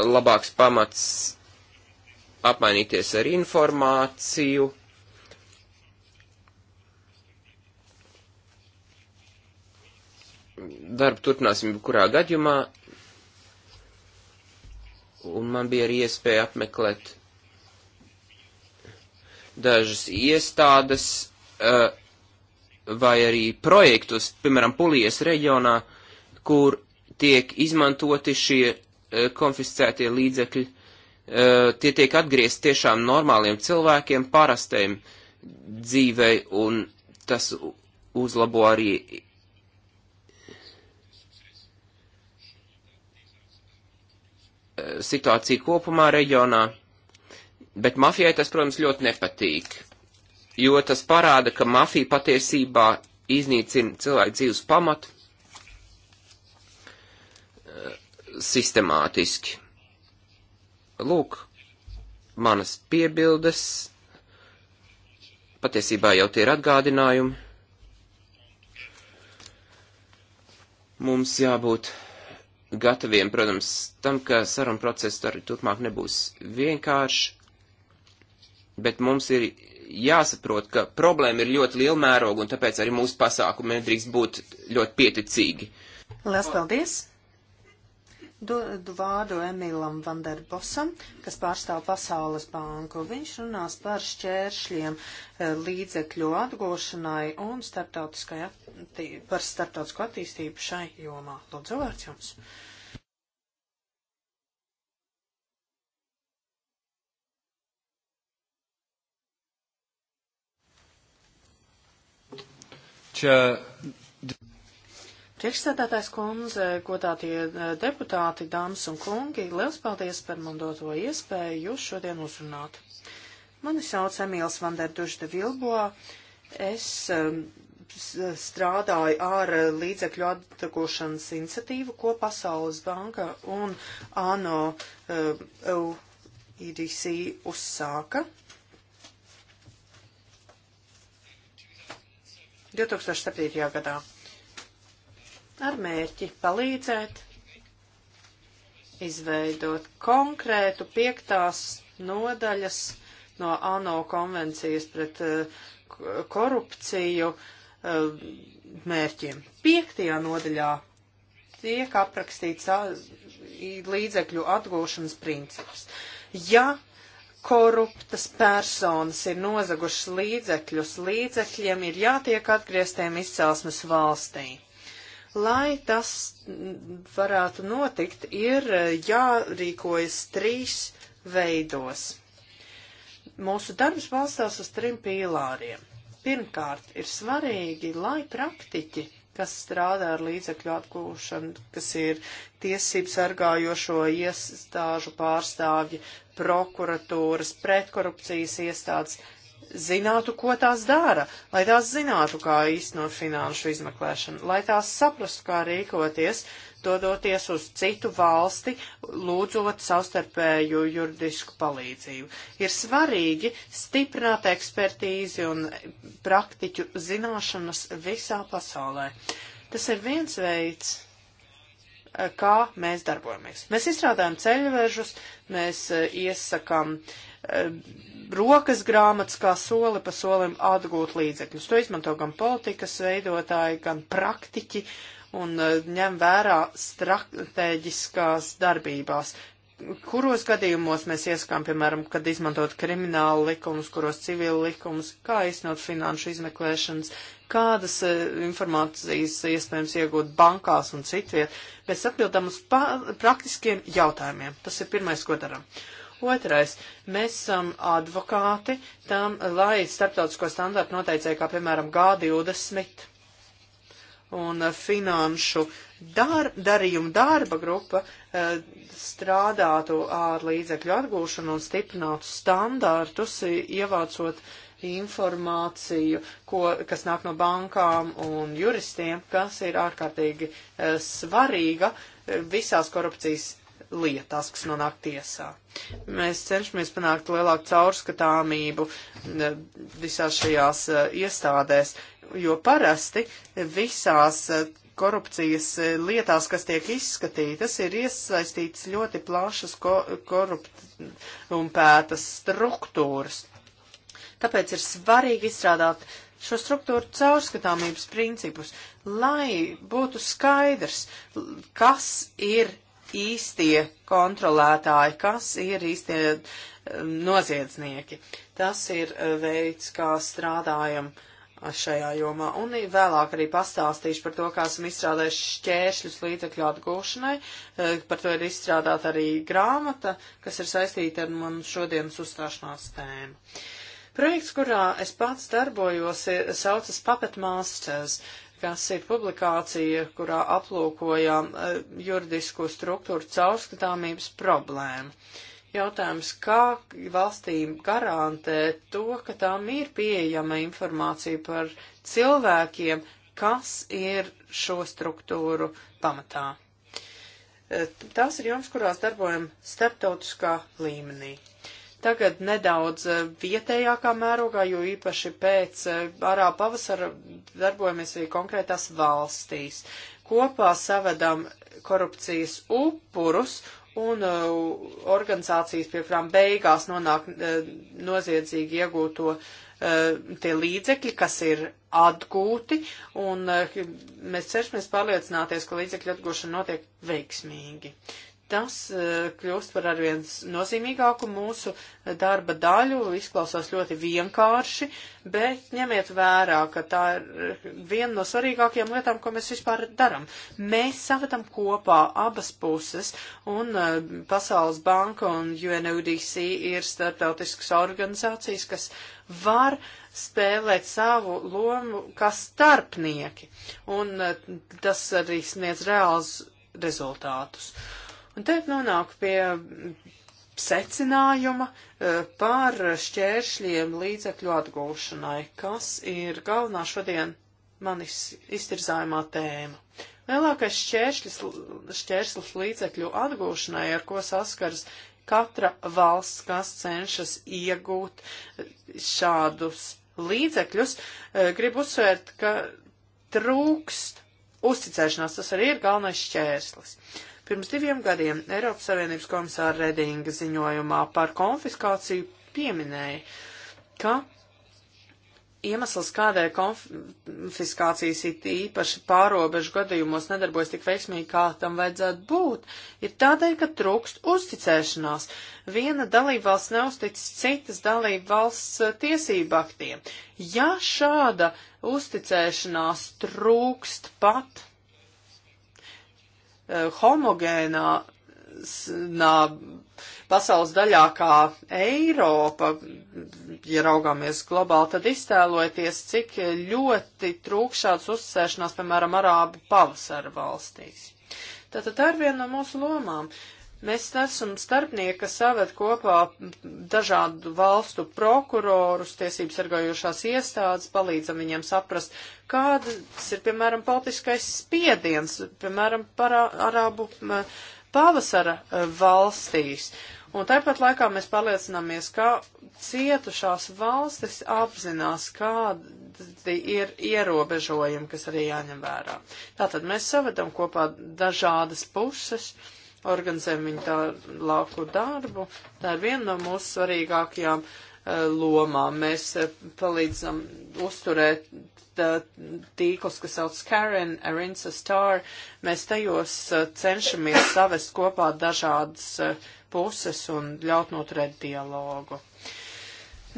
labāks pamats apmainīties ar informāciju. Darbu turpināsim kurā gadījumā, un man bija arī iespēja apmeklēt dažas iestādes uh, vai arī projektus, piemēram, Polijas reģionā, kur tiek izmantoti šie uh, konfiscētie līdzekļi, uh, tie tiek atgriezt tiešām normāliem cilvēkiem, parastiem dzīvei, un tas uzlabo arī situāciju kopumā reģionā, bet mafijai tas, protams, ļoti nepatīk, jo tas parāda, ka mafija patiesībā iznīcina cilvēku dzīves pamatu eh, sistemātiski. Lūk, manas piebildes, patiesībā jau tie ir atgādinājumi. Mums jābūt gataviem, protams, tam, ka saruna process arī turpmāk nebūs vienkāršs, bet mums ir jāsaprot, ka problēma ir ļoti liela mēroga, un tāpēc arī mūsu pasākumi nedrīkst būt ļoti pieticīgi. Lielas paldies! Dodu vārdu Emilam Vanderbosam, kas pārstāv Pasaules banku. Viņš runās par šķēršļiem eh, līdzekļu atgūšanai un attī, par starptautisko attīstību šai jomā. Lūdzu, vārds jums! Chair, Priekšsēdētājs kundze, godātie eh, deputāti, dāmas un kungi, liels paldies par man doto iespēju jūs šodien uzrunāt. Mani sauc Emīls Vanderduš de Vilboa. Es eh, strādāju ar līdzekļu atdagošanas iniciatīvu, ko Pasaules banka un ANO EDC eh, uzsāka. 2007. gadā ar mērķi palīdzēt izveidot konkrētu piektās nodaļas no ANO konvencijas pret eh, korupciju eh, mērķiem. Piektajā nodaļā tiek aprakstīts līdzekļu atgūšanas princips. Ja koruptas personas ir nozagušas līdzekļus, līdzekļiem ir jātiek atgrieztiem izcelsmes valstī. Lai tas varētu notikt, ir jārīkojas trīs veidos. Mūsu darbs balstās uz trim pīlāriem. Pirmkārt, ir svarīgi, lai praktiķi, kas strādā ar līdzekļu atgūšanu, kas ir tiesību sargājošo iestāžu pārstāvji, prokuratūras, pretkorupcijas iestādes, zinātu, ko tās dara, lai tās zinātu, kā īstenot finanšu izmeklēšanu, lai tās saprastu, kā rīkoties, dodoties uz citu valsti, lūdzot savstarpēju juridisku palīdzību. Ir svarīgi stiprināt ekspertīzi un praktiķu zināšanas visā pasaulē. Tas ir viens veids, eh, kā mēs darbojamies. Mēs izstrādājam ceļvežus, mēs eh, iesakam uh, rokas grāmatas, kā soli pa solim atgūt līdzekļus. To izmanto gan politikas veidotāji, gan praktiķi un e, ņem vērā strateģiskās darbībās. Kuros gadījumos mēs ieskām, piemēram, kad izmantot kriminālu likumus, kuros civilu likumus, kā iznot finanšu izmeklēšanas, kādas e, informācijas iespējams iegūt bankās un citviet, mēs atbildam uz praktiskiem jautājumiem. Tas ir pirmais, ko darām. Uh, Otrais, mēs esam advokāti tam, lai starptautisko standartu noteicēja, kā piemēram G20 un eh, finanšu dar, darījumu darba grupa eh, strādātu ar līdzekļu atgūšanu un stiprinātu standartus, ievācot informāciju, ko, kas nāk no bankām un juristiem, kas ir ārkārtīgi eh, svarīga visās korupcijas lietās, kas nonāk tiesā. Mēs cenšamies panākt lielāku caurskatāmību visās šajās e, iestādēs, jo parasti visās e, korupcijas e, lietās, kas tiek izskatītas, ir iesaistītas ļoti plašas ko korumpētas struktūras. Tāpēc ir svarīgi izstrādāt šo struktūru caurskatāmības principus, lai būtu skaidrs, kas ir īstie kontrolētāji, kas ir īstie um, noziedznieki. Tas ir uh, veids, kā strādājam uh, šajā jomā. Un vēlāk arī pastāstīšu par to, kā esam izstrādājuši šķēršļus līdzekļu atgūšanai. Uh, par to ir izstrādāta arī grāmata, kas ir saistīta ar manu šodienas uzstāšanās tēmu. Projekts, kurā es pats darbojos, ir, saucas Puppet Masters kas ir publikācija, kurā aplūkojām e, juridisko struktūru caurskatāmības problēmu. Jautājums, kā valstīm garantēt to, ka tām ir pieejama informācija par cilvēkiem, kas ir šo struktūru pamatā. E, tās ir joms, kurās darbojam starptautiskā līmenī. Tagad nedaudz eh, vietējākā mērogā, jo īpaši pēc eh, arā pavasara darbojamies arī konkrētās valstīs. Kopā savedam korupcijas upurus un eh, organizācijas, pie kurām beigās nonāk noziedzīgi iegūto tie līdzekļi, kas ir atgūti, un mēs cenšamies pārliecināties, ka līdzekļu atgūšana notiek veiksmīgi. Uh, Tas eh, kļūst par arvien nozīmīgāku mūsu darba daļu, izklausās ļoti vienkārši, bet ņemiet vērā, ka tā ir eh, viena no svarīgākajām lietām, ko mēs vispār daram. Mēs savedam kopā abas puses, un eh, Pasaules banka un UNODC ir starptautiskas organizācijas, kas var spēlēt savu lomu kā starpnieki, un tas arī sniedz reāls rezultātus. Un te nonāk pie secinājuma eh, par šķēršļiem līdzekļu atgūšanai, kas ir galvenā šodien manis iztirzājumā tēma. Lielākais šķēršļis, šķērslis līdzekļu atgūšanai, ar ko saskars katra valsts, kas cenšas iegūt šādus līdzekļus, eh, grib uzsvērt, ka trūkst uzticēšanās, tas arī ir galvenais šķērslis. Uh, Pirms diviem gadiem Eiropas Savienības komisāra Redinga ziņojumā par konfiskāciju pieminēja, ka iemesls, kādēļ konfiskācijas it īpaši pārobežu gadījumos nedarbojas tik veiksmīgi, kā tam vajadzētu būt, ir tādēļ, ka trūkst uzticēšanās. Viena dalībvalsts neuztic citas dalībvalsts eh, tiesību aktiem. Ja šāda uzticēšanās trūkst pat Eh, homogēnā pasaules daļā kā Eiropa, ja raugāmies globāli, tad iztēlojieties, cik ļoti trūk šāds uzsēšanās, piemēram, Arābu pavasara valstīs. Tātad tā ir viena no mūsu lomām. Uh, Mēs esam starpnieki, kas saved kopā dažādu valstu prokurorus, tiesības sargājošās iestādes, palīdzam viņiem saprast, kādas ir, piemēram, politiskais spiediens, piemēram, par arābu pavasara e, valstīs. Un tāpat laikā mēs pārliecināmies, ka cietušās valstis apzinās, kādi ir ierobežojumi, kas arī jāņem vērā. Tātad mēs savedam kopā dažādas puses. Uh, organizējam viņu tālāku darbu. Tā ir viena no mūsu svarīgākajām eh, lomām. Mēs eh, palīdzam uzturēt tīklus, kas sauc Karen, Arinsa Star. Mēs tajos eh, cenšamies savest kopā dažādas puses un ļaut noturēt dialogu.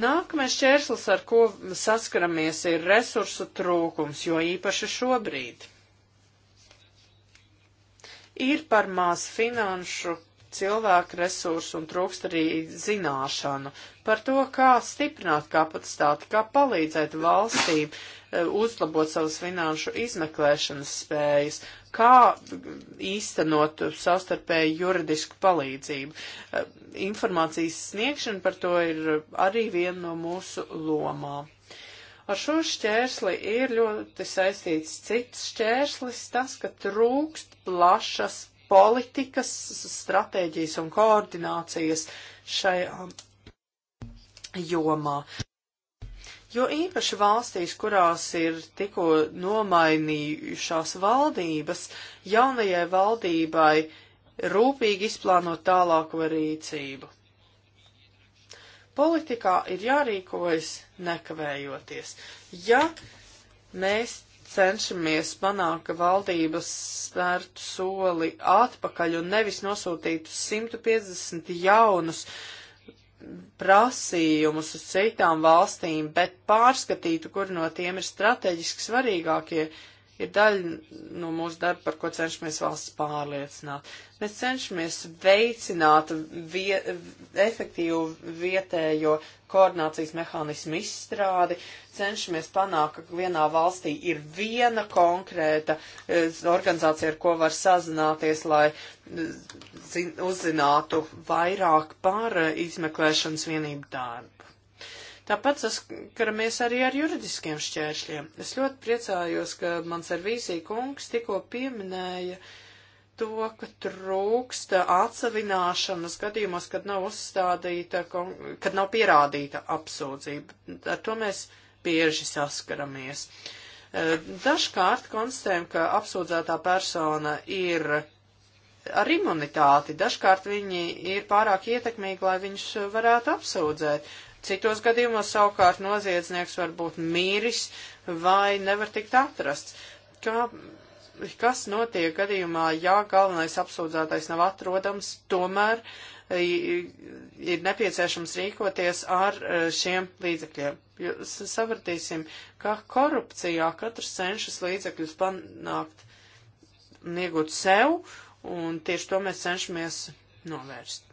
Nākamais čērslis, ar ko saskaramies, ir resursu trūkums, jo īpaši šobrīd. Ir par maz finanšu cilvēku resursu un trūkst arī zināšanu par to, kā stiprināt kapacitāti, kā palīdzēt valstīm e, uzlabot savas finanšu izmeklēšanas spējas, kā īstenot savstarpēju juridisku palīdzību. E, informācijas sniegšana par to ir arī viena no mūsu lomām. Ar šo šķērsli ir ļoti saistīts cits šķērslis, tas, ka trūkst plašas politikas, stratēģijas un koordinācijas šajā um, jomā. Jo īpaši valstīs, kurās ir tikko nomainījušās valdības, jaunajai valdībai rūpīgi izplānot tālāko rīcību. Politikā ir jārīkojas nekavējoties. Ja mēs cenšamies panākt, ka valdības spērtu soli atpakaļ un nevis nosūtītu 150 jaunus prasījumus uz citām valstīm, bet pārskatītu, kur no tiem ir strateģiski svarīgākie, ir daļa no mūsu darba, par ko cenšamies valsts pārliecināt. Mēs cenšamies veicināt vie, efektīvu vietējo koordinācijas mehānismu izstrādi, cenšamies panākt, ka vienā valstī ir viena konkrēta e, organizācija, ar ko var sazināties, lai e, zin, uzzinātu vairāk par e, izmeklēšanas vienību darbu. Tāpat saskaramies arī ar juridiskiem šķēršļiem. Es ļoti priecājos, ka mans ar vīziju kungs tikko pieminēja to, ka trūksta atsavināšanas gadījumos, kad nav uzstādīta, kad nav pierādīta apsūdzība. Ar to mēs bieži saskaramies. E, dažkārt konstatējam, ka apsūdzētā persona ir ar imunitāti. Dažkārt viņi ir pārāk ietekmīgi, lai viņus varētu apsūdzēt. Citos gadījumos savukārt noziedznieks var būt mīris vai nevar tikt atrasts. Kā, kas notiek gadījumā, ja galvenais apsūdzētais nav atrodams, tomēr ir nepieciešams rīkoties ar e, šiem līdzekļiem. Jūs sapratīsim, ka korupcijā katrs cenšas līdzekļus panākt, iegūt sev, un tieši to mēs cenšamies novērst.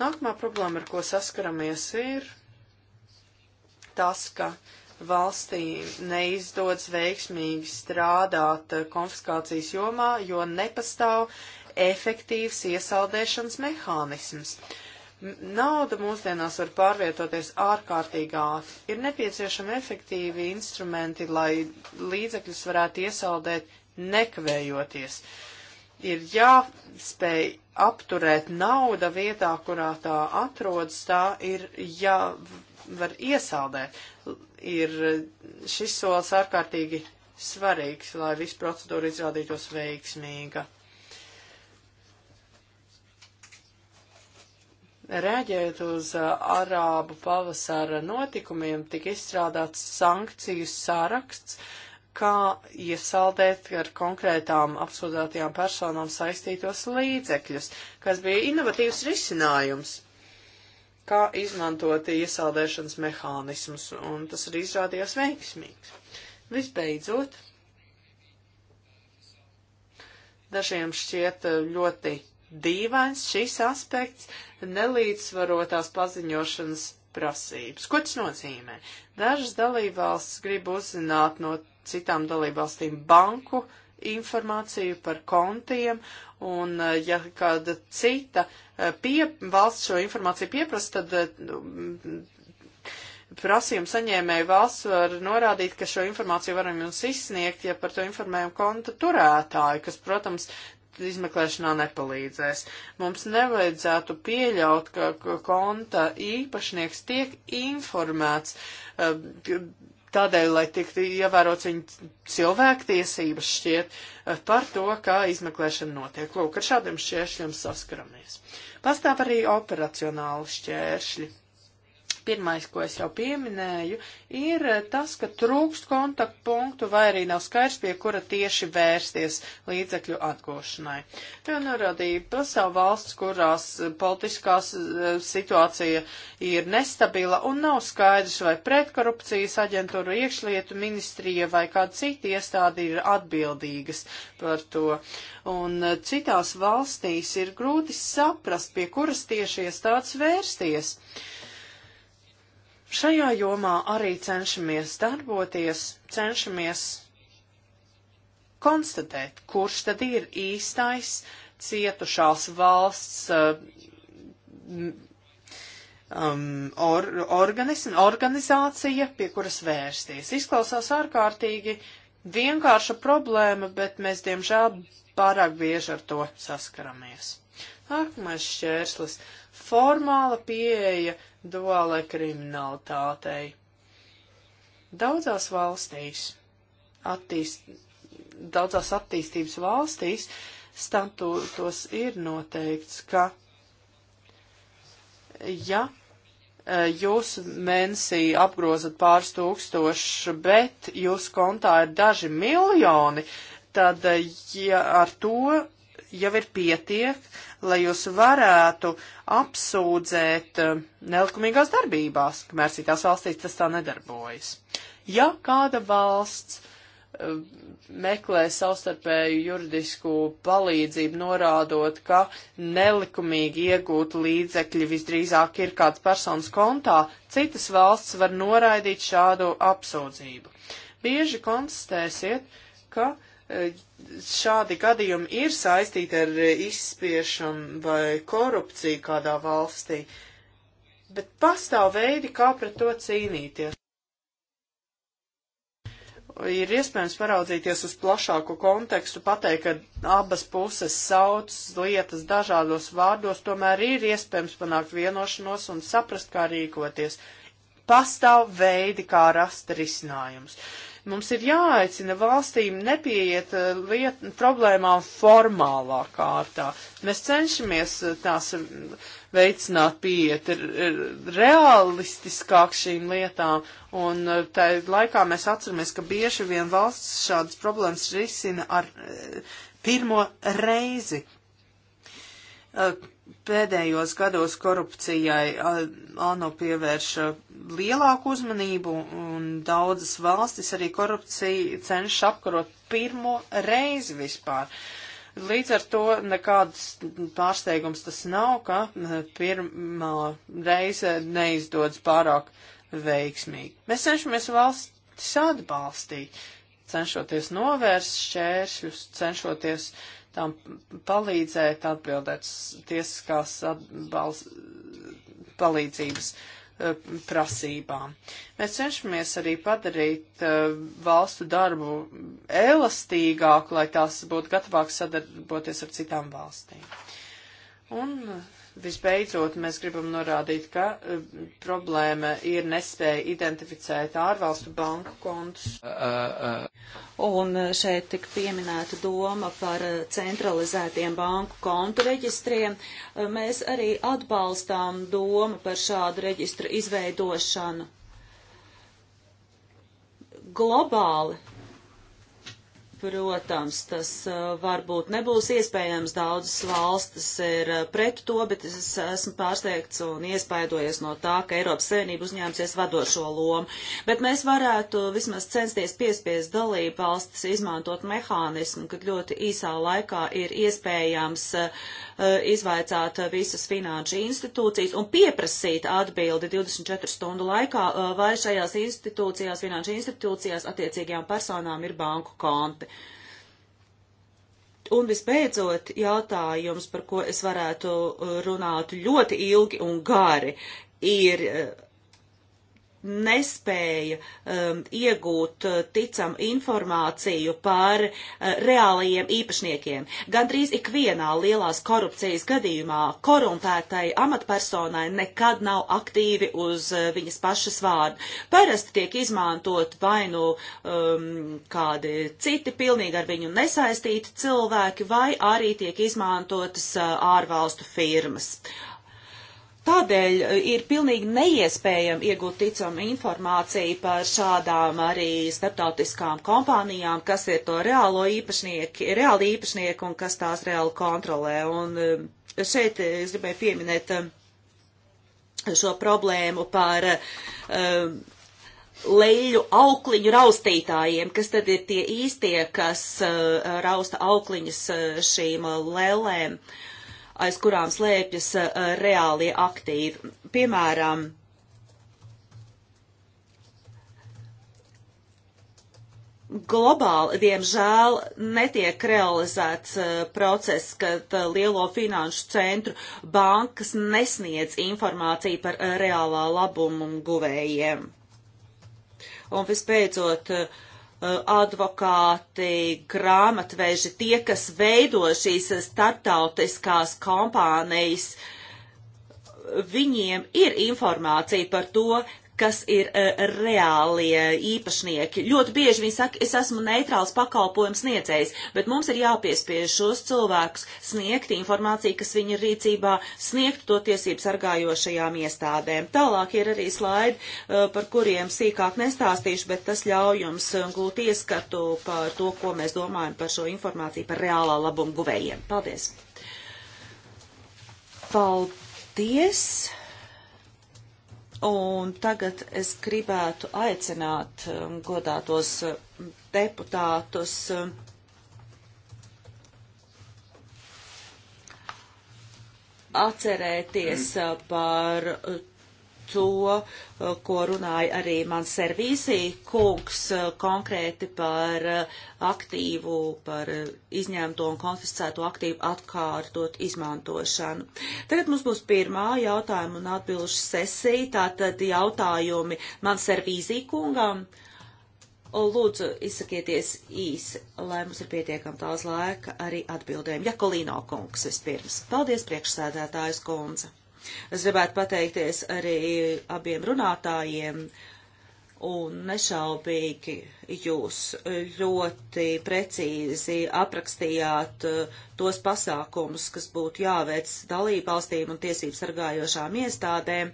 Nākamā problēma, ar ko saskaramies, ir tas, ka valstīm neizdodas veiksmīgi strādāt konfiskācijas jomā, jo nepastāv efektīvs iesaldēšanas mehānisms. Nauda mūsdienās var pārvietoties ārkārtīgi ātri. Ir nepieciešami efektīvi instrumenti, lai līdzekļus varētu iesaldēt nekavējoties. Uh, ir jāspēj apturēt nauda vietā, kurā tā atrodas, tā ir jāvar iesaldēt. Ir šis solis ārkārtīgi svarīgs, lai viss procedūra izrādītos veiksmīga. Rēģējot uz uh, arābu pavasara notikumiem, tika izstrādāts sankciju saraksts, uh, kā iesaldēt ar konkrētām apsūdzētajām personām saistītos līdzekļus, kas bija inovatīvs risinājums, kā izmantot iesaldēšanas mehānismus, un tas arī izrādījās veiksmīgs. Visbeidzot, dažiem šķiet eh, ļoti dīvains šis aspekts nelīdzsvarotās paziņošanas prasības. Ko tas nozīmē? Dažas dalībvalstis grib uzzināt no citām dalībvalstīm banku informāciju par kontiem, un eh, ja kāda cita eh, pie, valsts šo informāciju pieprasa, tad eh, mm, prasījuma saņēmēja valsts var norādīt, ka šo informāciju varam jums izsniegt, ja par to informējam konta turētāju, kas, protams, izmeklēšanā nepalīdzēs. Mums nevajadzētu pieļaut, ka konta īpašnieks tiek informēts tādēļ, lai tiktu ievērots viņu cilvēktiesības šķiet eh, par to, kā izmeklēšana notiek. Lūk, ar šādiem šķēršļiem saskaramies. Pastāv arī operacionāli šķēršļi. Pirmais, ko es jau pieminēju, ir tas, ka trūkst kontaktpunktu vai arī nav skaidrs, pie kura tieši vērsties līdzekļu atgūšanai. Jo norādīja pasauli valsts, kurās politiskās eh, situācija ir nestabila un nav skaidrs, vai pretkorupcijas aģentūra, iekšlietu ministrija vai kāda cita iestāde ir atbildīgas par to. Un eh, citās valstīs ir grūti saprast, pie kuras tieši iestādes vērsties. Uh, Šajā jomā arī cenšamies darboties, cenšamies konstatēt, kurš tad ir īstais cietušās valsts um, or, organism, organizācija, pie kuras vērsties. Izklausās ārkārtīgi vienkārša problēma, bet mēs, diemžēl, pārāk bieži ar to saskaramies. Nākamais šķērslis - formāla pieeja duālai kriminalitātei. Daudzās valstīs, attīst, daudzās attīstības valstīs, statūtos ir noteikts, ka ja e, jūs mēnesī apgrozat pāris tūkstoši, bet jūsu kontā ir daži miljoni, tad e, ja ar to jau ir pietiek, lai jūs varētu apsūdzēt eh, nelikumīgās darbībās, kamēr citās valstīs tas tā nedarbojas. Ja kāda valsts eh, meklē savstarpēju juridisku palīdzību, norādot, ka nelikumīgi iegūt līdzekļi visdrīzāk ir kāds personas kontā, citas valsts var noraidīt šādu apsūdzību. Bieži konstatēsiet, ka šādi gadījumi ir saistīti ar izspiešanu vai korupciju kādā valstī, bet pastāv veidi, kā pret to cīnīties. Ir iespējams paraudzīties uz plašāku kontekstu, pateikt, ka abas puses sauc lietas dažādos vārdos, tomēr ir iespējams panākt vienošanos un saprast, kā rīkoties. Pastāv veidi, kā rast risinājumus. Uh, Mums ir jāaicina valstīm nepaiet eh, liet, problēmām formālā kārtā. Mēs cenšamies eh, tās mm, veicināt pieiet realistiskāk šīm lietām, un eh, tā laikā mēs atceramies, ka bieži vien valsts šādas problēmas risina ar pirmo reizi pēdējos gados korupcijai ANO pievērš lielāku uzmanību un daudzas valstis arī korupciju cenšas apkarot pirmo reizi vispār. Līdz ar to nekāds pārsteigums tas nav, ka pirmā reize neizdodas pārāk veiksmīgi. Mēs cenšamies valstis atbalstīt, cenšoties novērst šķēršļus, cenšoties uh, tām palīdzēt atbildēt tiesiskās atbalsts, palīdzības e, prasībām. Mēs cenšamies arī padarīt uh, valstu darbu elastīgāku, lai tās būtu gatavākas sadarboties ar citām valstīm. Un Visbeidzot, mēs gribam norādīt, ka uh, problēma ir nespēja identificēt ārvalstu banku kontus. Uh, uh. uh. Un e, šeit tik pieminēta doma par e, centralizētiem banku kontu reģistriem. Mēs arī atbalstām domu par šādu reģistru izveidošanu. Globāli Protams, tas uh, varbūt nebūs iespējams. Daudzas valstis ir uh, pret to, bet es esmu pārsteigts un iespaidojies no tā, ka Eiropas Savienība uzņēmusies vadošo lomu. Bet mēs varētu vismaz censties piespiest dalību valstis izmantot mehānismu, kad ļoti īsā laikā ir iespējams uh, Eh, izvaicāt eh, visas finanšu institūcijas un pieprasīt atbildi 24 stundu laikā, eh, vai šajās institūcijās, finanšu institūcijās attiecīgajām personām ir banku konti. Un visbeidzot, jautājums, par ko es varētu runāt ļoti ilgi un gari, ir nespēja um, iegūt uh, ticam informāciju par uh, reālajiem īpašniekiem. Gandrīz ikvienā lielās korupcijas gadījumā korumpētai amatpersonai nekad nav aktīvi uz uh, viņas pašas vārdu. Parasti tiek izmantot vai nu um, kādi citi pilnīgi ar viņu nesaistīti cilvēki, vai arī tiek izmantotas uh, ārvalstu firmas. Uh, Tādēļ e, ir pilnīgi neiespējami iegūt ticamu informāciju par šādām arī starptautiskām kompānijām, kas ir to reālo īpašnieki, reāli īpašnieki un kas tās reāli kontrolē. Un e, šeit es gribēju pieminēt e, šo problēmu par um, leļu aukliņu raustītājiem, kas tad ir tie īstie, kas uh, rausta aukliņas šīm lēlēm. Uh, aiz kurām slēpjas eh, reālie aktīvi. Piemēram, globāli, diemžēl, netiek realizēts uh, process, kad uh, lielo finanšu centru bankas nesniedz informāciju par uh, reālā labumu guvējiem. Un vispēcot, uh, Uh, advokāti, grāmatveži, tie, kas veido šīs startautiskās kompānijas, viņiem ir informācija par to, kas ir uh, reālie eh, īpašnieki. Ļoti bieži viņi saka, es esmu neitrāls pakalpojums sniedzējs, bet mums ir jāpiespiež šos cilvēkus sniegt informāciju, kas viņa rīcībā sniegt to tiesību sargājošajām iestādēm. Tālāk ir arī slaidi, uh, par kuriem sīkāk nestāstīšu, bet tas ļauj jums gūt ieskatu par to, ko mēs domājam par šo informāciju, par reālā labuma guvējiem. Paldies! Paldies! Un tagad es gribētu aicināt um, godātos um, deputātus um, atcerēties uh, par uh, to, eh, ko runāja arī mans servīsī kungs eh, konkrēti par eh, aktīvu, par izņemto un konfiscēto aktīvu atkārtot izmantošanu. Tagad mums būs pirmā jautājuma un atbilžu sesija, tātad jautājumi man servīzī kungam. Lūdzu, izsakieties īsi, lai mums ir pietiekami tās laika arī atbildēm. Jakolīno kungs vispirms. Paldies, priekšsēdētājs kundze. Es gribētu pateikties arī abiem runātājiem. Un nešaubīgi jūs ļoti precīzi aprakstījāt uh, tos pasākumus, kas būtu jāveic dalībvalstīm un tiesību sargājošām iestādēm.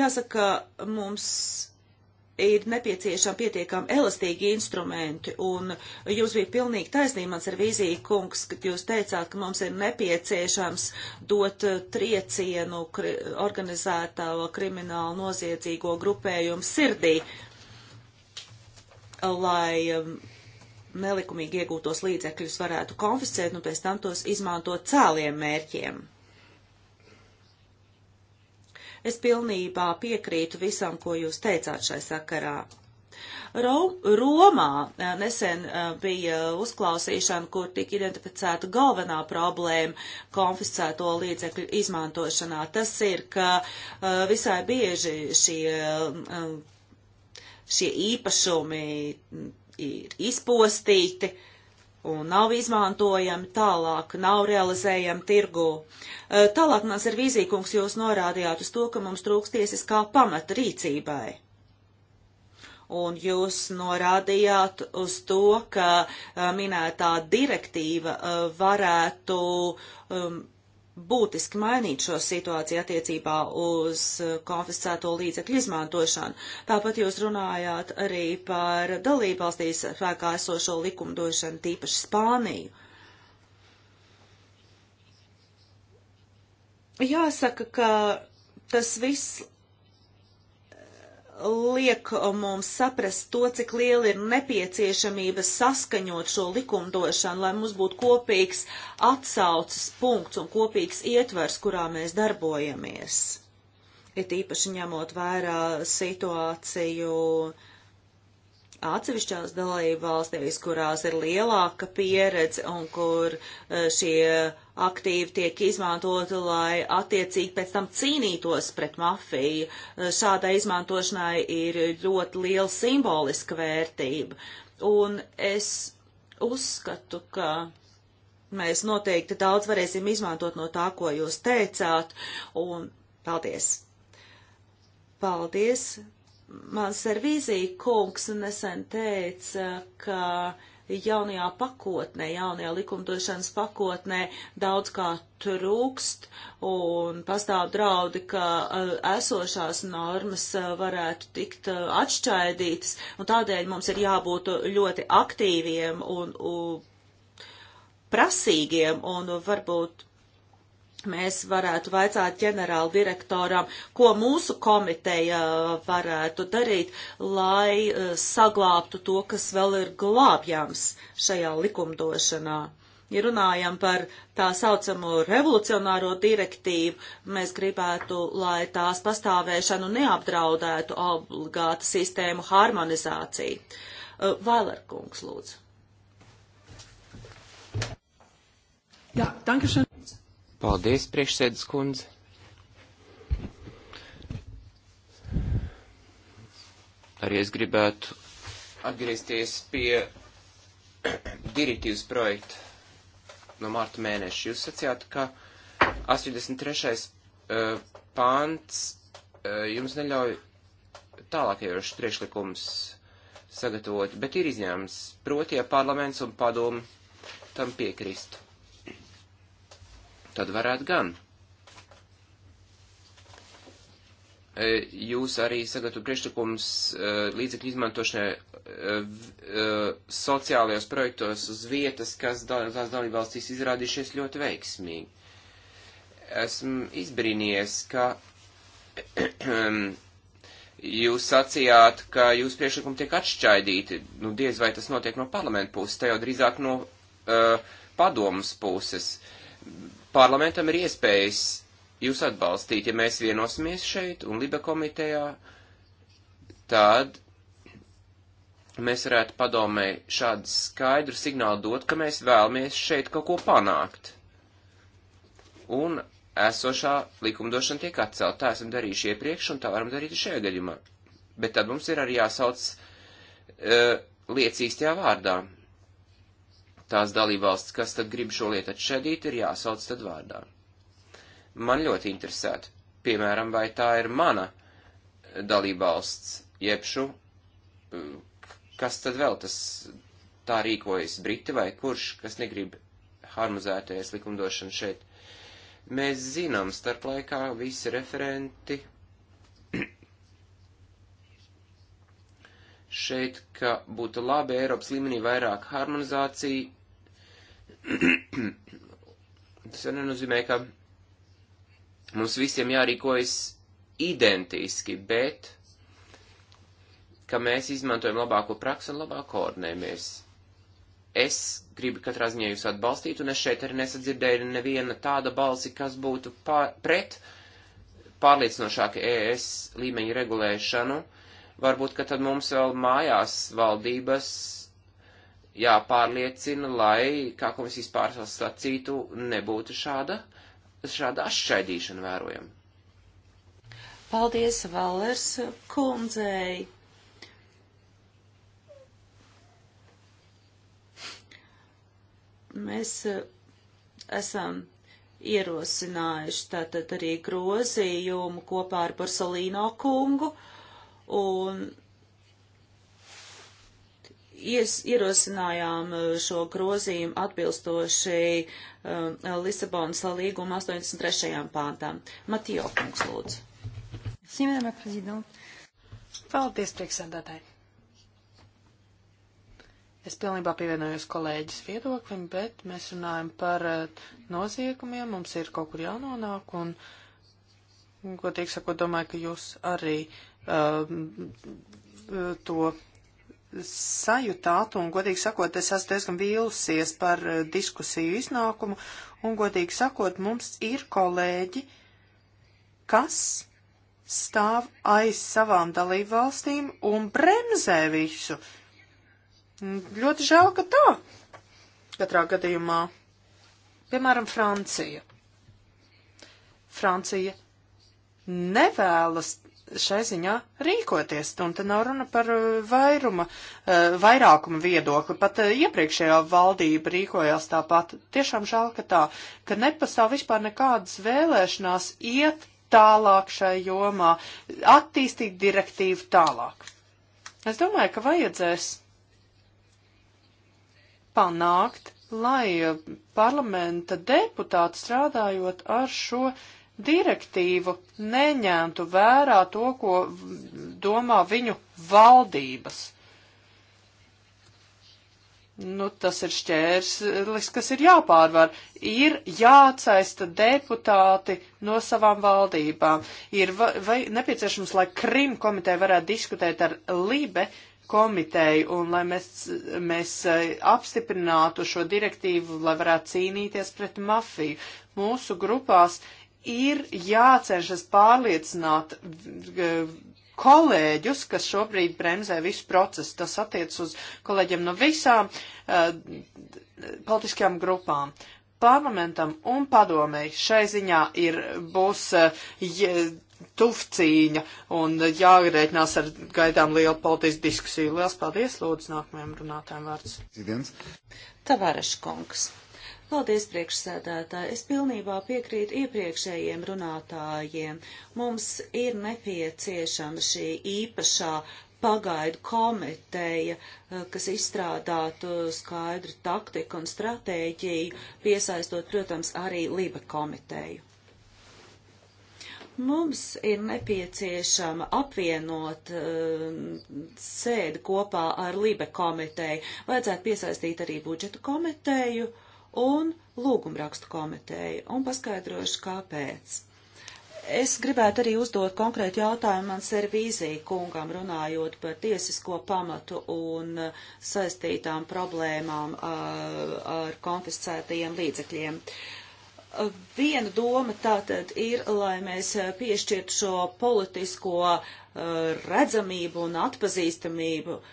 Jāsaka, mums ir nepieciešami pietiekami elastīgi instrumenti, un jūs bija pilnīgi taisnība, mans ar vīziju kungs, kad jūs teicāt, ka mums ir nepieciešams dot eh, triecienu kri organizētā kriminālu noziedzīgo grupējumu sirdī, lai eh, nelikumīgi iegūtos līdzekļus varētu konfiscēt un pēc tam tos izmantot cēliem mērķiem. Es pilnībā piekrītu visam, ko jūs teicāt šai sakarā. Ro Romā eh, nesen eh, bija uzklausīšana, kur tika identificēta galvenā problēma konfiscēto līdzekļu izmantošanā. Tas ir, ka eh, visai bieži šie, šie īpašumi mm, ir izpostīti, un nav izmantojami tālāk, nav realizējami tirgū. Eh, tālāk nāc ar vīzīkungs jūs norādījāt uz to, ka mums trūks tiesiskā pamata rīcībai. Un jūs norādījāt uz to, ka eh, minētā direktīva eh, varētu um, būtiski mainīt šo situāciju attiecībā uz uh, konfiscēto līdzekļu izmantošanu. Tāpat jūs runājāt arī par dalībvalstīs spēkā esošo likumdošanu, tīpaši Spāniju. Jāsaka, ka tas viss liek mums saprast to, cik liela ir nepieciešamība saskaņot šo likumdošanu, lai mums būtu kopīgs atsaucas punkts un kopīgs ietvers, kurā mēs darbojamies. Ir īpaši ņemot vērā situāciju atsevišķās dalību valstīs, kurās ir lielāka pieredze un kur eh, šie aktīvi tiek izmantoti, lai attiecīgi pēc tam cīnītos pret mafiju. Šādai izmantošanai ir ļoti liela simboliska vērtība. Un es uzskatu, ka mēs noteikti daudz varēsim izmantot no tā, ko jūs teicāt, un paldies! Paldies! Mans servīzija kungs nesen teica, ka jaunajā pakotnē, jaunajā likumdošanas pakotnē daudz kā trūkst un pastāv draudi, ka eh, esošās normas eh, varētu tikt eh, atšķaidītas, un tādēļ mums ir jābūt ļoti aktīviem un, un prasīgiem, un varbūt mēs varētu vaicāt ģenerāla direktoram, ko mūsu komiteja varētu darīt, lai eh, saglābtu to, kas vēl ir glābjams šajā likumdošanā. Ja runājam par tā saucamo revolucionāro direktīvu, mēs gribētu, lai tās pastāvēšanu neapdraudētu obligāta sistēmu harmonizāciju. Eh, Vailerkungs, lūdzu. Jā, ja, danke schön. Paldies, priekšsēdus kundze. Arī es gribētu atgriezties pie direktīvas projekta no mārta mēneša. Jūs sacījāt, ka 83. E, pāns e, jums neļauj tālākajos priekšlikumus sagatavot, bet ir izņēmums. Proti, ja parlaments un padomu tam piekristu tad varētu gan. E, jūs arī sagatavot priekšlikums e, līdzekļu izmantošanai e, sociālajos projektos uz vietas, kas tās dalībvalstīs izrādījušies ļoti veiksmīgi. Esmu izbrīnījies, ka jūs sacījāt, ka jūs priekšlikumi tiek atšķaidīti. Nu, diez vai tas notiek no parlamenta puses, te jau drīzāk no uh, padomas puses. Uh, parlamentam ir iespējas jūs atbalstīt, ja mēs vienosimies šeit un Liba komitejā, tad mēs varētu padomē šādu skaidru signālu dot, ka mēs vēlamies šeit kaut ko panākt. Un esošā likumdošana tiek atcelt. Tā esam darījuši iepriekš, un tā varam darīt šajā gadījumā. Bet tad mums ir arī jāsauc uh, eh, liecīgs tajā vārdā tās dalībvalsts, kas tad grib šo lietu atšķēdīt, ir jāsauc tad vārdā. Man ļoti interesētu, piemēram, vai tā ir mana dalībvalsts, jebšu, kas tad vēl tas tā rīkojas, Briti vai kurš, kas negrib harmonizēties likumdošanu šeit. Mēs zinām, starp laikā visi referenti šeit, ka būtu labi Eiropas līmenī vairāk harmonizācija, Tas jau nenozīmē, ka mums visiem jārīkojas identiski, bet ka mēs izmantojam labāko praksu un labāk koordinējamies. Es gribu katrā ziņā jūs atbalstīt, un es šeit arī nesadzirdēju neviena tāda balsi, kas būtu pār, pret pārliecinošāku ES līmeņu regulēšanu. Varbūt, ka tad mums vēl mājās valdības jāpārliecina, lai, kā komisijas pārsvars sacītu, nebūtu šāda, šāda atšķaidīšana vērojama. Paldies, Valers kundzei! Mēs eh, esam ierosinājuši tātad arī grozījumu kopā ar Borsalīno kungu, un ies, ierosinājām uh, šo grozījumu atbilstoši um, Lisabonas līguma 83. pāntām. Matijo kungs lūdzu. Simēma prezidenta. Paldies, priekšsēdētāji. Es pilnībā pievienojos kolēģis viedoklim, bet mēs runājam par uh, noziegumiem, mums ir kaut kur jānonāk, un, godīgi sakot, domāju, ka jūs arī uh, to sajūtātu, un, godīgi sakot, es esmu diezgan vīlusies par eh, diskusiju iznākumu, un, godīgi sakot, mums ir kolēģi, kas stāv aiz savām dalībvalstīm un bremzē visu. Ļoti žēl, ka tā. Katrā gadījumā, piemēram, Francija. Francija nevēlas šai ziņā rīkoties. Un te nav runa par uh, vairuma, uh, vairākuma viedokli. Pat uh, iepriekšējā valdība rīkojās tāpat. Tiešām žēl, ka tā, ka nepastāv vispār nekādas vēlēšanās iet tālāk šai jomā, attīstīt direktīvu tālāk. Es domāju, ka vajadzēs panākt, lai parlamenta deputāti strādājot ar šo uh, direktīvu neņemtu vērā to, ko domā viņu valdības. Nu, tas ir šķērslis, kas ir jāpārvar. Ir jāatsaista deputāti no savām valdībām. Ir vai, vai nepieciešams, lai Krim komiteja varētu diskutēt ar Libe komiteju un lai mēs, mēs e, apstiprinātu šo direktīvu, lai varētu cīnīties pret mafiju. Mūsu grupās uh, ir jācenšas pārliecināt kolēģus, kas šobrīd bremzē visu procesu. Tas attiec uz kolēģiem no visām uh, politiskajām grupām. Parlamentam un padomēji šai ziņā ir, būs uh, eh, tuvcīņa un jārēķinās ar gaidām lielu politisku diskusiju. Lielas paldies, lūdzu, nākamajam runātājiem vārds. Tavareša kungs. Paldies, priekšsēdētāji. Es pilnībā piekrītu iepriekšējiem runātājiem. Mums ir nepieciešama šī īpašā pagaidu komiteja, eh, kas izstrādātu skaidru taktiku un stratēģiju, piesaistot, protams, arī Liba komiteju. Mums ir nepieciešama apvienot uh, sēdi kopā ar Libe komiteju. Vajadzētu piesaistīt arī budžetu komiteju uh, un lūgumrakstu komiteju un paskaidrošu, kāpēc. Es gribētu arī uzdot konkrētu jautājumu man servīzija kungam, runājot par tiesisko pamatu un uh, saistītām problēmām uh, ar konfiscētajiem līdzekļiem. Uh, viena doma tātad ir, lai mēs piešķirtu šo politisko redzamību un atpazīstamību uh,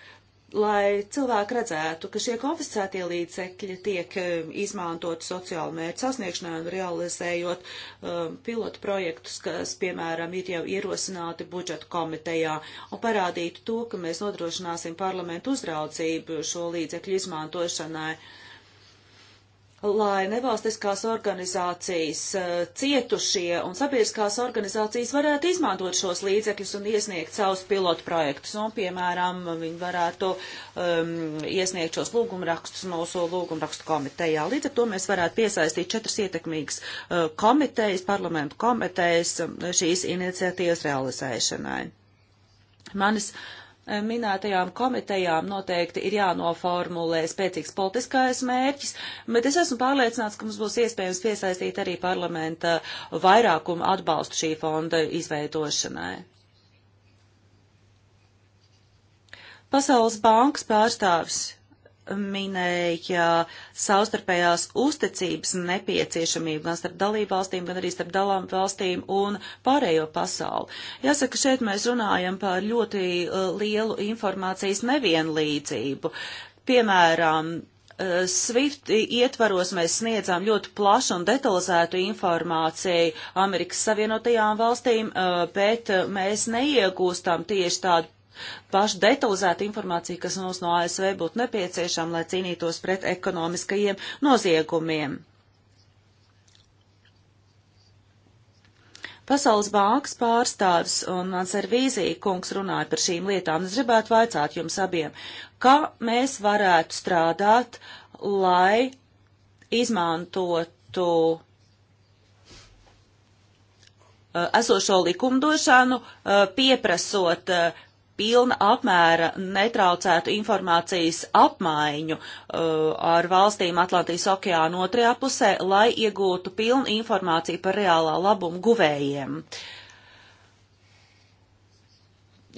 lai cilvēki redzētu, ka šie konfiscētie līdzekļi tiek e, izmantot sociālu mērķu sasniegšanai un realizējot um, pilotu projektus, kas, piemēram, ir jau ierosināti budžeta komitejā, un parādītu to, ka mēs nodrošināsim parlamentu uzraudzību šo līdzekļu izmantošanai. Uh, lai nevalstiskās organizācijas, eh, cietušie un sabiedriskās organizācijas varētu izmantot šos līdzekļus un iesniegt savus pilotu projektus. Un, piemēram, viņi varētu um, iesniegt šos lūgumrakstus mūsu lūgumrakstu komitejā. Līdz ar to mēs varētu piesaistīt četras ietekmīgas uh, komitejas, parlamentu komitejas eh, šīs iniciatīvas realizēšanai. Manis uh, minētajām komitejām noteikti ir jānoformulē spēcīgs politiskais mērķis, bet es esmu pārliecināts, ka mums būs iespējams piesaistīt arī parlamenta vairākumu atbalstu šī fonda izveidošanai. Pasaules bankas pārstāvis minēja savstarpējās uzticības nepieciešamību gan starp dalībvalstīm, gan arī starp dalībvalstīm un pārējo pasauli. Jāsaka, šeit mēs runājam par ļoti uh, lielu informācijas nevienlīdzību. Piemēram, uh, SWIFT ietvaros mēs sniedzām ļoti plašu un detalizētu informāciju Amerikas Savienotajām valstīm, uh, bet mēs neiegūstam tieši tādu pašu detalizētu informāciju, kas mums no ASV būtu nepieciešama, lai cīnītos pret ekonomiskajiem noziegumiem. Pasaules bankas pārstāvis un mans ar vīziju kungs runāja par šīm lietām. Es gribētu vaicāt jums abiem, kā mēs varētu strādāt, lai izmantotu uh, esošo likumdošanu, uh, pieprasot uh, pilna apmēra netraucētu informācijas apmaiņu uh, ar valstīm Atlantijas okeāna otrajā pusē, lai iegūtu pilnu informāciju par reālā labumu guvējiem.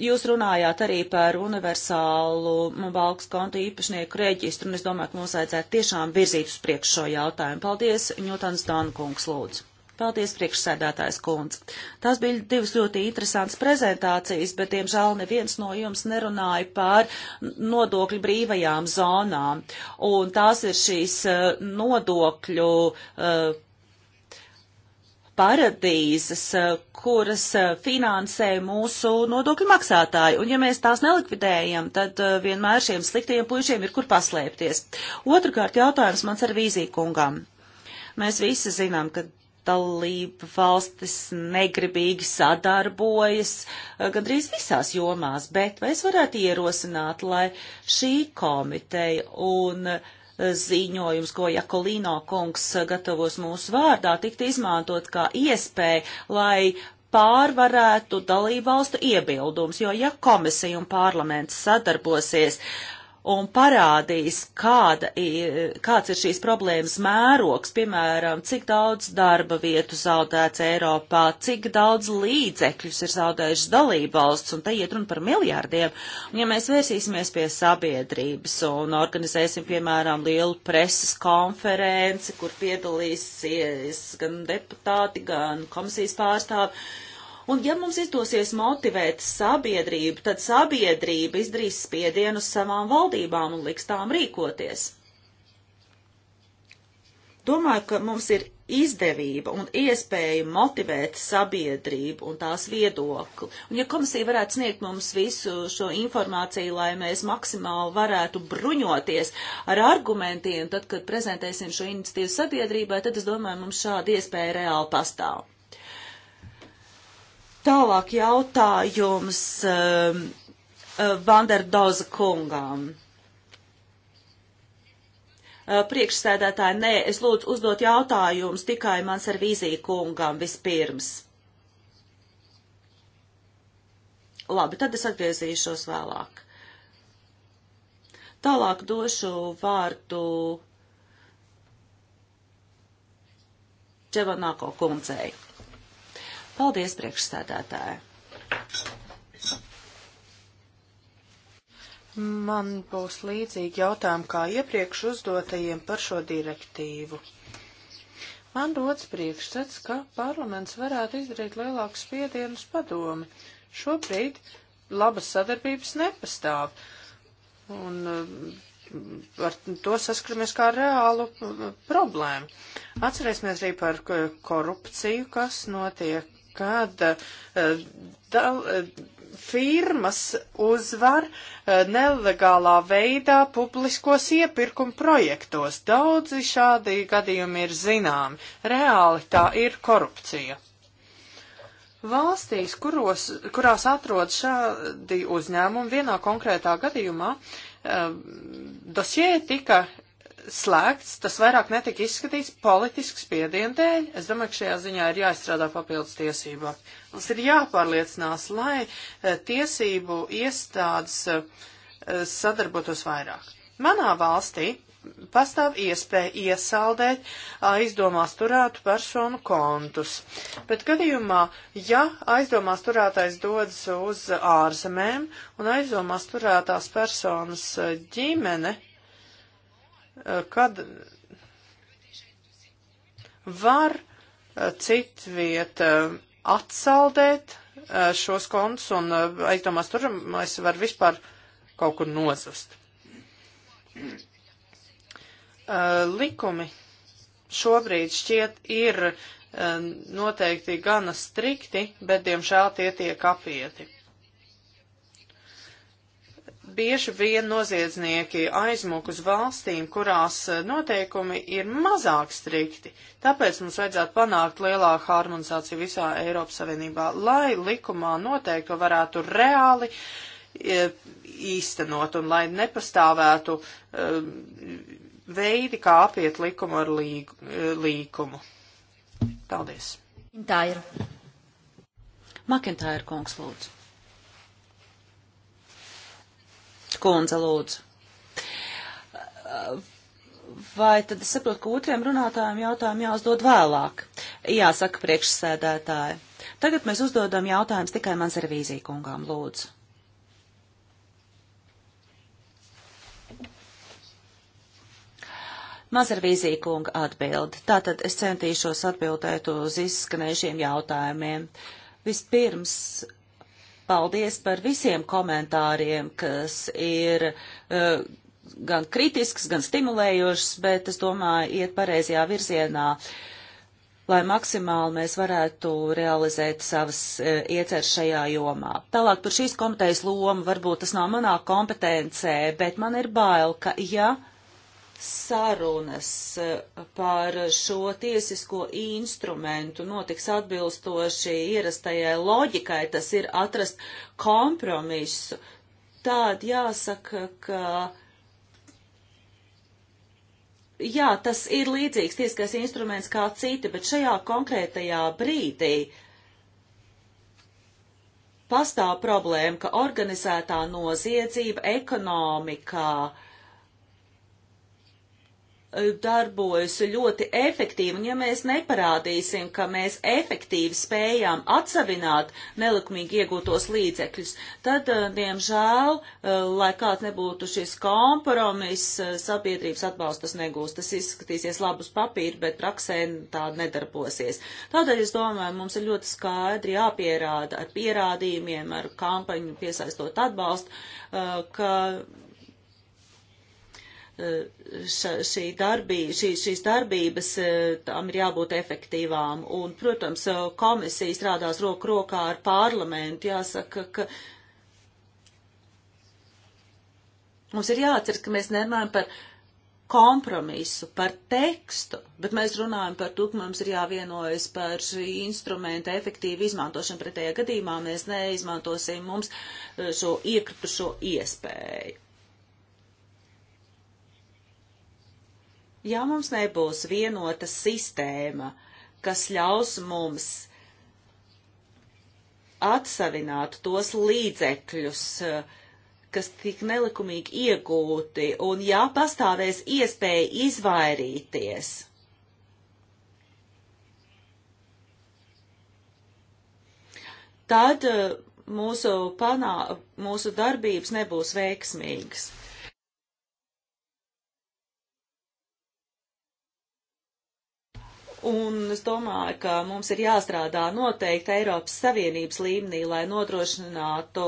Jūs runājāt arī par universālu valsts kontu īpašnieku reģistru, un es domāju, ka mums vajadzētu tiešām virzīt uz priekšu šo jautājumu. Paldies, Ņūtans Dankungs, lūdzu. Paldies, priekšsēdētājs kundze. Tās bija divas ļoti interesantas prezentācijas, bet, diemžēl, neviens no jums nerunāja par nodokļu brīvajām zonām. Un tās ir šīs eh, nodokļu eh, paradīzes, eh, kuras finansē mūsu nodokļu maksātāji. Un ja mēs tās nelikvidējam, tad vienmēr šiem sliktajiem puišiem ir kur paslēpties. Otrakārt jautājums mans ar vīzīkungam. Mēs visi zinām, ka dalība valstis negribīgi sadarbojas eh, gandrīz visās jomās, bet vai es varētu ierosināt, lai šī komiteja un eh, ziņojums, ko Jakolino kungs gatavos mūsu vārdā, tikt izmantot kā iespēja, lai pārvarētu dalībvalstu iebildums, jo ja komisija un parlaments sadarbosies, uh, un parādīs, kāda, ir, kāds ir šīs problēmas mērogs, piemēram, cik daudz darba vietu zaudēts Eiropā, cik daudz līdzekļus ir zaudējušas dalībvalsts, un te iet runa par miljārdiem. Un ja mēs vērsīsimies pie sabiedrības un organizēsim, piemēram, lielu preses konferenci, kur piedalīsies gan deputāti, gan komisijas pārstāvi, Un ja mums izdosies motivēt sabiedrību, tad sabiedrība izdarīs spiedienu savām valdībām un liks tām rīkoties. Domāju, ka mums ir izdevība un iespēja motivēt sabiedrību un tās viedokli. Un ja komisija varētu sniegt mums visu šo informāciju, lai mēs maksimāli varētu bruņoties ar argumentiem, tad, kad prezentēsim šo iniciatīvu sabiedrībai, tad es domāju, mums šāda iespēja reāli pastāv. Tālāk jautājums um, Vanderdoza kungām. Eh, priekšsēdētāji, nē, es lūdzu uzdot jautājumus tikai mans ar vīziju kungām vispirms. Labi, tad es atgriezīšos vēlāk. Tālāk došu vārdu Čevanāko kundzei. Paldies, priekšstādātāji! Man būs līdzīgi jautājumi kā iepriekš uzdotajiem par šo direktīvu. Man rodas priekšstats, ka parlaments varētu izdarīt lielāku spiedienu uz padomi. Šobrīd labas sadarbības nepastāv. Un eh, ar to saskaramies kā reālu eh, problēmu. Atcerēsimies arī par eh, korupciju, kas notiek kad eh, dal, eh, firmas uzvar eh, nelegālā veidā publiskos iepirkuma projektos. Daudzi šādi gadījumi ir zināmi. Reāli tā ir korupcija. Valstīs, kuros, kurās atrodas šādi uzņēmumi, vienā konkrētā gadījumā dosie tika slēgts, tas vairāk netika izskatīts politisks spiedienu dēļ. Es domāju, ka šajā ziņā ir jāizstrādā papildus tiesībā. Mums ir jāpārliecinās, lai uh, tiesību iestādes uh, sadarbotos vairāk. Manā valstī pastāv iespēja iesaldēt aizdomās turētu personu kontus. Bet gadījumā, ja aizdomās turētais dodas uz ārzemēm un aizdomās turētās personas ģimene Eh, kad var eh, citvieta eh, atsaldēt šos kontus un aizdomās turamais var vispār kaut kur nozust. Likumi šobrīd šķiet ir noteikti gana strikti, bet diemžēl tie tiek apieti bieži vien noziedznieki aizmūk uz valstīm, kurās eh, noteikumi ir mazāk strikti. Tāpēc mums vajadzētu panākt lielāku harmonizāciju visā Eiropas Savienībā, lai likumā noteikto varētu reāli e, īstenot un lai nepastāvētu e, veidi, kā apiet likumu ar līg, e, līkumu. Paldies. Makintāja ir kungs lūdzu. kundze, lūdzu. Vai tad es saprotu, ka otriem runātājiem jautājumu jāuzdod vēlāk? Jā, saka priekšsēdētāji. Tagad mēs uzdodam jautājumus tikai mans revīzija kungām, lūdzu. Mazarvīzija kunga atbild. Tātad es centīšos atbildēt uz izskanējušiem jautājumiem. Vispirms Paldies par visiem komentāriem, kas ir uh, gan kritisks, gan stimulējošs, bet es domāju, iet pareizajā virzienā, lai maksimāli mēs varētu realizēt savas uh, ieceres šajā jomā. Tālāk par šīs komitejas lomu, varbūt tas nav manā kompetencē, bet man ir bail, ka ja. Uh, sarunas eh, par šo tiesisko instrumentu notiks atbilstoši ierastajai loģikai, tas ir atrast kompromisu. Tād jāsaka, ka jā, tas ir līdzīgs tiesiskais instruments kā citi, bet šajā konkrētajā brīdī pastāv problēma, ka organizētā noziedzība ekonomikā uh, darbojas ļoti efektīvi, un ja mēs neparādīsim, ka mēs efektīvi spējām atsavināt nelikumīgi iegūtos līdzekļus, tad, eh, diemžēl, eh, lai kāds nebūtu šis kompromiss, eh, sabiedrības atbalstas negūs. Tas izskatīsies labus papīru, bet praksē tā nedarbosies. Tādēļ, es domāju, mums ir ļoti skaidri jāpierāda ar pierādījumiem, ar kampaņu piesaistot atbalstu, ka šī darbība, šī, šīs darbības e, tam ir jābūt efektīvām. Un, protams, e, komisija strādās roku rokā ar parlamentu. Jāsaka, ka mums ir jāatceras, ka mēs nerunājam par kompromisu, par tekstu, bet mēs runājam par to, ka mums ir jāvienojas par šī instrumenta efektīvu izmantošanu. Pretējā gadījumā mēs neizmantosim mums e, šo iekritušo iespēju. Ja mums nebūs vienota sistēma, kas ļaus mums atsavināt tos līdzekļus, kas tik nelikumīgi iegūti, un ja pastāvēs iespēja izvairīties. Tad eh, mūsu, panā, mūsu darbības nebūs veiksmīgas. Un es domāju, ka mums ir jāstrādā noteikti Eiropas Savienības līmenī, lai nodrošinātu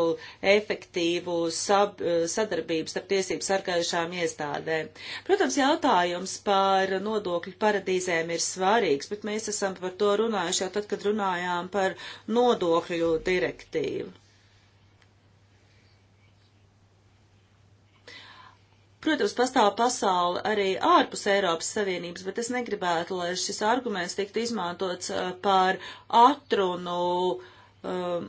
efektīvu sab, sadarbību starp tiesību sargājušām iestādēm. Protams, jautājums par nodokļu paradīzēm ir svarīgs, bet mēs esam par to runājuši jau tad, kad runājām par nodokļu direktīvu. Protams, pastāv pasauli arī ārpus Eiropas Savienības, bet es negribētu, lai šis arguments tiktu izmantots eh, par atrunu um,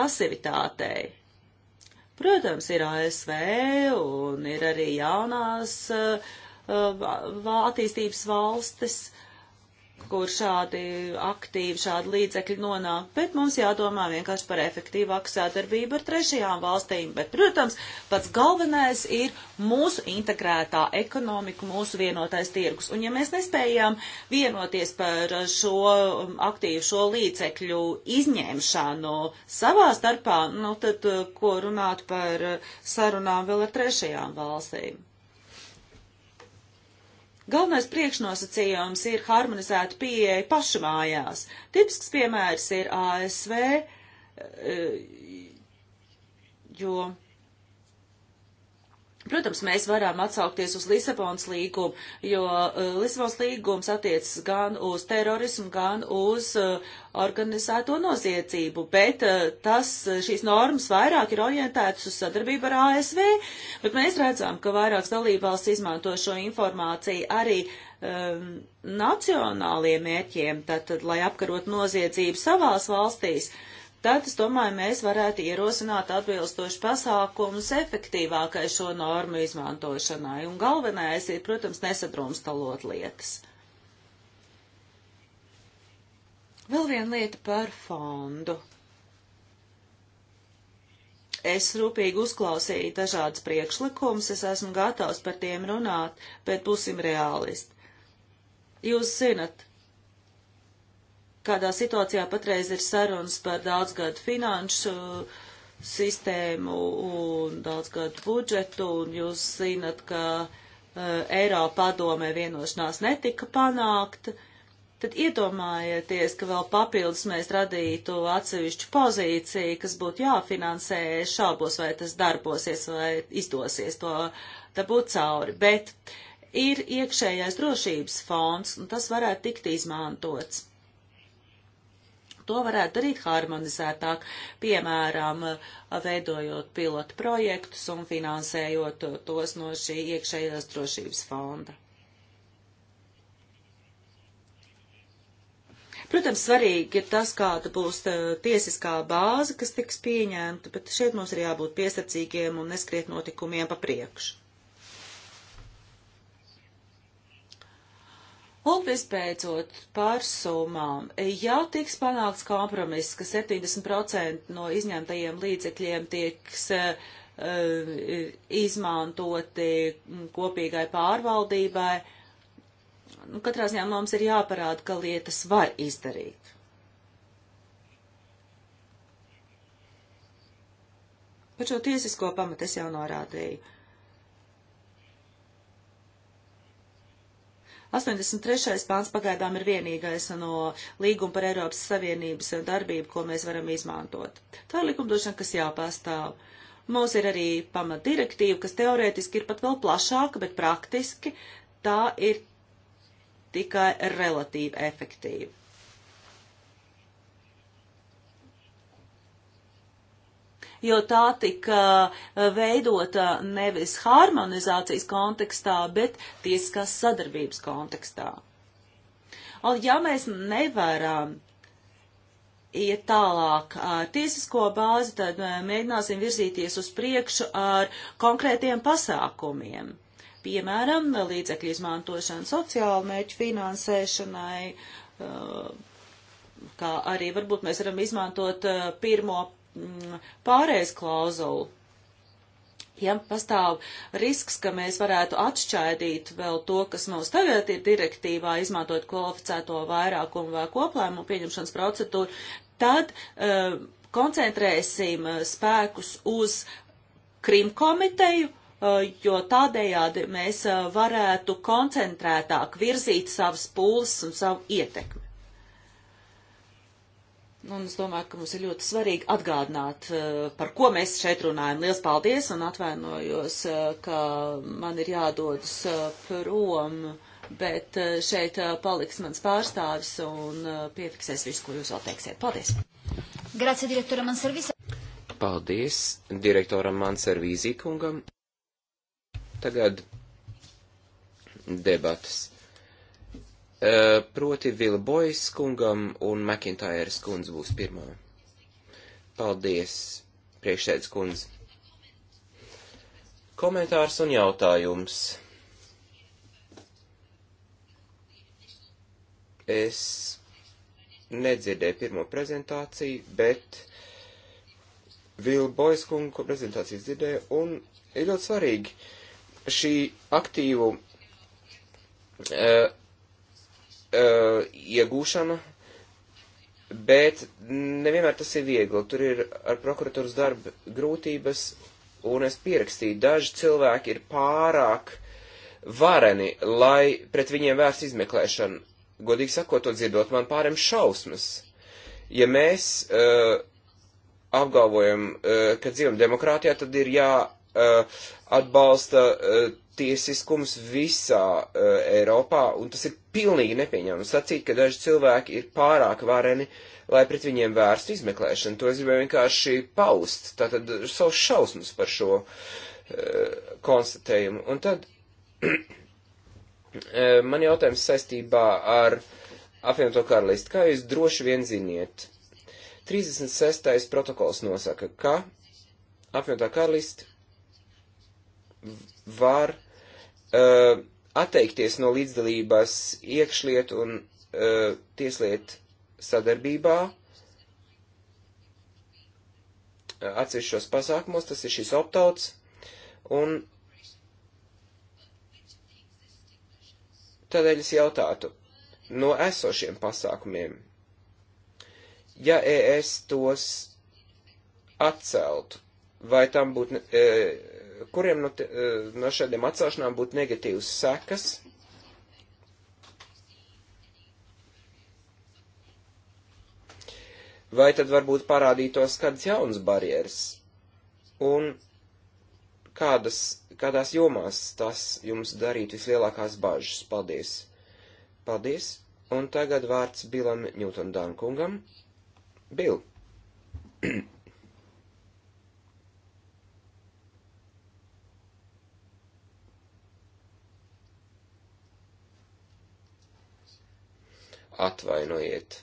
pasivitātei. Protams, ir ASV un ir arī jaunās uh, attīstības valstis, uh, kur šādi aktīvi, šādi līdzekļi nonāk, bet mums jādomā vienkārši par efektīvāku sadarbību ar trešajām valstīm. Bet, protams, pats galvenais ir mūsu integrētā ekonomika, mūsu vienotais tirgus. Un ja mēs nespējām vienoties par šo um, aktīvu, šo līdzekļu izņemšanu savā starpā, nu tad uh, ko runāt par uh, sarunām vēl ar trešajām valstīm? Galvenais priekšnosacījums ir harmonizēta pieeja pašu mājās. Tipisks piemērs ir ASV, eh, jo Protams, mēs varam atsaukties uz Lisabonas līgumu, jo uh, Lisabonas līgums attiecas gan uz terorismu, gan uz uh, organizēto noziedzību, bet uh, tas, šīs normas vairāk ir orientētas uz sadarbību ar ASV, bet mēs redzam, ka vairākas dalībvalsts izmanto šo informāciju arī um, nacionāliem mērķiem, tātad, lai apkarot noziedzību savās valstīs. Uh, tad, es domāju, mēs varētu ierosināt atbilstoši pasākumus efektīvākai šo normu izmantošanai. Un galvenais ir, protams, nesadrumstalot lietas. Vēl viena lieta par fondu. Es rūpīgi uzklausīju dažādas priekšlikumus, es esmu gatavs par tiem runāt, bet būsim realisti. Jūs zinat, kādā situācijā patreiz ir sarunas par daudzgadu finanšu uh, sistēmu un daudzgadu budžetu, un jūs zinat, ka uh, Eiropa padomē vienošanās netika panākta, tad iedomājieties, ka vēl papildus mēs radītu atsevišķu pozīciju, kas būtu jāfinansē, šaubos, vai tas darbosies, vai izdosies to dabūt cauri. Bet ir iekšējais drošības fonds, un tas varētu tikt izmantots. To varētu darīt harmonizētāk, piemēram, veidojot pilotu projektus un finansējot tos no šī iekšējās drošības fonda. Protams, svarīgi ir tas, kāda būs eh, tiesiskā bāze, kas tiks pieņemta, bet šeit mums ir jābūt piesardzīgiem un neskriet notikumiem pa priekšu. Un visbeidzot par summām. Ja tiks panākts kompromiss, ka 70% no izņemtajiem līdzekļiem tieks uh, eh, eh, izmantoti kopīgai pārvaldībai, nu, katrā ziņā mums ir jāparāda, ka lietas var izdarīt. Par šo tiesisko pamatu es jau norādīju. 83. pāns pagaidām ir vienīgais no līguma par Eiropas Savienības darbību, ko mēs varam izmantot. Tā ir likumdošana, kas jāpastāv. Mums ir arī pamatdirektīva, kas teorētiski ir pat vēl plašāka, bet praktiski tā ir tikai relatīvi efektīva. jo tā tika eh, veidota nevis harmonizācijas kontekstā, bet tiesiskās sadarbības kontekstā. Un ja mēs nevaram iet tālāk ar tiesisko bāzi, tad eh, mēģināsim virzīties uz priekšu ar konkrētiem pasākumiem. Piemēram, līdzekļu izmantošana sociāla mērķu finansēšanai, eh, kā arī varbūt mēs varam izmantot pirmo Mm, pārējais klauzulu. Ja pastāv risks, ka mēs varētu atšķaidīt vēl to, kas mums tagad ir direktīvā, izmantojot kvalificēto vairākumu vai koplēmu pieņemšanas procedūru, tad uh, koncentrēsim eh, spēkus uz Krim komiteju, uh, jo tādējādi mēs uh, varētu koncentrētāk virzīt savas pūles un savu ietekmi. Un es domāju, ka mums ir ļoti svarīgi atgādināt, eh, par ko mēs šeit runājam. Lielas paldies un atvainojos, eh, ka man ir jādodas eh, prom, bet šeit paliks mans pārstāvis un piefiksēs visu, ko jūs vēl teiksiet. Paldies! Grazie direktoram Manservīzi. Paldies direktoram Manservīzi kungam. Tagad debatas. Eh, proti Vilbojas kungam un McIntyres kundz būs pirmā. Paldies, priekšsēdz kundz. Komentārs un jautājums. Es nedzirdēju pirmo prezentāciju, bet Vilbojas kungu prezentācijas dzirdēju un ir ļoti svarīgi šī aktīvu uh, uh, iegūšana, bet nevienmēr tas ir viegli. Tur ir ar prokuratūras darbu grūtības, un es pierakstīju, daži cilvēki ir pārāk vareni, lai pret viņiem vērst izmeklēšanu. Godīgi sakot, to dzirdot, man pāriem šausmas. Ja mēs uh, apgalvojam, uh, ka dzīvam demokrātijā, tad ir jā. Uh, atbalsta uh, tiesiskums visā uh, Eiropā, un tas ir pilnīgi nepieņemams. Sacīt, ka daži cilvēki ir pārāk vareni, lai pret viņiem vērstu izmeklēšanu. To es gribēju vienkārši paust, tātad savus šausmas par šo uh, konstatējumu. Un tad eh, man jautājums saistībā ar apvienoto karalisti. Kā jūs droši vien ziniet? 36. protokols nosaka, ka apvienotā karalisti var uh, atteikties no līdzdalībās iekšliet un uh, tieslietu sadarbībā uh, atsevišķos pasākumos, tas ir šis optauts, un tādēļ es jautātu no esošiem pasākumiem, ja es tos atceltu, vai tam būtu e, kuriem no, te, eh, no šādiem atcelšanām būtu negatīvas sekas. Vai tad varbūt parādītos kādas jaunas barjeras? Un kādas, kādās jomās tas jums darītu vislielākās bažas? Paldies! Paldies! Un tagad vārds Bilam Ņūtondānkungam. Bil! Atvainojiet.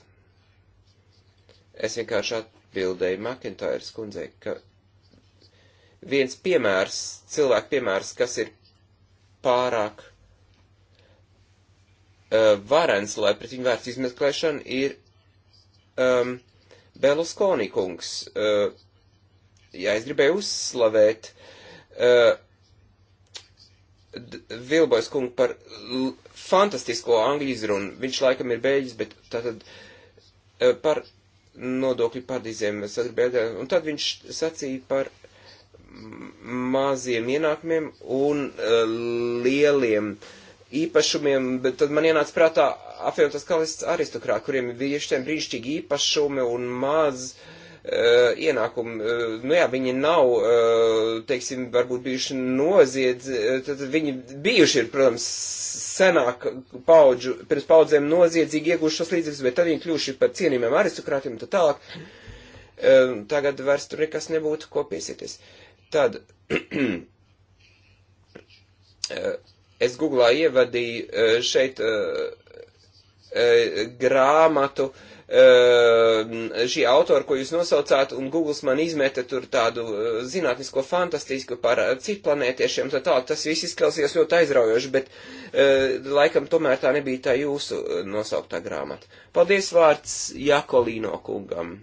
Es vienkārši atbildēju Makintājas kundzei, ka viens piemērs, cilvēku piemērs, kas ir pārāk uh, varens, lai pret viņu vērts izmeklēšana, ir um, ehm, Beluskoni kungs. Uh, ja es gribēju uzslavēt uh, Vilbojas kungu par fantastisko angļu izrunu. Viņš laikam ir beidzis, bet tātad e, par nodokļu paradīzēm sadarbībā. Un tad viņš sacīja par maziem ienākumiem un uh, lieliem īpašumiem, bet tad man ienāca prātā apvienotās kalists aristokrāti, kuriem ir vīriešiem brīnišķīgi īpašumi un maz uh, Eh, ienākumi, eh, nu jā, viņi nav, eh, teiksim, varbūt bijuši noziedz, tad viņi bijuši ir, protams, senāk paudžu, pirms paudzēm noziedzīgi iegūši šos līdzekļus, bet tad viņi kļūši par cienījumiem aristokrātiem un tā tālāk. Tagad vairs tur nekas nebūtu, ko piesieties. Tad es googlā ievadīju šeit E, grāmatu e, šī autora, ko jūs nosaucāt, un Google man izmeta tur tādu e, zinātnisko fantastisku par citplanētiešiem, tā tā, tas viss izklausījās ļoti aizraujoši, bet laikam tomēr tā nebija tā jūsu nosauktā grāmata. Paldies vārds Jakolīno kungam.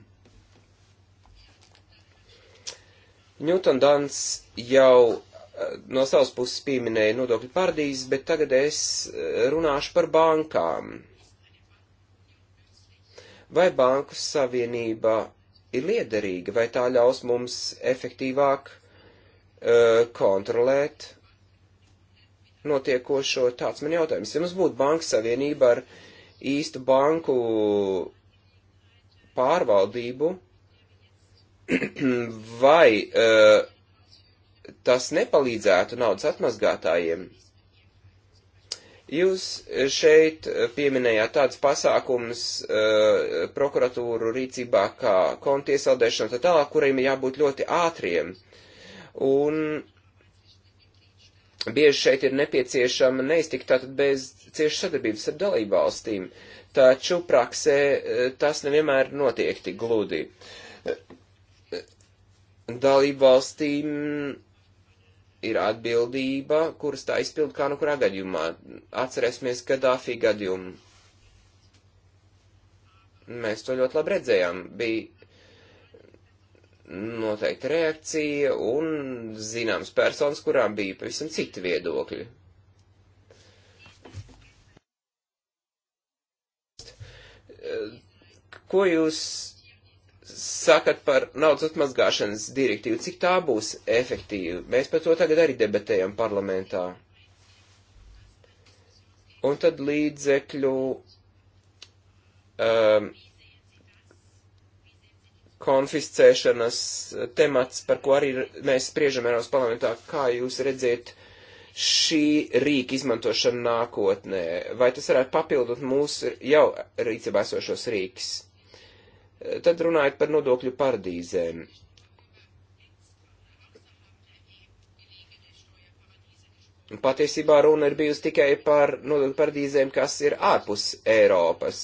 Newton Dans jau no savas puses pieminēja nodokļu paradīzes, bet tagad es runāšu par bankām. Vai banku savienība ir liederīga, vai tā ļaus mums efektīvāk uh, kontrolēt notiekošo? Tāds man jautājums. Ja mums būtu banka savienība ar īstu banku pārvaldību, vai uh, tas nepalīdzētu naudas atmazgātājiem? Jūs šeit pieminējāt tādas pasākumas uh, eh, prokuratūru rīcībā kā konti iesaldēšana tā tālāk, kuriem jābūt ļoti ātriem. Un bieži šeit ir nepieciešama neiztikt tātad bez cieši sadarbības ar dalībvalstīm, taču praksē eh, tas nevienmēr notiek tik gludi. Eh, dalībvalstīm ir atbildība, kuras tā izpild kā nu kurā gadījumā. Atcerēsimies Gadāfī gadījumu. Mēs to ļoti labi redzējām. Bija noteikta reakcija un zināms personas, kurām bija pavisam citi viedokļi. Ko jūs sakat par naudas atmazgāšanas direktīvu, cik tā būs efektīva? Mēs par to tagad arī debatējam parlamentā. Un tad līdzekļu um, konfiscēšanas temats, par ko arī mēs spriežam Eiropas parlamentā, kā jūs redziet šī rīka izmantošana nākotnē, vai tas varētu papildot mūsu jau rīcībā esošos rīks? Tad runājot par nodokļu paradīzēm. Patiesībā runa ir bijusi tikai par nodokļu paradīzēm, kas ir ārpus Eiropas.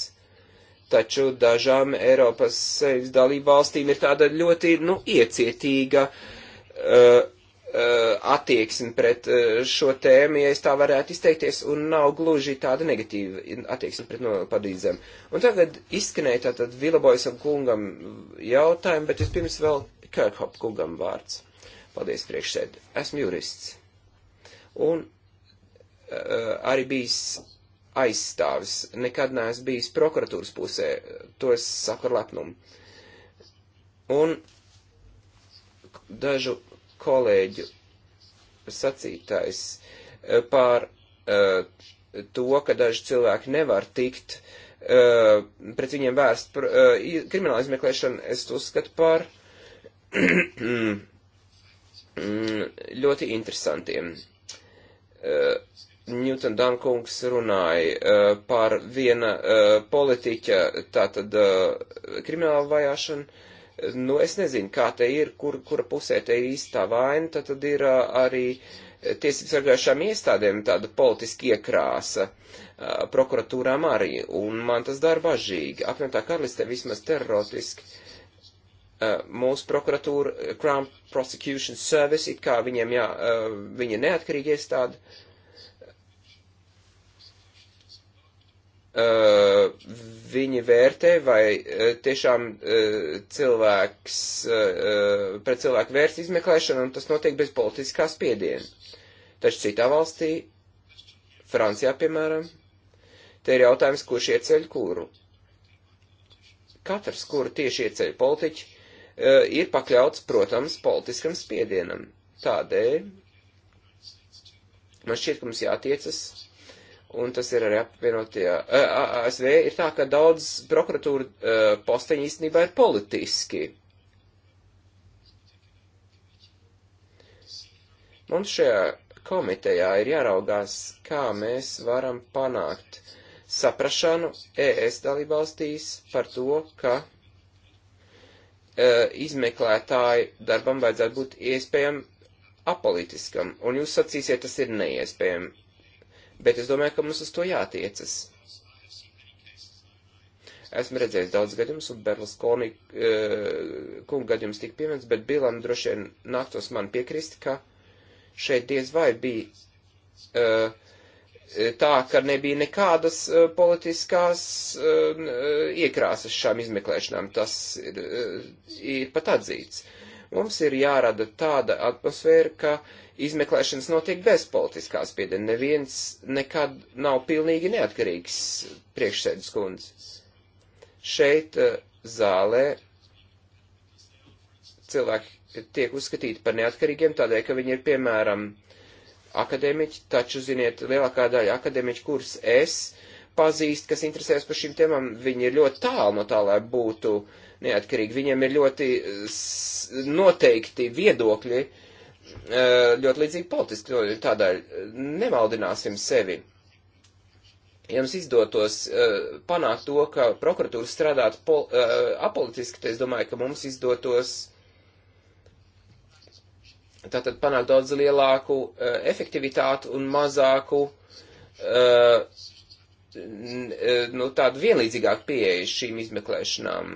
Taču dažām Eiropas dalību valstīm ir tāda ļoti, nu, iecietīga uh, Eh, attieksmi pret eh, šo tēmu, ja es tā varētu izteikties, un nav gluži tāda negatīva attieksme pret nopadīdzēm. Un tagad izskanēja tātad Vilaboisam kungam jautājumu, bet es pirms vēl Kirkhop kungam vārds. Paldies priekšsēd. Esmu jurists. Un uh, arī bijis aizstāvis. Nekad neesmu bijis prokuratūras pusē. To es saku ar lepnumu. Un dažu kolēģu sacītais eh, pār uh, to, ka daži cilvēki nevar tikt uh, pret viņiem vērst par uh, kriminālu izmeklēšanu, es uzskatu par ļoti interesantiem. Newton Dankungs runāja par viena politiķa tātad kriminālu vajāšanu Nu, es nezinu, kā te ir, kur, kura pusē te ir īstā vaina, tad, tad ir arī tiesības sargājušām iestādēm tāda politiska iekrāsa, prokuratūrām arī, un man tas dara bažīgi. Apvienotā karalistē vismaz teroristiski mūsu prokuratūra, Crown Prosecution Service, it kā viņiem jā, viņa neatkarīgi iestāda, Eh, viņi vērtē, vai eh, tiešām eh, cilvēks, pret cilvēku vērts izmeklēšana, un tas notiek bez politiskā spiediena. Taču citā valstī, Francijā, piemēram, te ir jautājums, kurš ieceļ kuru. Katrs, kuru tieši ieceļ politiķi, ir pakļauts, protams, politiskam spiedienam. Tādēļ man šķiet, ka mums jātiecas un tas ir arī apvienotajā ASV, ir tā, ka daudz prokuratūra posteņi īstenībā ir politiski. Mums šajā komitejā ir jāraugās, kā mēs varam panākt saprašanu ES dalībvalstīs par to, ka e, izmeklētāju darbam vajadzētu būt iespējami apolitiskam, un jūs sacīsiet, tas ir neiespējami. Bet es domāju, ka mums uz to jātiecas. Esmu redzējis daudz gadījumus, un Berluskoni e, eh, kunga gadījums tika pieminēts, bet Bilam droši vien naktos man piekrist, ka šeit diez vai bija e, tā, ka nebija nekādas e, politiskās e, iekrāsas šām izmeklēšanām. Tas ir, e, ir pat atzīts. E, Mums ir jārada tāda atmosfēra, ka izmeklēšanas notiek bez politiskā spiediena. Neviens nekad nav pilnīgi neatkarīgs priekšsēdus kundzes. Šeit eh, zālē cilvēki tiek uzskatīti par neatkarīgiem tādēļ, ka viņi ir piemēram akadēmiķi, taču, ziniet, lielākā daļa akadēmiķu, kurus es pazīstu, kas interesēs par šīm tēmām, viņi ir ļoti tālu no tā, lai būtu uh, neatkarīgi. Viņiem ir ļoti noteikti viedokļi, e, ļoti līdzīgi politiski, tādēļ nemaldināsim sevi. Ja mums izdotos e, panākt to, ka prokuratūra strādātu e, apolitiski, tad es domāju, ka mums izdotos tātad panākt daudz lielāku uh, efektivitātu un mazāku, uh, n, n, nu, tādu vienlīdzīgāku pieeju šīm izmeklēšanām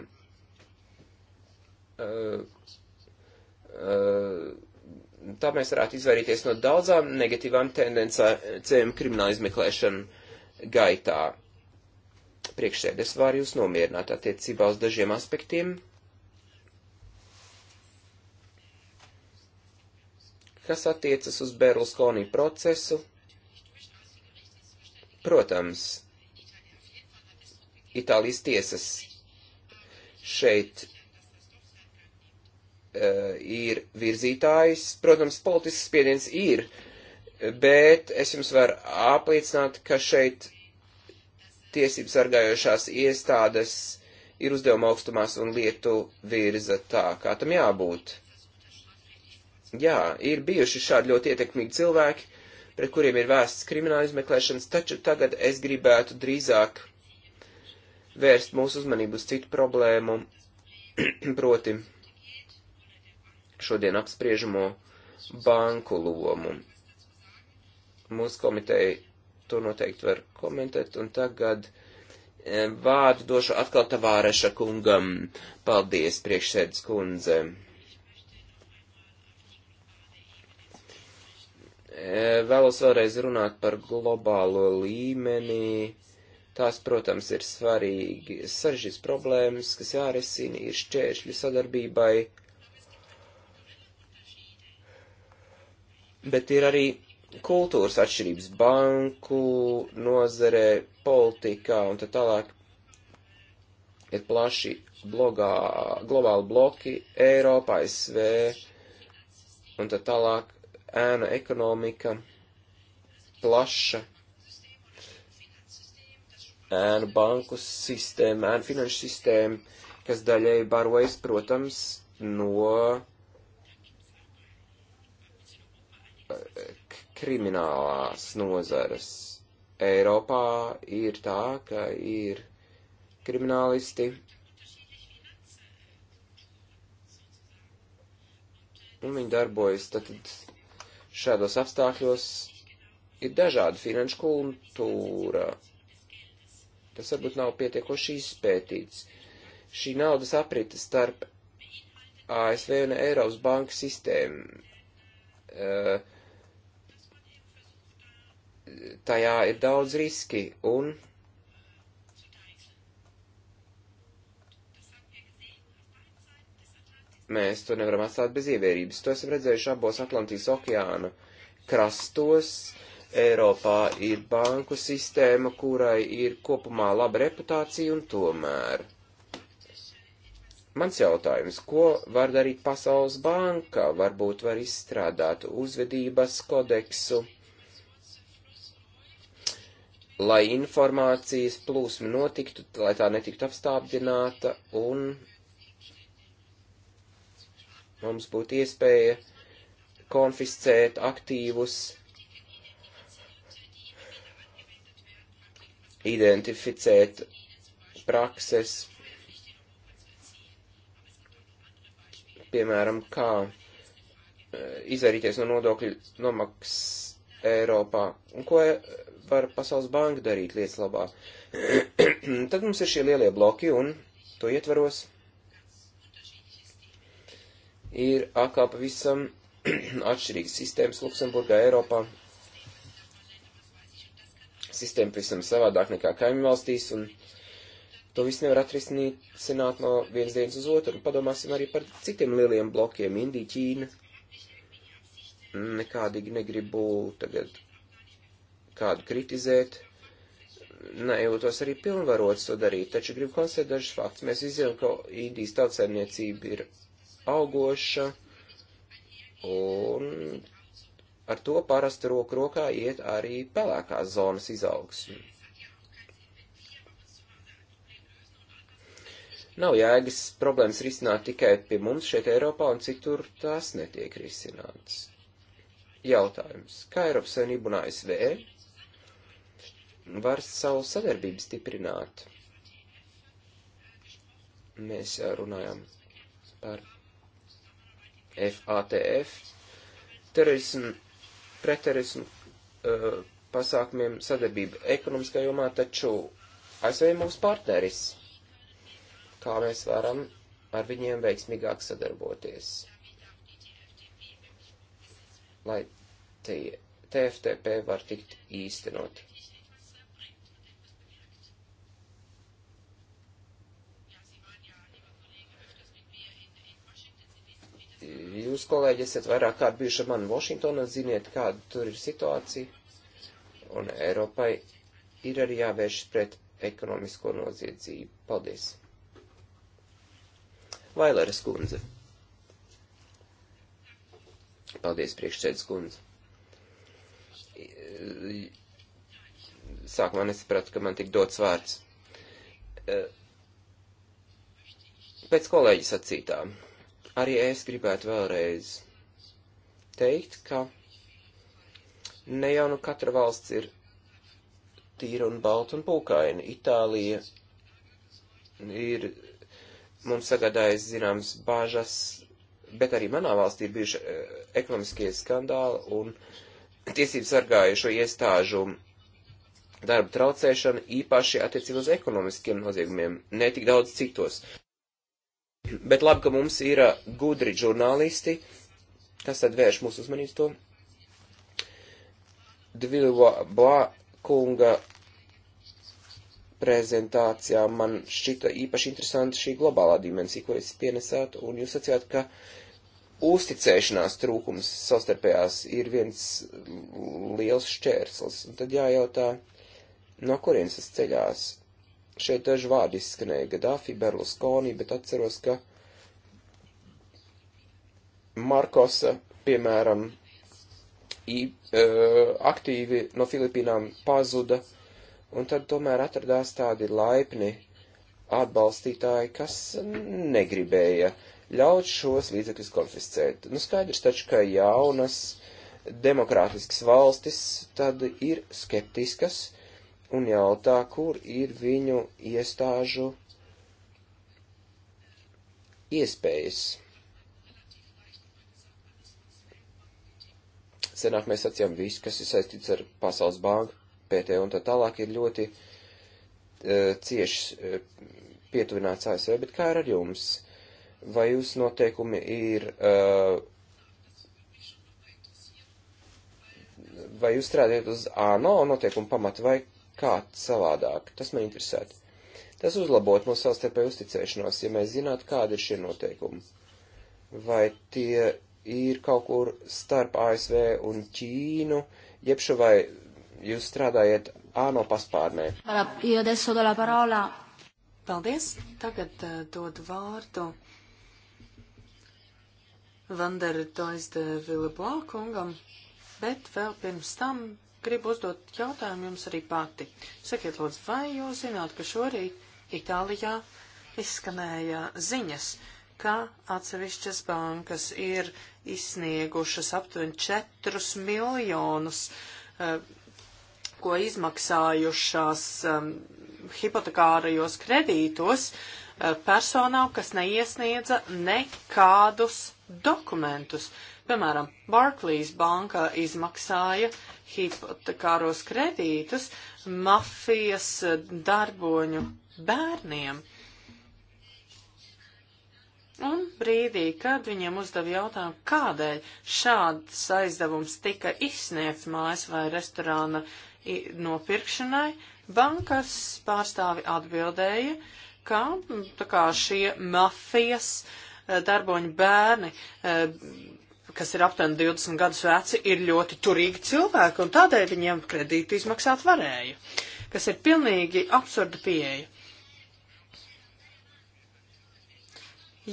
tā mēs varētu izvairīties no daudzām negatīvām tendencēm krimināla izmeklēšana gaitā. Priekšsēdes var jūs nomierināt attiecībā uz dažiem aspektiem, kas attiecas uz Berlusconi procesu. Protams, Itālijas tiesas šeit Eh, ir virzītājs. Protams, politisks spiediens ir, bet es jums varu apliecināt, ka šeit tiesības sargājošās iestādes ir uzdevuma augstumās un lietu virza tā, kā tam jābūt. Jā, ir bijuši šādi ļoti ietekmīgi cilvēki, pret kuriem ir vēsts krimināla izmeklēšanas, taču tagad es gribētu drīzāk vērst mūsu uzmanību uz citu problēmu, proti šodien apspriežamo banku lomu. Mūsu komiteja to noteikti var komentēt, un tagad eh, vārdu došu atkal Tavāreša kungam. Paldies, priekšsēdus kundze. Eh, vēlos vēlreiz runāt par globālo līmeni. Tās, protams, ir svarīgi. Saržģīts problēmas, kas jārisina, ir šķēršļi sadarbībai bet ir arī kultūras atšķirības banku nozarē, politikā un tā tālāk. Ir plaši blogā, globāli bloki Eiropā, SV un tā tālāk ēna ekonomika plaša ēnu banku sistēma, ēnu finanšu sistēma, kas daļai barojas, protams, no kriminālās nozares Eiropā ir tā, ka ir kriminālisti. Un viņi darbojas tad šādos apstākļos. Ir dažāda finanšu kultūra. Tas varbūt nav pietiekoši izpētīts. Šī naudas aprita starp ASV un Eiropas banku sistēmu. Uh, tajā ir daudz riski un mēs to nevaram atstāt bez ievērības. To esam redzējuši abos Atlantijas okeāna krastos. Eiropā ir banku sistēma, kurai ir kopumā laba reputācija un tomēr. Mans jautājums, ko var darīt Pasaules banka? Varbūt var izstrādāt uzvedības kodeksu lai informācijas plūsma notiktu, lai tā netiktu apstāpdināta un mums būtu iespēja konfiscēt aktīvus, identificēt prakses, piemēram, kā eh, izvairīties no nodokļu nomaks Eiropā. Un ko par Pasaules banku darīt lietas labā. Tad mums ir šie lielie bloki un to ietvaros ir akā pavisam atšķirīgas sistēmas Luksemburgā, Eiropā. Sistēma pavisam savādāk nekā kaimiņu valstīs un to viss nevar atrisināt no vienas dienas uz otru. Un padomāsim arī par citiem lieliem blokiem - Indija, Ķīna nekādīgi negribu tagad kādu kritizēt, nejūtos arī pilnvarots to darīt, taču gribu konstatēt dažus faktus. Mēs izzinām, ka Indijas tautsēmniecība ir augoša, un ar to parasti roku rokā iet arī pelēkās zonas izaugsme. Nav jēgas problēmas risināt tikai pie mums šeit Eiropā, un citur tās netiek risināts. Jautājums. Kā Eiropas Savienība un ASV var savu sadarbību stiprināt. Mēs runājam par FATF, terorismu, preterorismu uh, pasākumiem sadarbību ekonomiskā jomā, taču ASV mūsu partneris. Kā mēs varam ar viņiem veiksmīgāk sadarboties? Lai tie TFTP var tikt īstenot. Jūs, kolēģi, esat vairāk kārt bijuši ar mani Vašingtonā, ziniet, kāda tur ir situācija. Un Eiropai ir arī jāvērš pret ekonomisko noziedzību. Paldies! Vaileres kundze. Paldies, priekšsēdus kundze. Sākumā nesapratu, ka man tik dots vārds. Pēc kolēģis sacītām Arī es gribētu vēlreiz teikt, ka ne jau nu katra valsts ir tīra un balta un pūkaina. Itālija ir mums sagādājis zināms bāžas, bet arī manā valstī ir bijuši e, ekonomiskie skandāli un tiesību sargājušo iestāžu darba traucēšana īpaši attiecībā uz ekonomiskiem noziegumiem, ne tik daudz citos. Bet labi, ka mums ir uh, gudri žurnālisti, kas tad vērš mūsu uzmanību to. Dvilva Blākunga prezentācijā man šķita īpaši interesanti šī globālā dimensija, ko jūs pienesāt, un jūs sacījāt, ka uzticēšanās trūkums savstarpējās ir viens liels šķērslis, un tad jājautā, no kurienes tas ceļās Šeit daži vārdi izskanēja Gaddafi, Berlusconi, bet atceros, ka Markosa, piemēram, i, e, aktīvi no Filipīnām pazuda, un tad tomēr atradās tādi laipni atbalstītāji, kas negribēja ļaut šos līdzekļus konfiscēt. Nu, skaidrs taču, ka jaunas demokrātiskas valstis tad ir skeptiskas, uh, un jautā, kur ir viņu iestāžu iespējas. Senāk mēs sacījām visu, kas ir saistīts ar Pasaules banku, PT un tā tālāk ir ļoti uh, cieši uh, pietuvināts ASV, bet kā ir ar jums? Vai jūs noteikumi ir uh, vai jūs strādājat uz ANO notiekumu pamatu, vai kā savādāk. Tas man interesētu. Tas uzlabot mūsu savstarpēju uzticēšanos, ja mēs zinātu, kādi ir šie noteikumi. Vai tie ir kaut kur starp ASV un Ķīnu, jebšu vai jūs strādājat āno paspārnē? Paldies! Tagad uh, dodu vārdu Vandera Toisde Vilibla kungam, bet vēl pirms tam gribu uzdot jautājumu jums arī pati. Sakiet, lūdzu, vai jūs zināt, ka šorīt Itālijā izskanēja ziņas, ka atsevišķas bankas ir izsniegušas aptuveni 4 miljonus, eh, ko izmaksājušās eh, hipotekārajos kredītos eh, personām, kas neiesniedza nekādus dokumentus. Piemēram, Barclays banka izmaksāja uh, hipotekāros kredītus mafijas darboņu bērniem. Un brīdī, kad viņiem uzdeva jautājumu, kādēļ šāds aizdevums tika izsniegts mājas vai restorāna nopirkšanai, bankas pārstāvi atbildēja, ka nu, tā kā šie mafijas eh, darboņu bērni eh, kas ir aptuveni 20 gadus veci, ir ļoti turīgi cilvēki, un tādēļ viņiem kredītu izmaksāt varēja, kas ir pilnīgi absurda pieeja.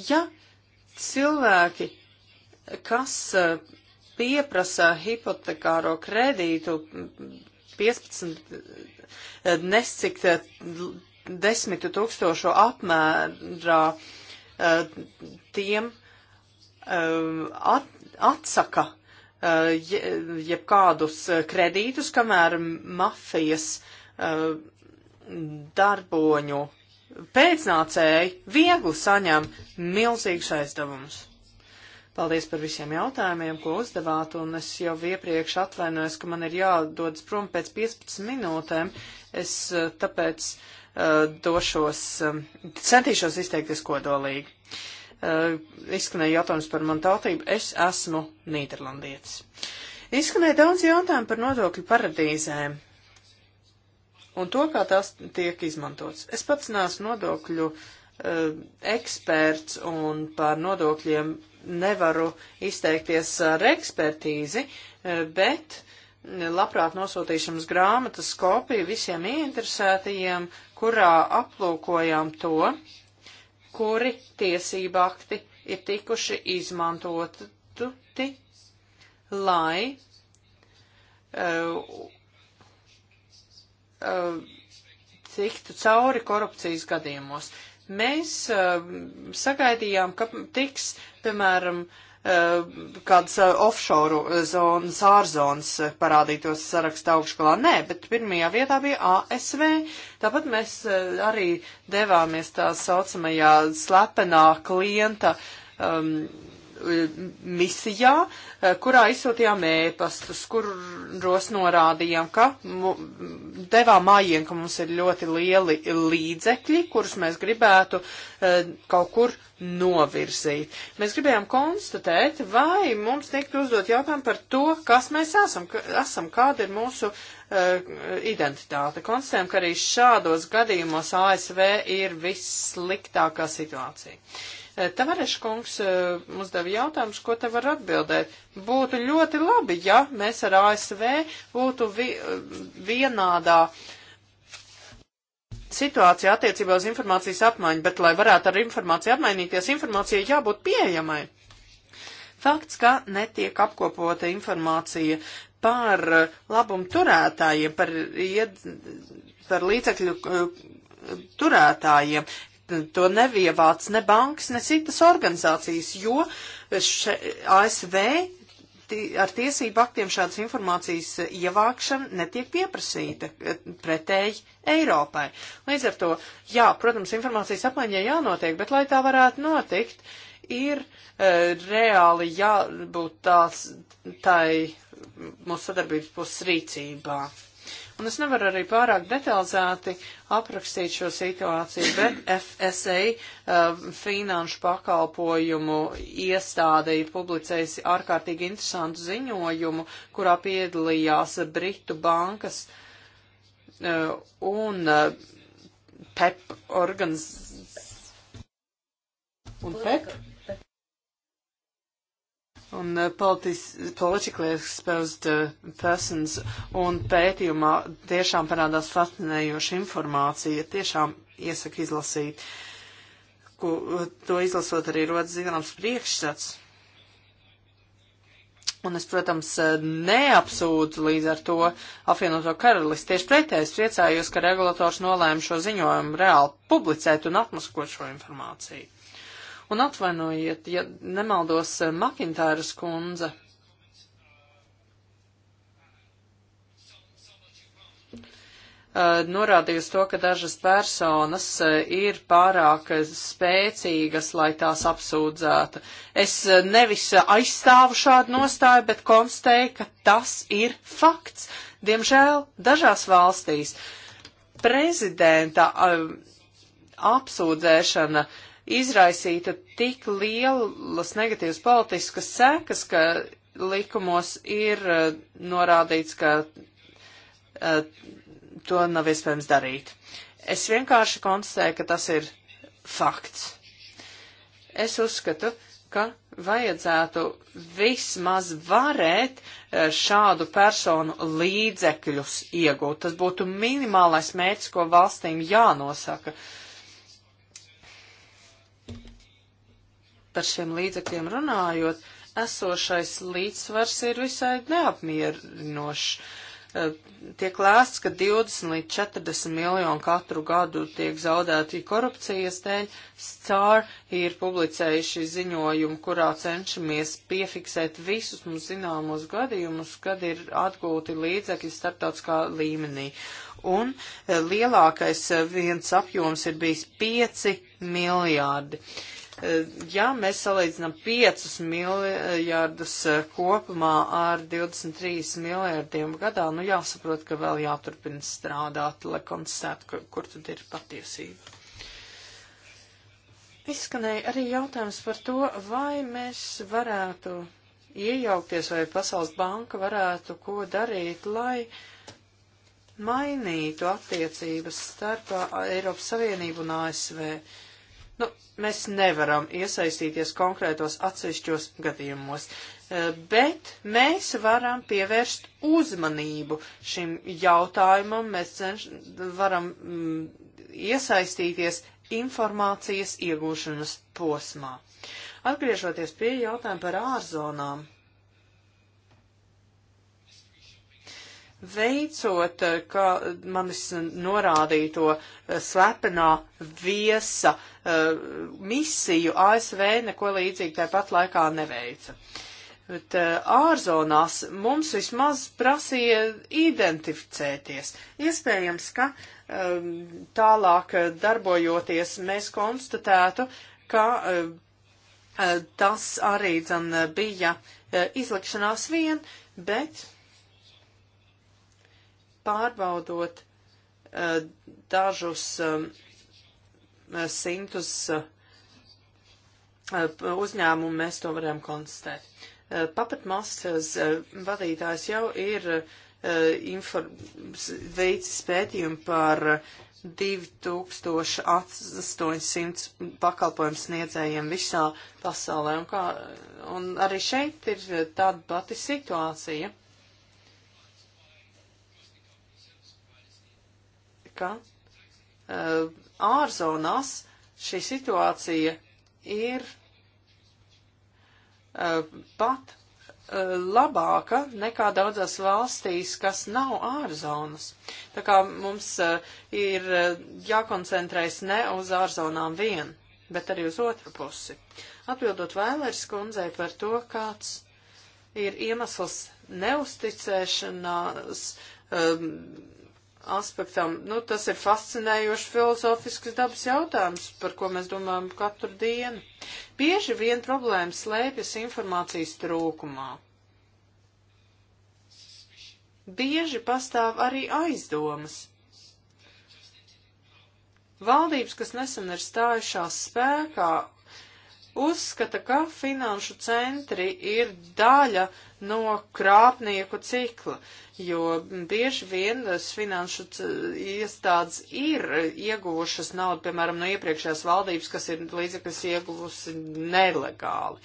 Ja cilvēki, kas eh, pieprasa hipotekāro kredītu 15, eh, nescik eh, desmitu tūkstošu apmērā, tiem Um, at, atsaka uh, jebkādus uh, kredītus, kamēr mafijas uh, darboņu pēcnācēji viegli saņem milzīgus aizdevumus. Paldies par visiem jautājumiem, ko uzdevāt, un es jau iepriekš atvainojos, ka man ir jādodas prom pēc 15 minūtēm. Es tāpēc uh, došos, uh, centīšos izteikties kodolīgi. Uh, uh, izskanēja jautājums par manu tautību. Es esmu Nīderlandietis. Izskanēja daudz jautājumu par nodokļu paradīzēm un to, kā tās tiek izmantots. Es pats neesmu nodokļu uh, eksperts un par nodokļiem nevaru izteikties ar ekspertīzi, uh, bet labprāt nosūtīšu jums grāmatas kopiju visiem ieinteresētajiem, kurā aplūkojām to, uh, kuri tiesību akti ir tikuši izmantoti, lai uh, uh, tiktu cauri korupcijas gadījumos. Mēs uh, sagaidījām, ka tiks, piemēram, uh, Eh, kādas eh, offshore eh, zonas, ārzonas parādītos sarakstā augšgalā. Nē, bet pirmajā vietā bija ASV. Tāpat mēs arī devāmies tā saucamajā slepenā klienta um, misijā, eh, kurā izsūtījām ēpastus, kuros norādījām, ka devām mājien, ka mums ir ļoti lieli līdzekļi, kurus mēs gribētu eh, kaut kur novirzīt. Mēs gribējām konstatēt, vai mums tiek uzdot jautājumu par to, kas mēs esam, ka, esam kāda ir mūsu uh, identitāte. Konstatējam, ka arī šādos gadījumos ASV ir vissliktākā situācija. Uh, Tavareš kungs e, uzdeva jautājumus, ko te var atbildēt. Būtu ļoti labi, ja mēs ar ASV būtu vi e, vienādā situācijā attiecībā uz informācijas apmaiņu, bet lai varētu ar informāciju apmainīties, informācija jābūt pieejamai. Fakts, ka netiek apkopota informācija par labumturētājiem, par, ied, par līdzekļu e, turētājiem to nevievāc ne bankas, ne citas organizācijas, jo še, ASV ar tiesību aktiem šādas informācijas ievākšana netiek pieprasīta e, pretēji Eiropai. Līdz ar to, jā, protams, informācijas apmaiņai jānotiek, bet lai tā varētu notikt, ir e, reāli jābūt tās, tai mūsu sadarbības puses rīcībā. Un es nevaru arī pārāk detalizēti aprakstīt šo situāciju, bet FSA uh, um, finanšu pakalpojumu iestādei publicējusi ārkārtīgi interesantu ziņojumu, kurā piedalījās Britu bankas uh, un uh, PEP organiz... un PEP un eh, politis, politically exposed eh, persons, un pētījumā tiešām parādās fascinējoša informācija, tiešām iesaku izlasīt, ko, eh, to izlasot arī rodas zināms priekšsats. Un es, protams, neapsūdzu līdz ar to apvienoto karalisti. Tieši pretēji es priecājos, ka regulators nolēma šo ziņojumu reāli publicēt un atmaskot šo informāciju. Un atvainojiet, ja nemaldos eh, Makintāras kundze. Eh, norādījusi to, ka dažas personas eh, ir pārāk spēcīgas, lai tās apsūdzētu. Es nevis aizstāvu šādu nostāju, bet konstēju, ka tas ir fakts. Diemžēl dažās valstīs prezidenta apsūdzēšana uh, izraisītu tik lielas negatīvas politiskas sekas, ka likumos ir uh, norādīts, ka uh, to nav iespējams darīt. Es vienkārši konstatēju, ka tas ir fakts. Es uzskatu, ka vajadzētu vismaz varēt uh, šādu personu līdzekļus iegūt. Tas būtu minimālais mērķis, ko valstīm jānosaka. Uh, par šiem līdzekļiem runājot, esošais līdzsvars ir visai neapmierinošs. Eh, tiek lēsts, ka 20 līdz 40 miljonu katru gadu tiek zaudēti korupcijas dēļ. Star ir publicējuši ziņojumu, kurā cenšamies piefiksēt visus mums zināmos gadījumus, kad ir atgūti līdzekļi starptautiskā līmenī. Un eh, lielākais eh, viens apjoms ir bijis 5 miljārdi. Uh, Eh, ja mēs salīdzinām 5 miljārdus eh, kopumā ar 23 miljārdiem gadā, nu jāsaprot, ka vēl jāturpina strādāt, lai konstatētu, kur, kur tad ir patiesība. Izskanēja arī jautājums par to, vai mēs varētu iejaukties, vai Pasaules banka varētu ko darīt, lai mainītu attiecības starp eh, Eiropas Savienību un ASV. Uh, Nu, mēs nevaram iesaistīties konkrētos atsevišķos gadījumos, e, bet mēs varam pievērst uzmanību šim jautājumam, mēs cenš, varam mm, iesaistīties informācijas iegūšanas posmā. Atgriežoties pie jautājuma par ārzonām, veicot, eh, kā manis norādīto eh, slepenā viesa eh, misiju ASV neko līdzīgi tāpat laikā neveica. Bet ārzonās mums vismaz prasīja identificēties. Iespējams, ka ehm, tālāk darbojoties mēs konstatētu, ka tas arī dzen bija izlikšanās vien, bet pārbaudot uh, dažus um, simtus uh, uzņēmumu, mēs to varam konstatēt. Uh, Papat masas vadītājs jau ir veicis pētījumu par 2800 pakalpojumu sniedzējiem visā pasaulē. Un, kā, un arī šeit ir tāda pati situācija. ka uh, eh, ārzonās šī situācija ir uh, pat uh, labāka nekā daudzās valstīs, kas nav ārzonas. Tā kā mums uh, ir uh, jākoncentrēs ne uz ārzonām vien, bet arī uz otru pusi. Atbildot Vēlērs kundzei par to, kāds ir iemesls neusticēšanās um, aspektam. Nu, tas ir fascinējošs filozofisks dabas jautājums, par ko mēs domājam katru dienu. Bieži vien problēma slēpjas informācijas trūkumā. Bieži pastāv arī aizdomas. Valdības, kas nesen ir stājušās spēkā, uzskata, ka finanšu centri ir daļa no krāpnieku cikla, jo bieži vien finanšu iestādes ir ieguvušas naudu, piemēram, no iepriekšējās valdības, kas ir līdzekļus ieguvusi nelegāli.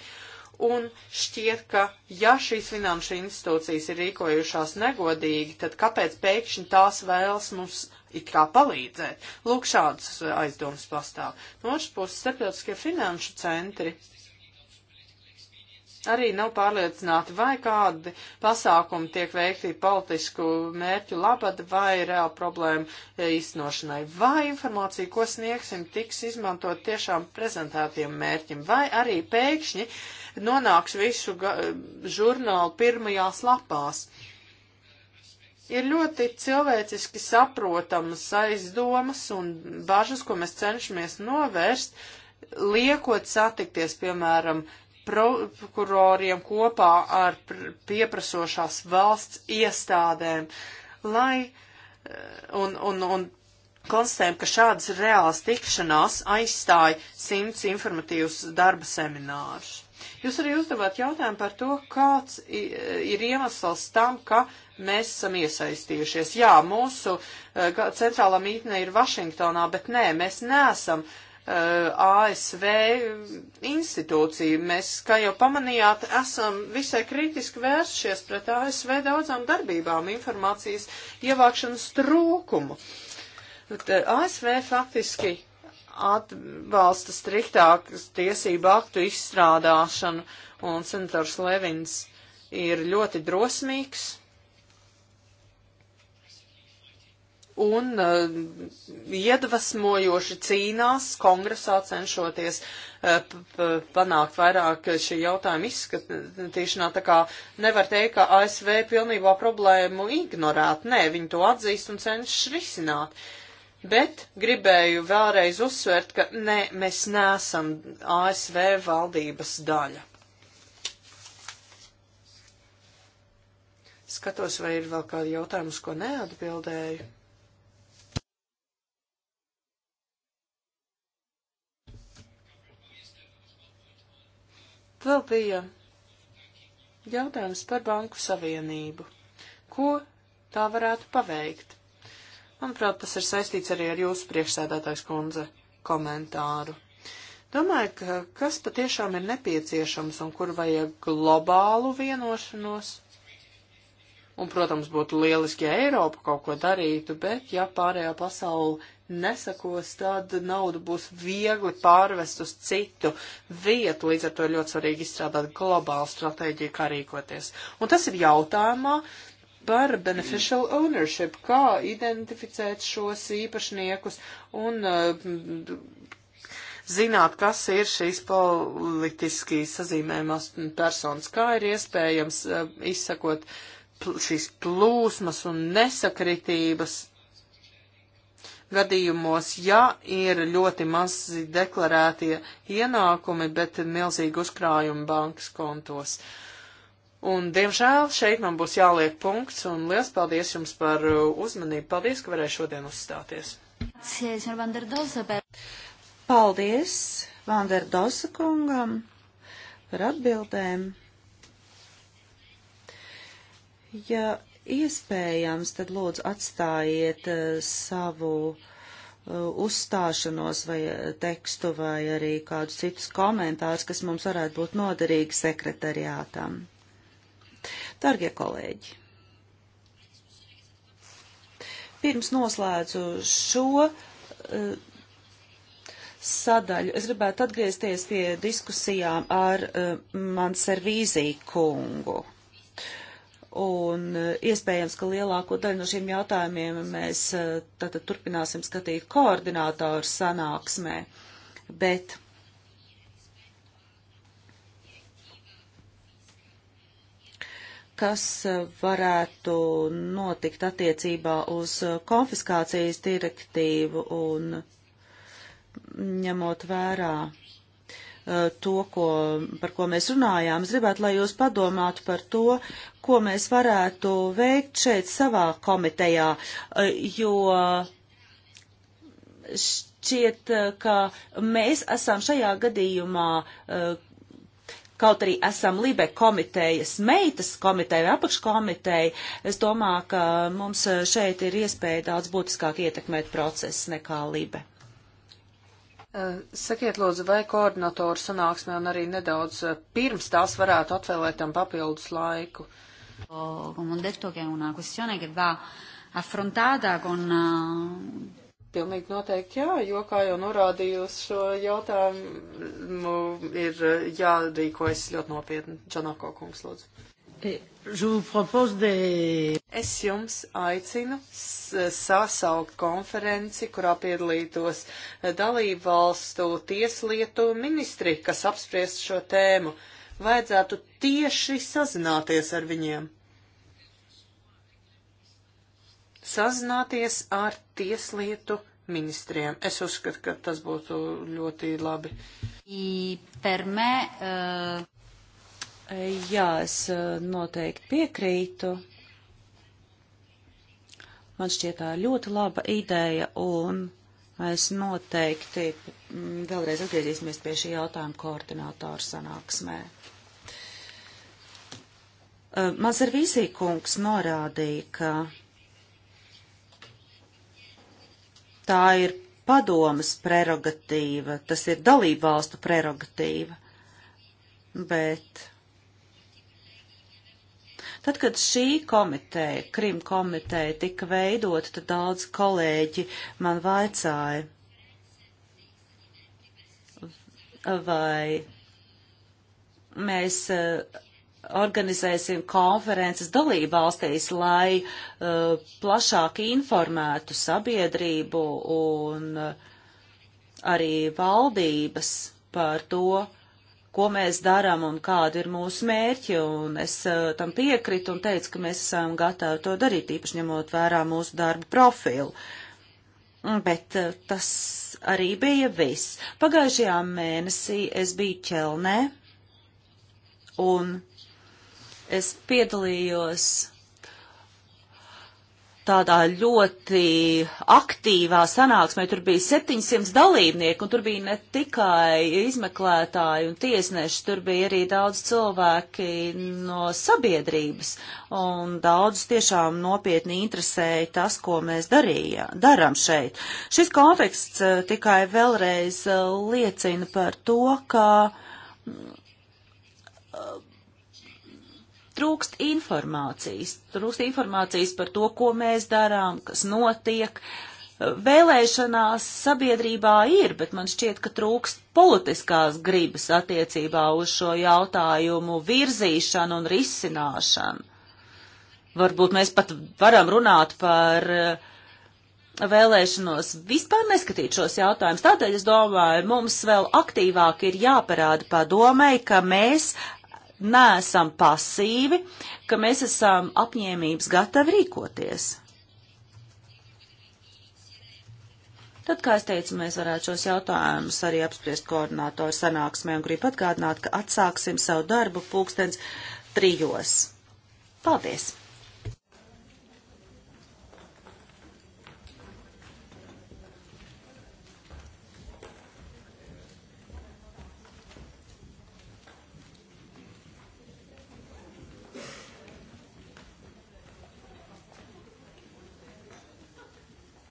Un šķiet, ka ja šīs finanšu institūcijas ir rīkojušās negodīgi, tad kāpēc pēkšņi tās vēlas mums it kā palīdzēt? Lūk, šādas aizdomas pastāv. No otras puses, starptautiskie finanšu centri arī nav pārliecināti, vai kādi pasākumi tiek veikti politisku mērķu labad vai reāli problēmu e, īstenošanai, vai informācija, ko sniegsim, tiks izmantot tiešām prezentētiem mērķim, vai arī pēkšņi nonāks visu e, žurnālu pirmajās lapās. Ir ļoti cilvēciski saprotamas aizdomas un bažas, ko mēs cenšamies novērst, liekot satikties, piemēram, prokuroriem kopā ar pieprasošās valsts iestādēm, lai eh, un, un, un konstatējam, ka šādas reālas tikšanās aizstāja simts informatīvus darba seminārus. Jūs arī uzdevāt jautājumu par to, kāds eh, ir iemesls tam, ka mēs esam iesaistījušies. Jā, mūsu eh, centrālā mītne ir Vašingtonā, bet nē, mēs neesam uh, Uh, ASV institūciju. Mēs, kā jau pamanījāt, esam visai kritiski vēršies pret ASV daudzām darbībām informācijas ievākšanas trūkumu. ASV uh, faktiski atbalsta striktākas tiesību aktu izstrādāšanu, un senators Levins ir ļoti drosmīgs un uh, iedvesmojoši cīnās kongresā cenšoties uh, panākt vairāk šī jautājuma izskatīšanā. Tā kā nevar teikt, ka ASV pilnībā problēmu ignorēt. Nē, viņi to atzīst un cenšas risināt. Bet gribēju vēlreiz uzsvērt, ka nē, mēs neesam ASV valdības daļa. Skatos, vai ir vēl kādi jautājumi, uz ko neatbildēju. Vēl bija jautājums par Banku Savienību. Ko tā varētu paveikt? Manuprāt, tas ir saistīts arī ar jūsu priekšsēdētājs kundze komentāru. Domāju, ka kas patiešām ir nepieciešams un kur vajag globālu vienošanos Un, protams, būtu lieliski, ja Eiropa kaut ko darītu, bet ja pārējā pasaule nesakos, tad naudu būs viegli pārvest uz citu vietu. Līdz ar to ir ļoti svarīgi izstrādāt globālu stratēģiju, kā rīkoties. Un tas ir jautājumā par beneficial ownership, kā identificēt šos īpašniekus un uh, zināt, kas ir šīs politiski sazīmējumās personas, kā ir iespējams uh, izsakot uh, šīs plūsmas un nesakritības gadījumos, ja ir ļoti mazi deklarētie ienākumi, bet milzīgi uzkrājumi bankas kontos. Un, diemžēl, šeit man būs jāliek punkts, un liels paldies jums par uh, uzmanību. Paldies, ka varēju šodien uzstāties. Paldies Vanderdosa kungam par atbildēm. Ja iespējams, tad lūdzu atstājiet uh, savu uh, uzstāšanos vai eh, tekstu vai arī kādus citus komentārus, kas mums varētu būt noderīgi sekretariātam. Dargie kolēģi, pirms noslēdzu šo uh, sadaļu. Es gribētu atgriezties pie diskusijām ar uh, Manservīzī kungu. Un eh, iespējams, ka lielāko daļu no šiem jautājumiem mēs eh, tātad turpināsim skatīt koordinātoru sanāksmē. Bet kas eh, varētu notikt attiecībā uz konfiskācijas direktīvu un ņemot vērā Eh, to, ko, par ko mēs runājām. Es gribētu, lai jūs padomātu par to, ko mēs varētu veikt šeit savā komitejā, eh, jo šķiet, eh, ka mēs esam šajā gadījumā kaut arī esam Libe komitejas, meitas komiteja vai apakškomiteja, es domāju, ka mums šeit ir iespēja daudz būtiskāk ietekmēt procesu nekā Libe. Eh, sakiet, lūdzu, vai koordinatoru sanāksmē un arī nedaudz eh, pirms tās varētu atvēlēt tam papildus laiku? Eh, Pilnīgi noteikti jā, jo, kā jau norādīju, uz šo jautājumu ir jārīkojas ļoti nopietni. Čanako kungs, lūdzu. Eh, es jums aicinu sasaukt konferenci, kurā piedalītos eh, dalību valstu tieslietu ministri, kas apspriest šo tēmu. Vajadzētu tieši sazināties ar viņiem. Sazināties ar tieslietu ministriem. Es uzskatu, ka tas būtu ļoti labi. I per me, uh... Jā, es eh, noteikti piekrītu. Man šķiet tā ļoti laba ideja, un mēs noteikti mm, vēlreiz atgriezīsimies pie šī jautājuma koordinātoru sanāksmē. Eh, Mazarvīsī kungs norādīja, ka tā ir padomas prerogatīva, tas ir dalību valstu prerogatīva, bet Tad, kad šī komiteja, Krim komiteja, tika veidota, tad daudz kolēģi man vaicāja, vai mēs eh, organizēsim konferences dalībvalstīs, lai uh, plašāk informētu sabiedrību un uh, arī valdības par to, ko mēs darām un kādi ir mūsu mērķi, un es uh, tam piekritu un teicu, ka mēs esam gatavi to darīt, īpaši ņemot vērā mūsu darba profilu. Bet uh, tas arī bija viss. Pagājušajā mēnesī es biju Ķelnē, un es piedalījos tādā ļoti aktīvā sanāksmē. Tur bija 700 dalībnieku, un tur bija ne tikai izmeklētāji un tiesneši, tur bija arī daudz cilvēki no sabiedrības, un daudz tiešām nopietni interesēja tas, ko mēs darīja, daram šeit. Šis konteksts eh, tikai vēlreiz eh, liecina par to, ka trūkst informācijas. Trūkst informācijas par to, ko mēs darām, kas notiek. Vēlēšanās sabiedrībā ir, bet man šķiet, ka trūkst politiskās gribas attiecībā uz šo jautājumu virzīšanu un risināšanu. Varbūt mēs pat varam runāt par uh, vēlēšanos vispār neskatīt šos jautājumus. Tādēļ es domāju, mums vēl aktīvāk ir jāparāda padomēji, ka mēs neesam pasīvi, ka mēs esam apņēmības gatavi rīkoties. Tad, kā es teicu, mēs varētu šos jautājumus arī apspriest koordinātoru sanāksmē un gribu atgādināt, ka atsāksim savu darbu pulkstens trijos. Paldies!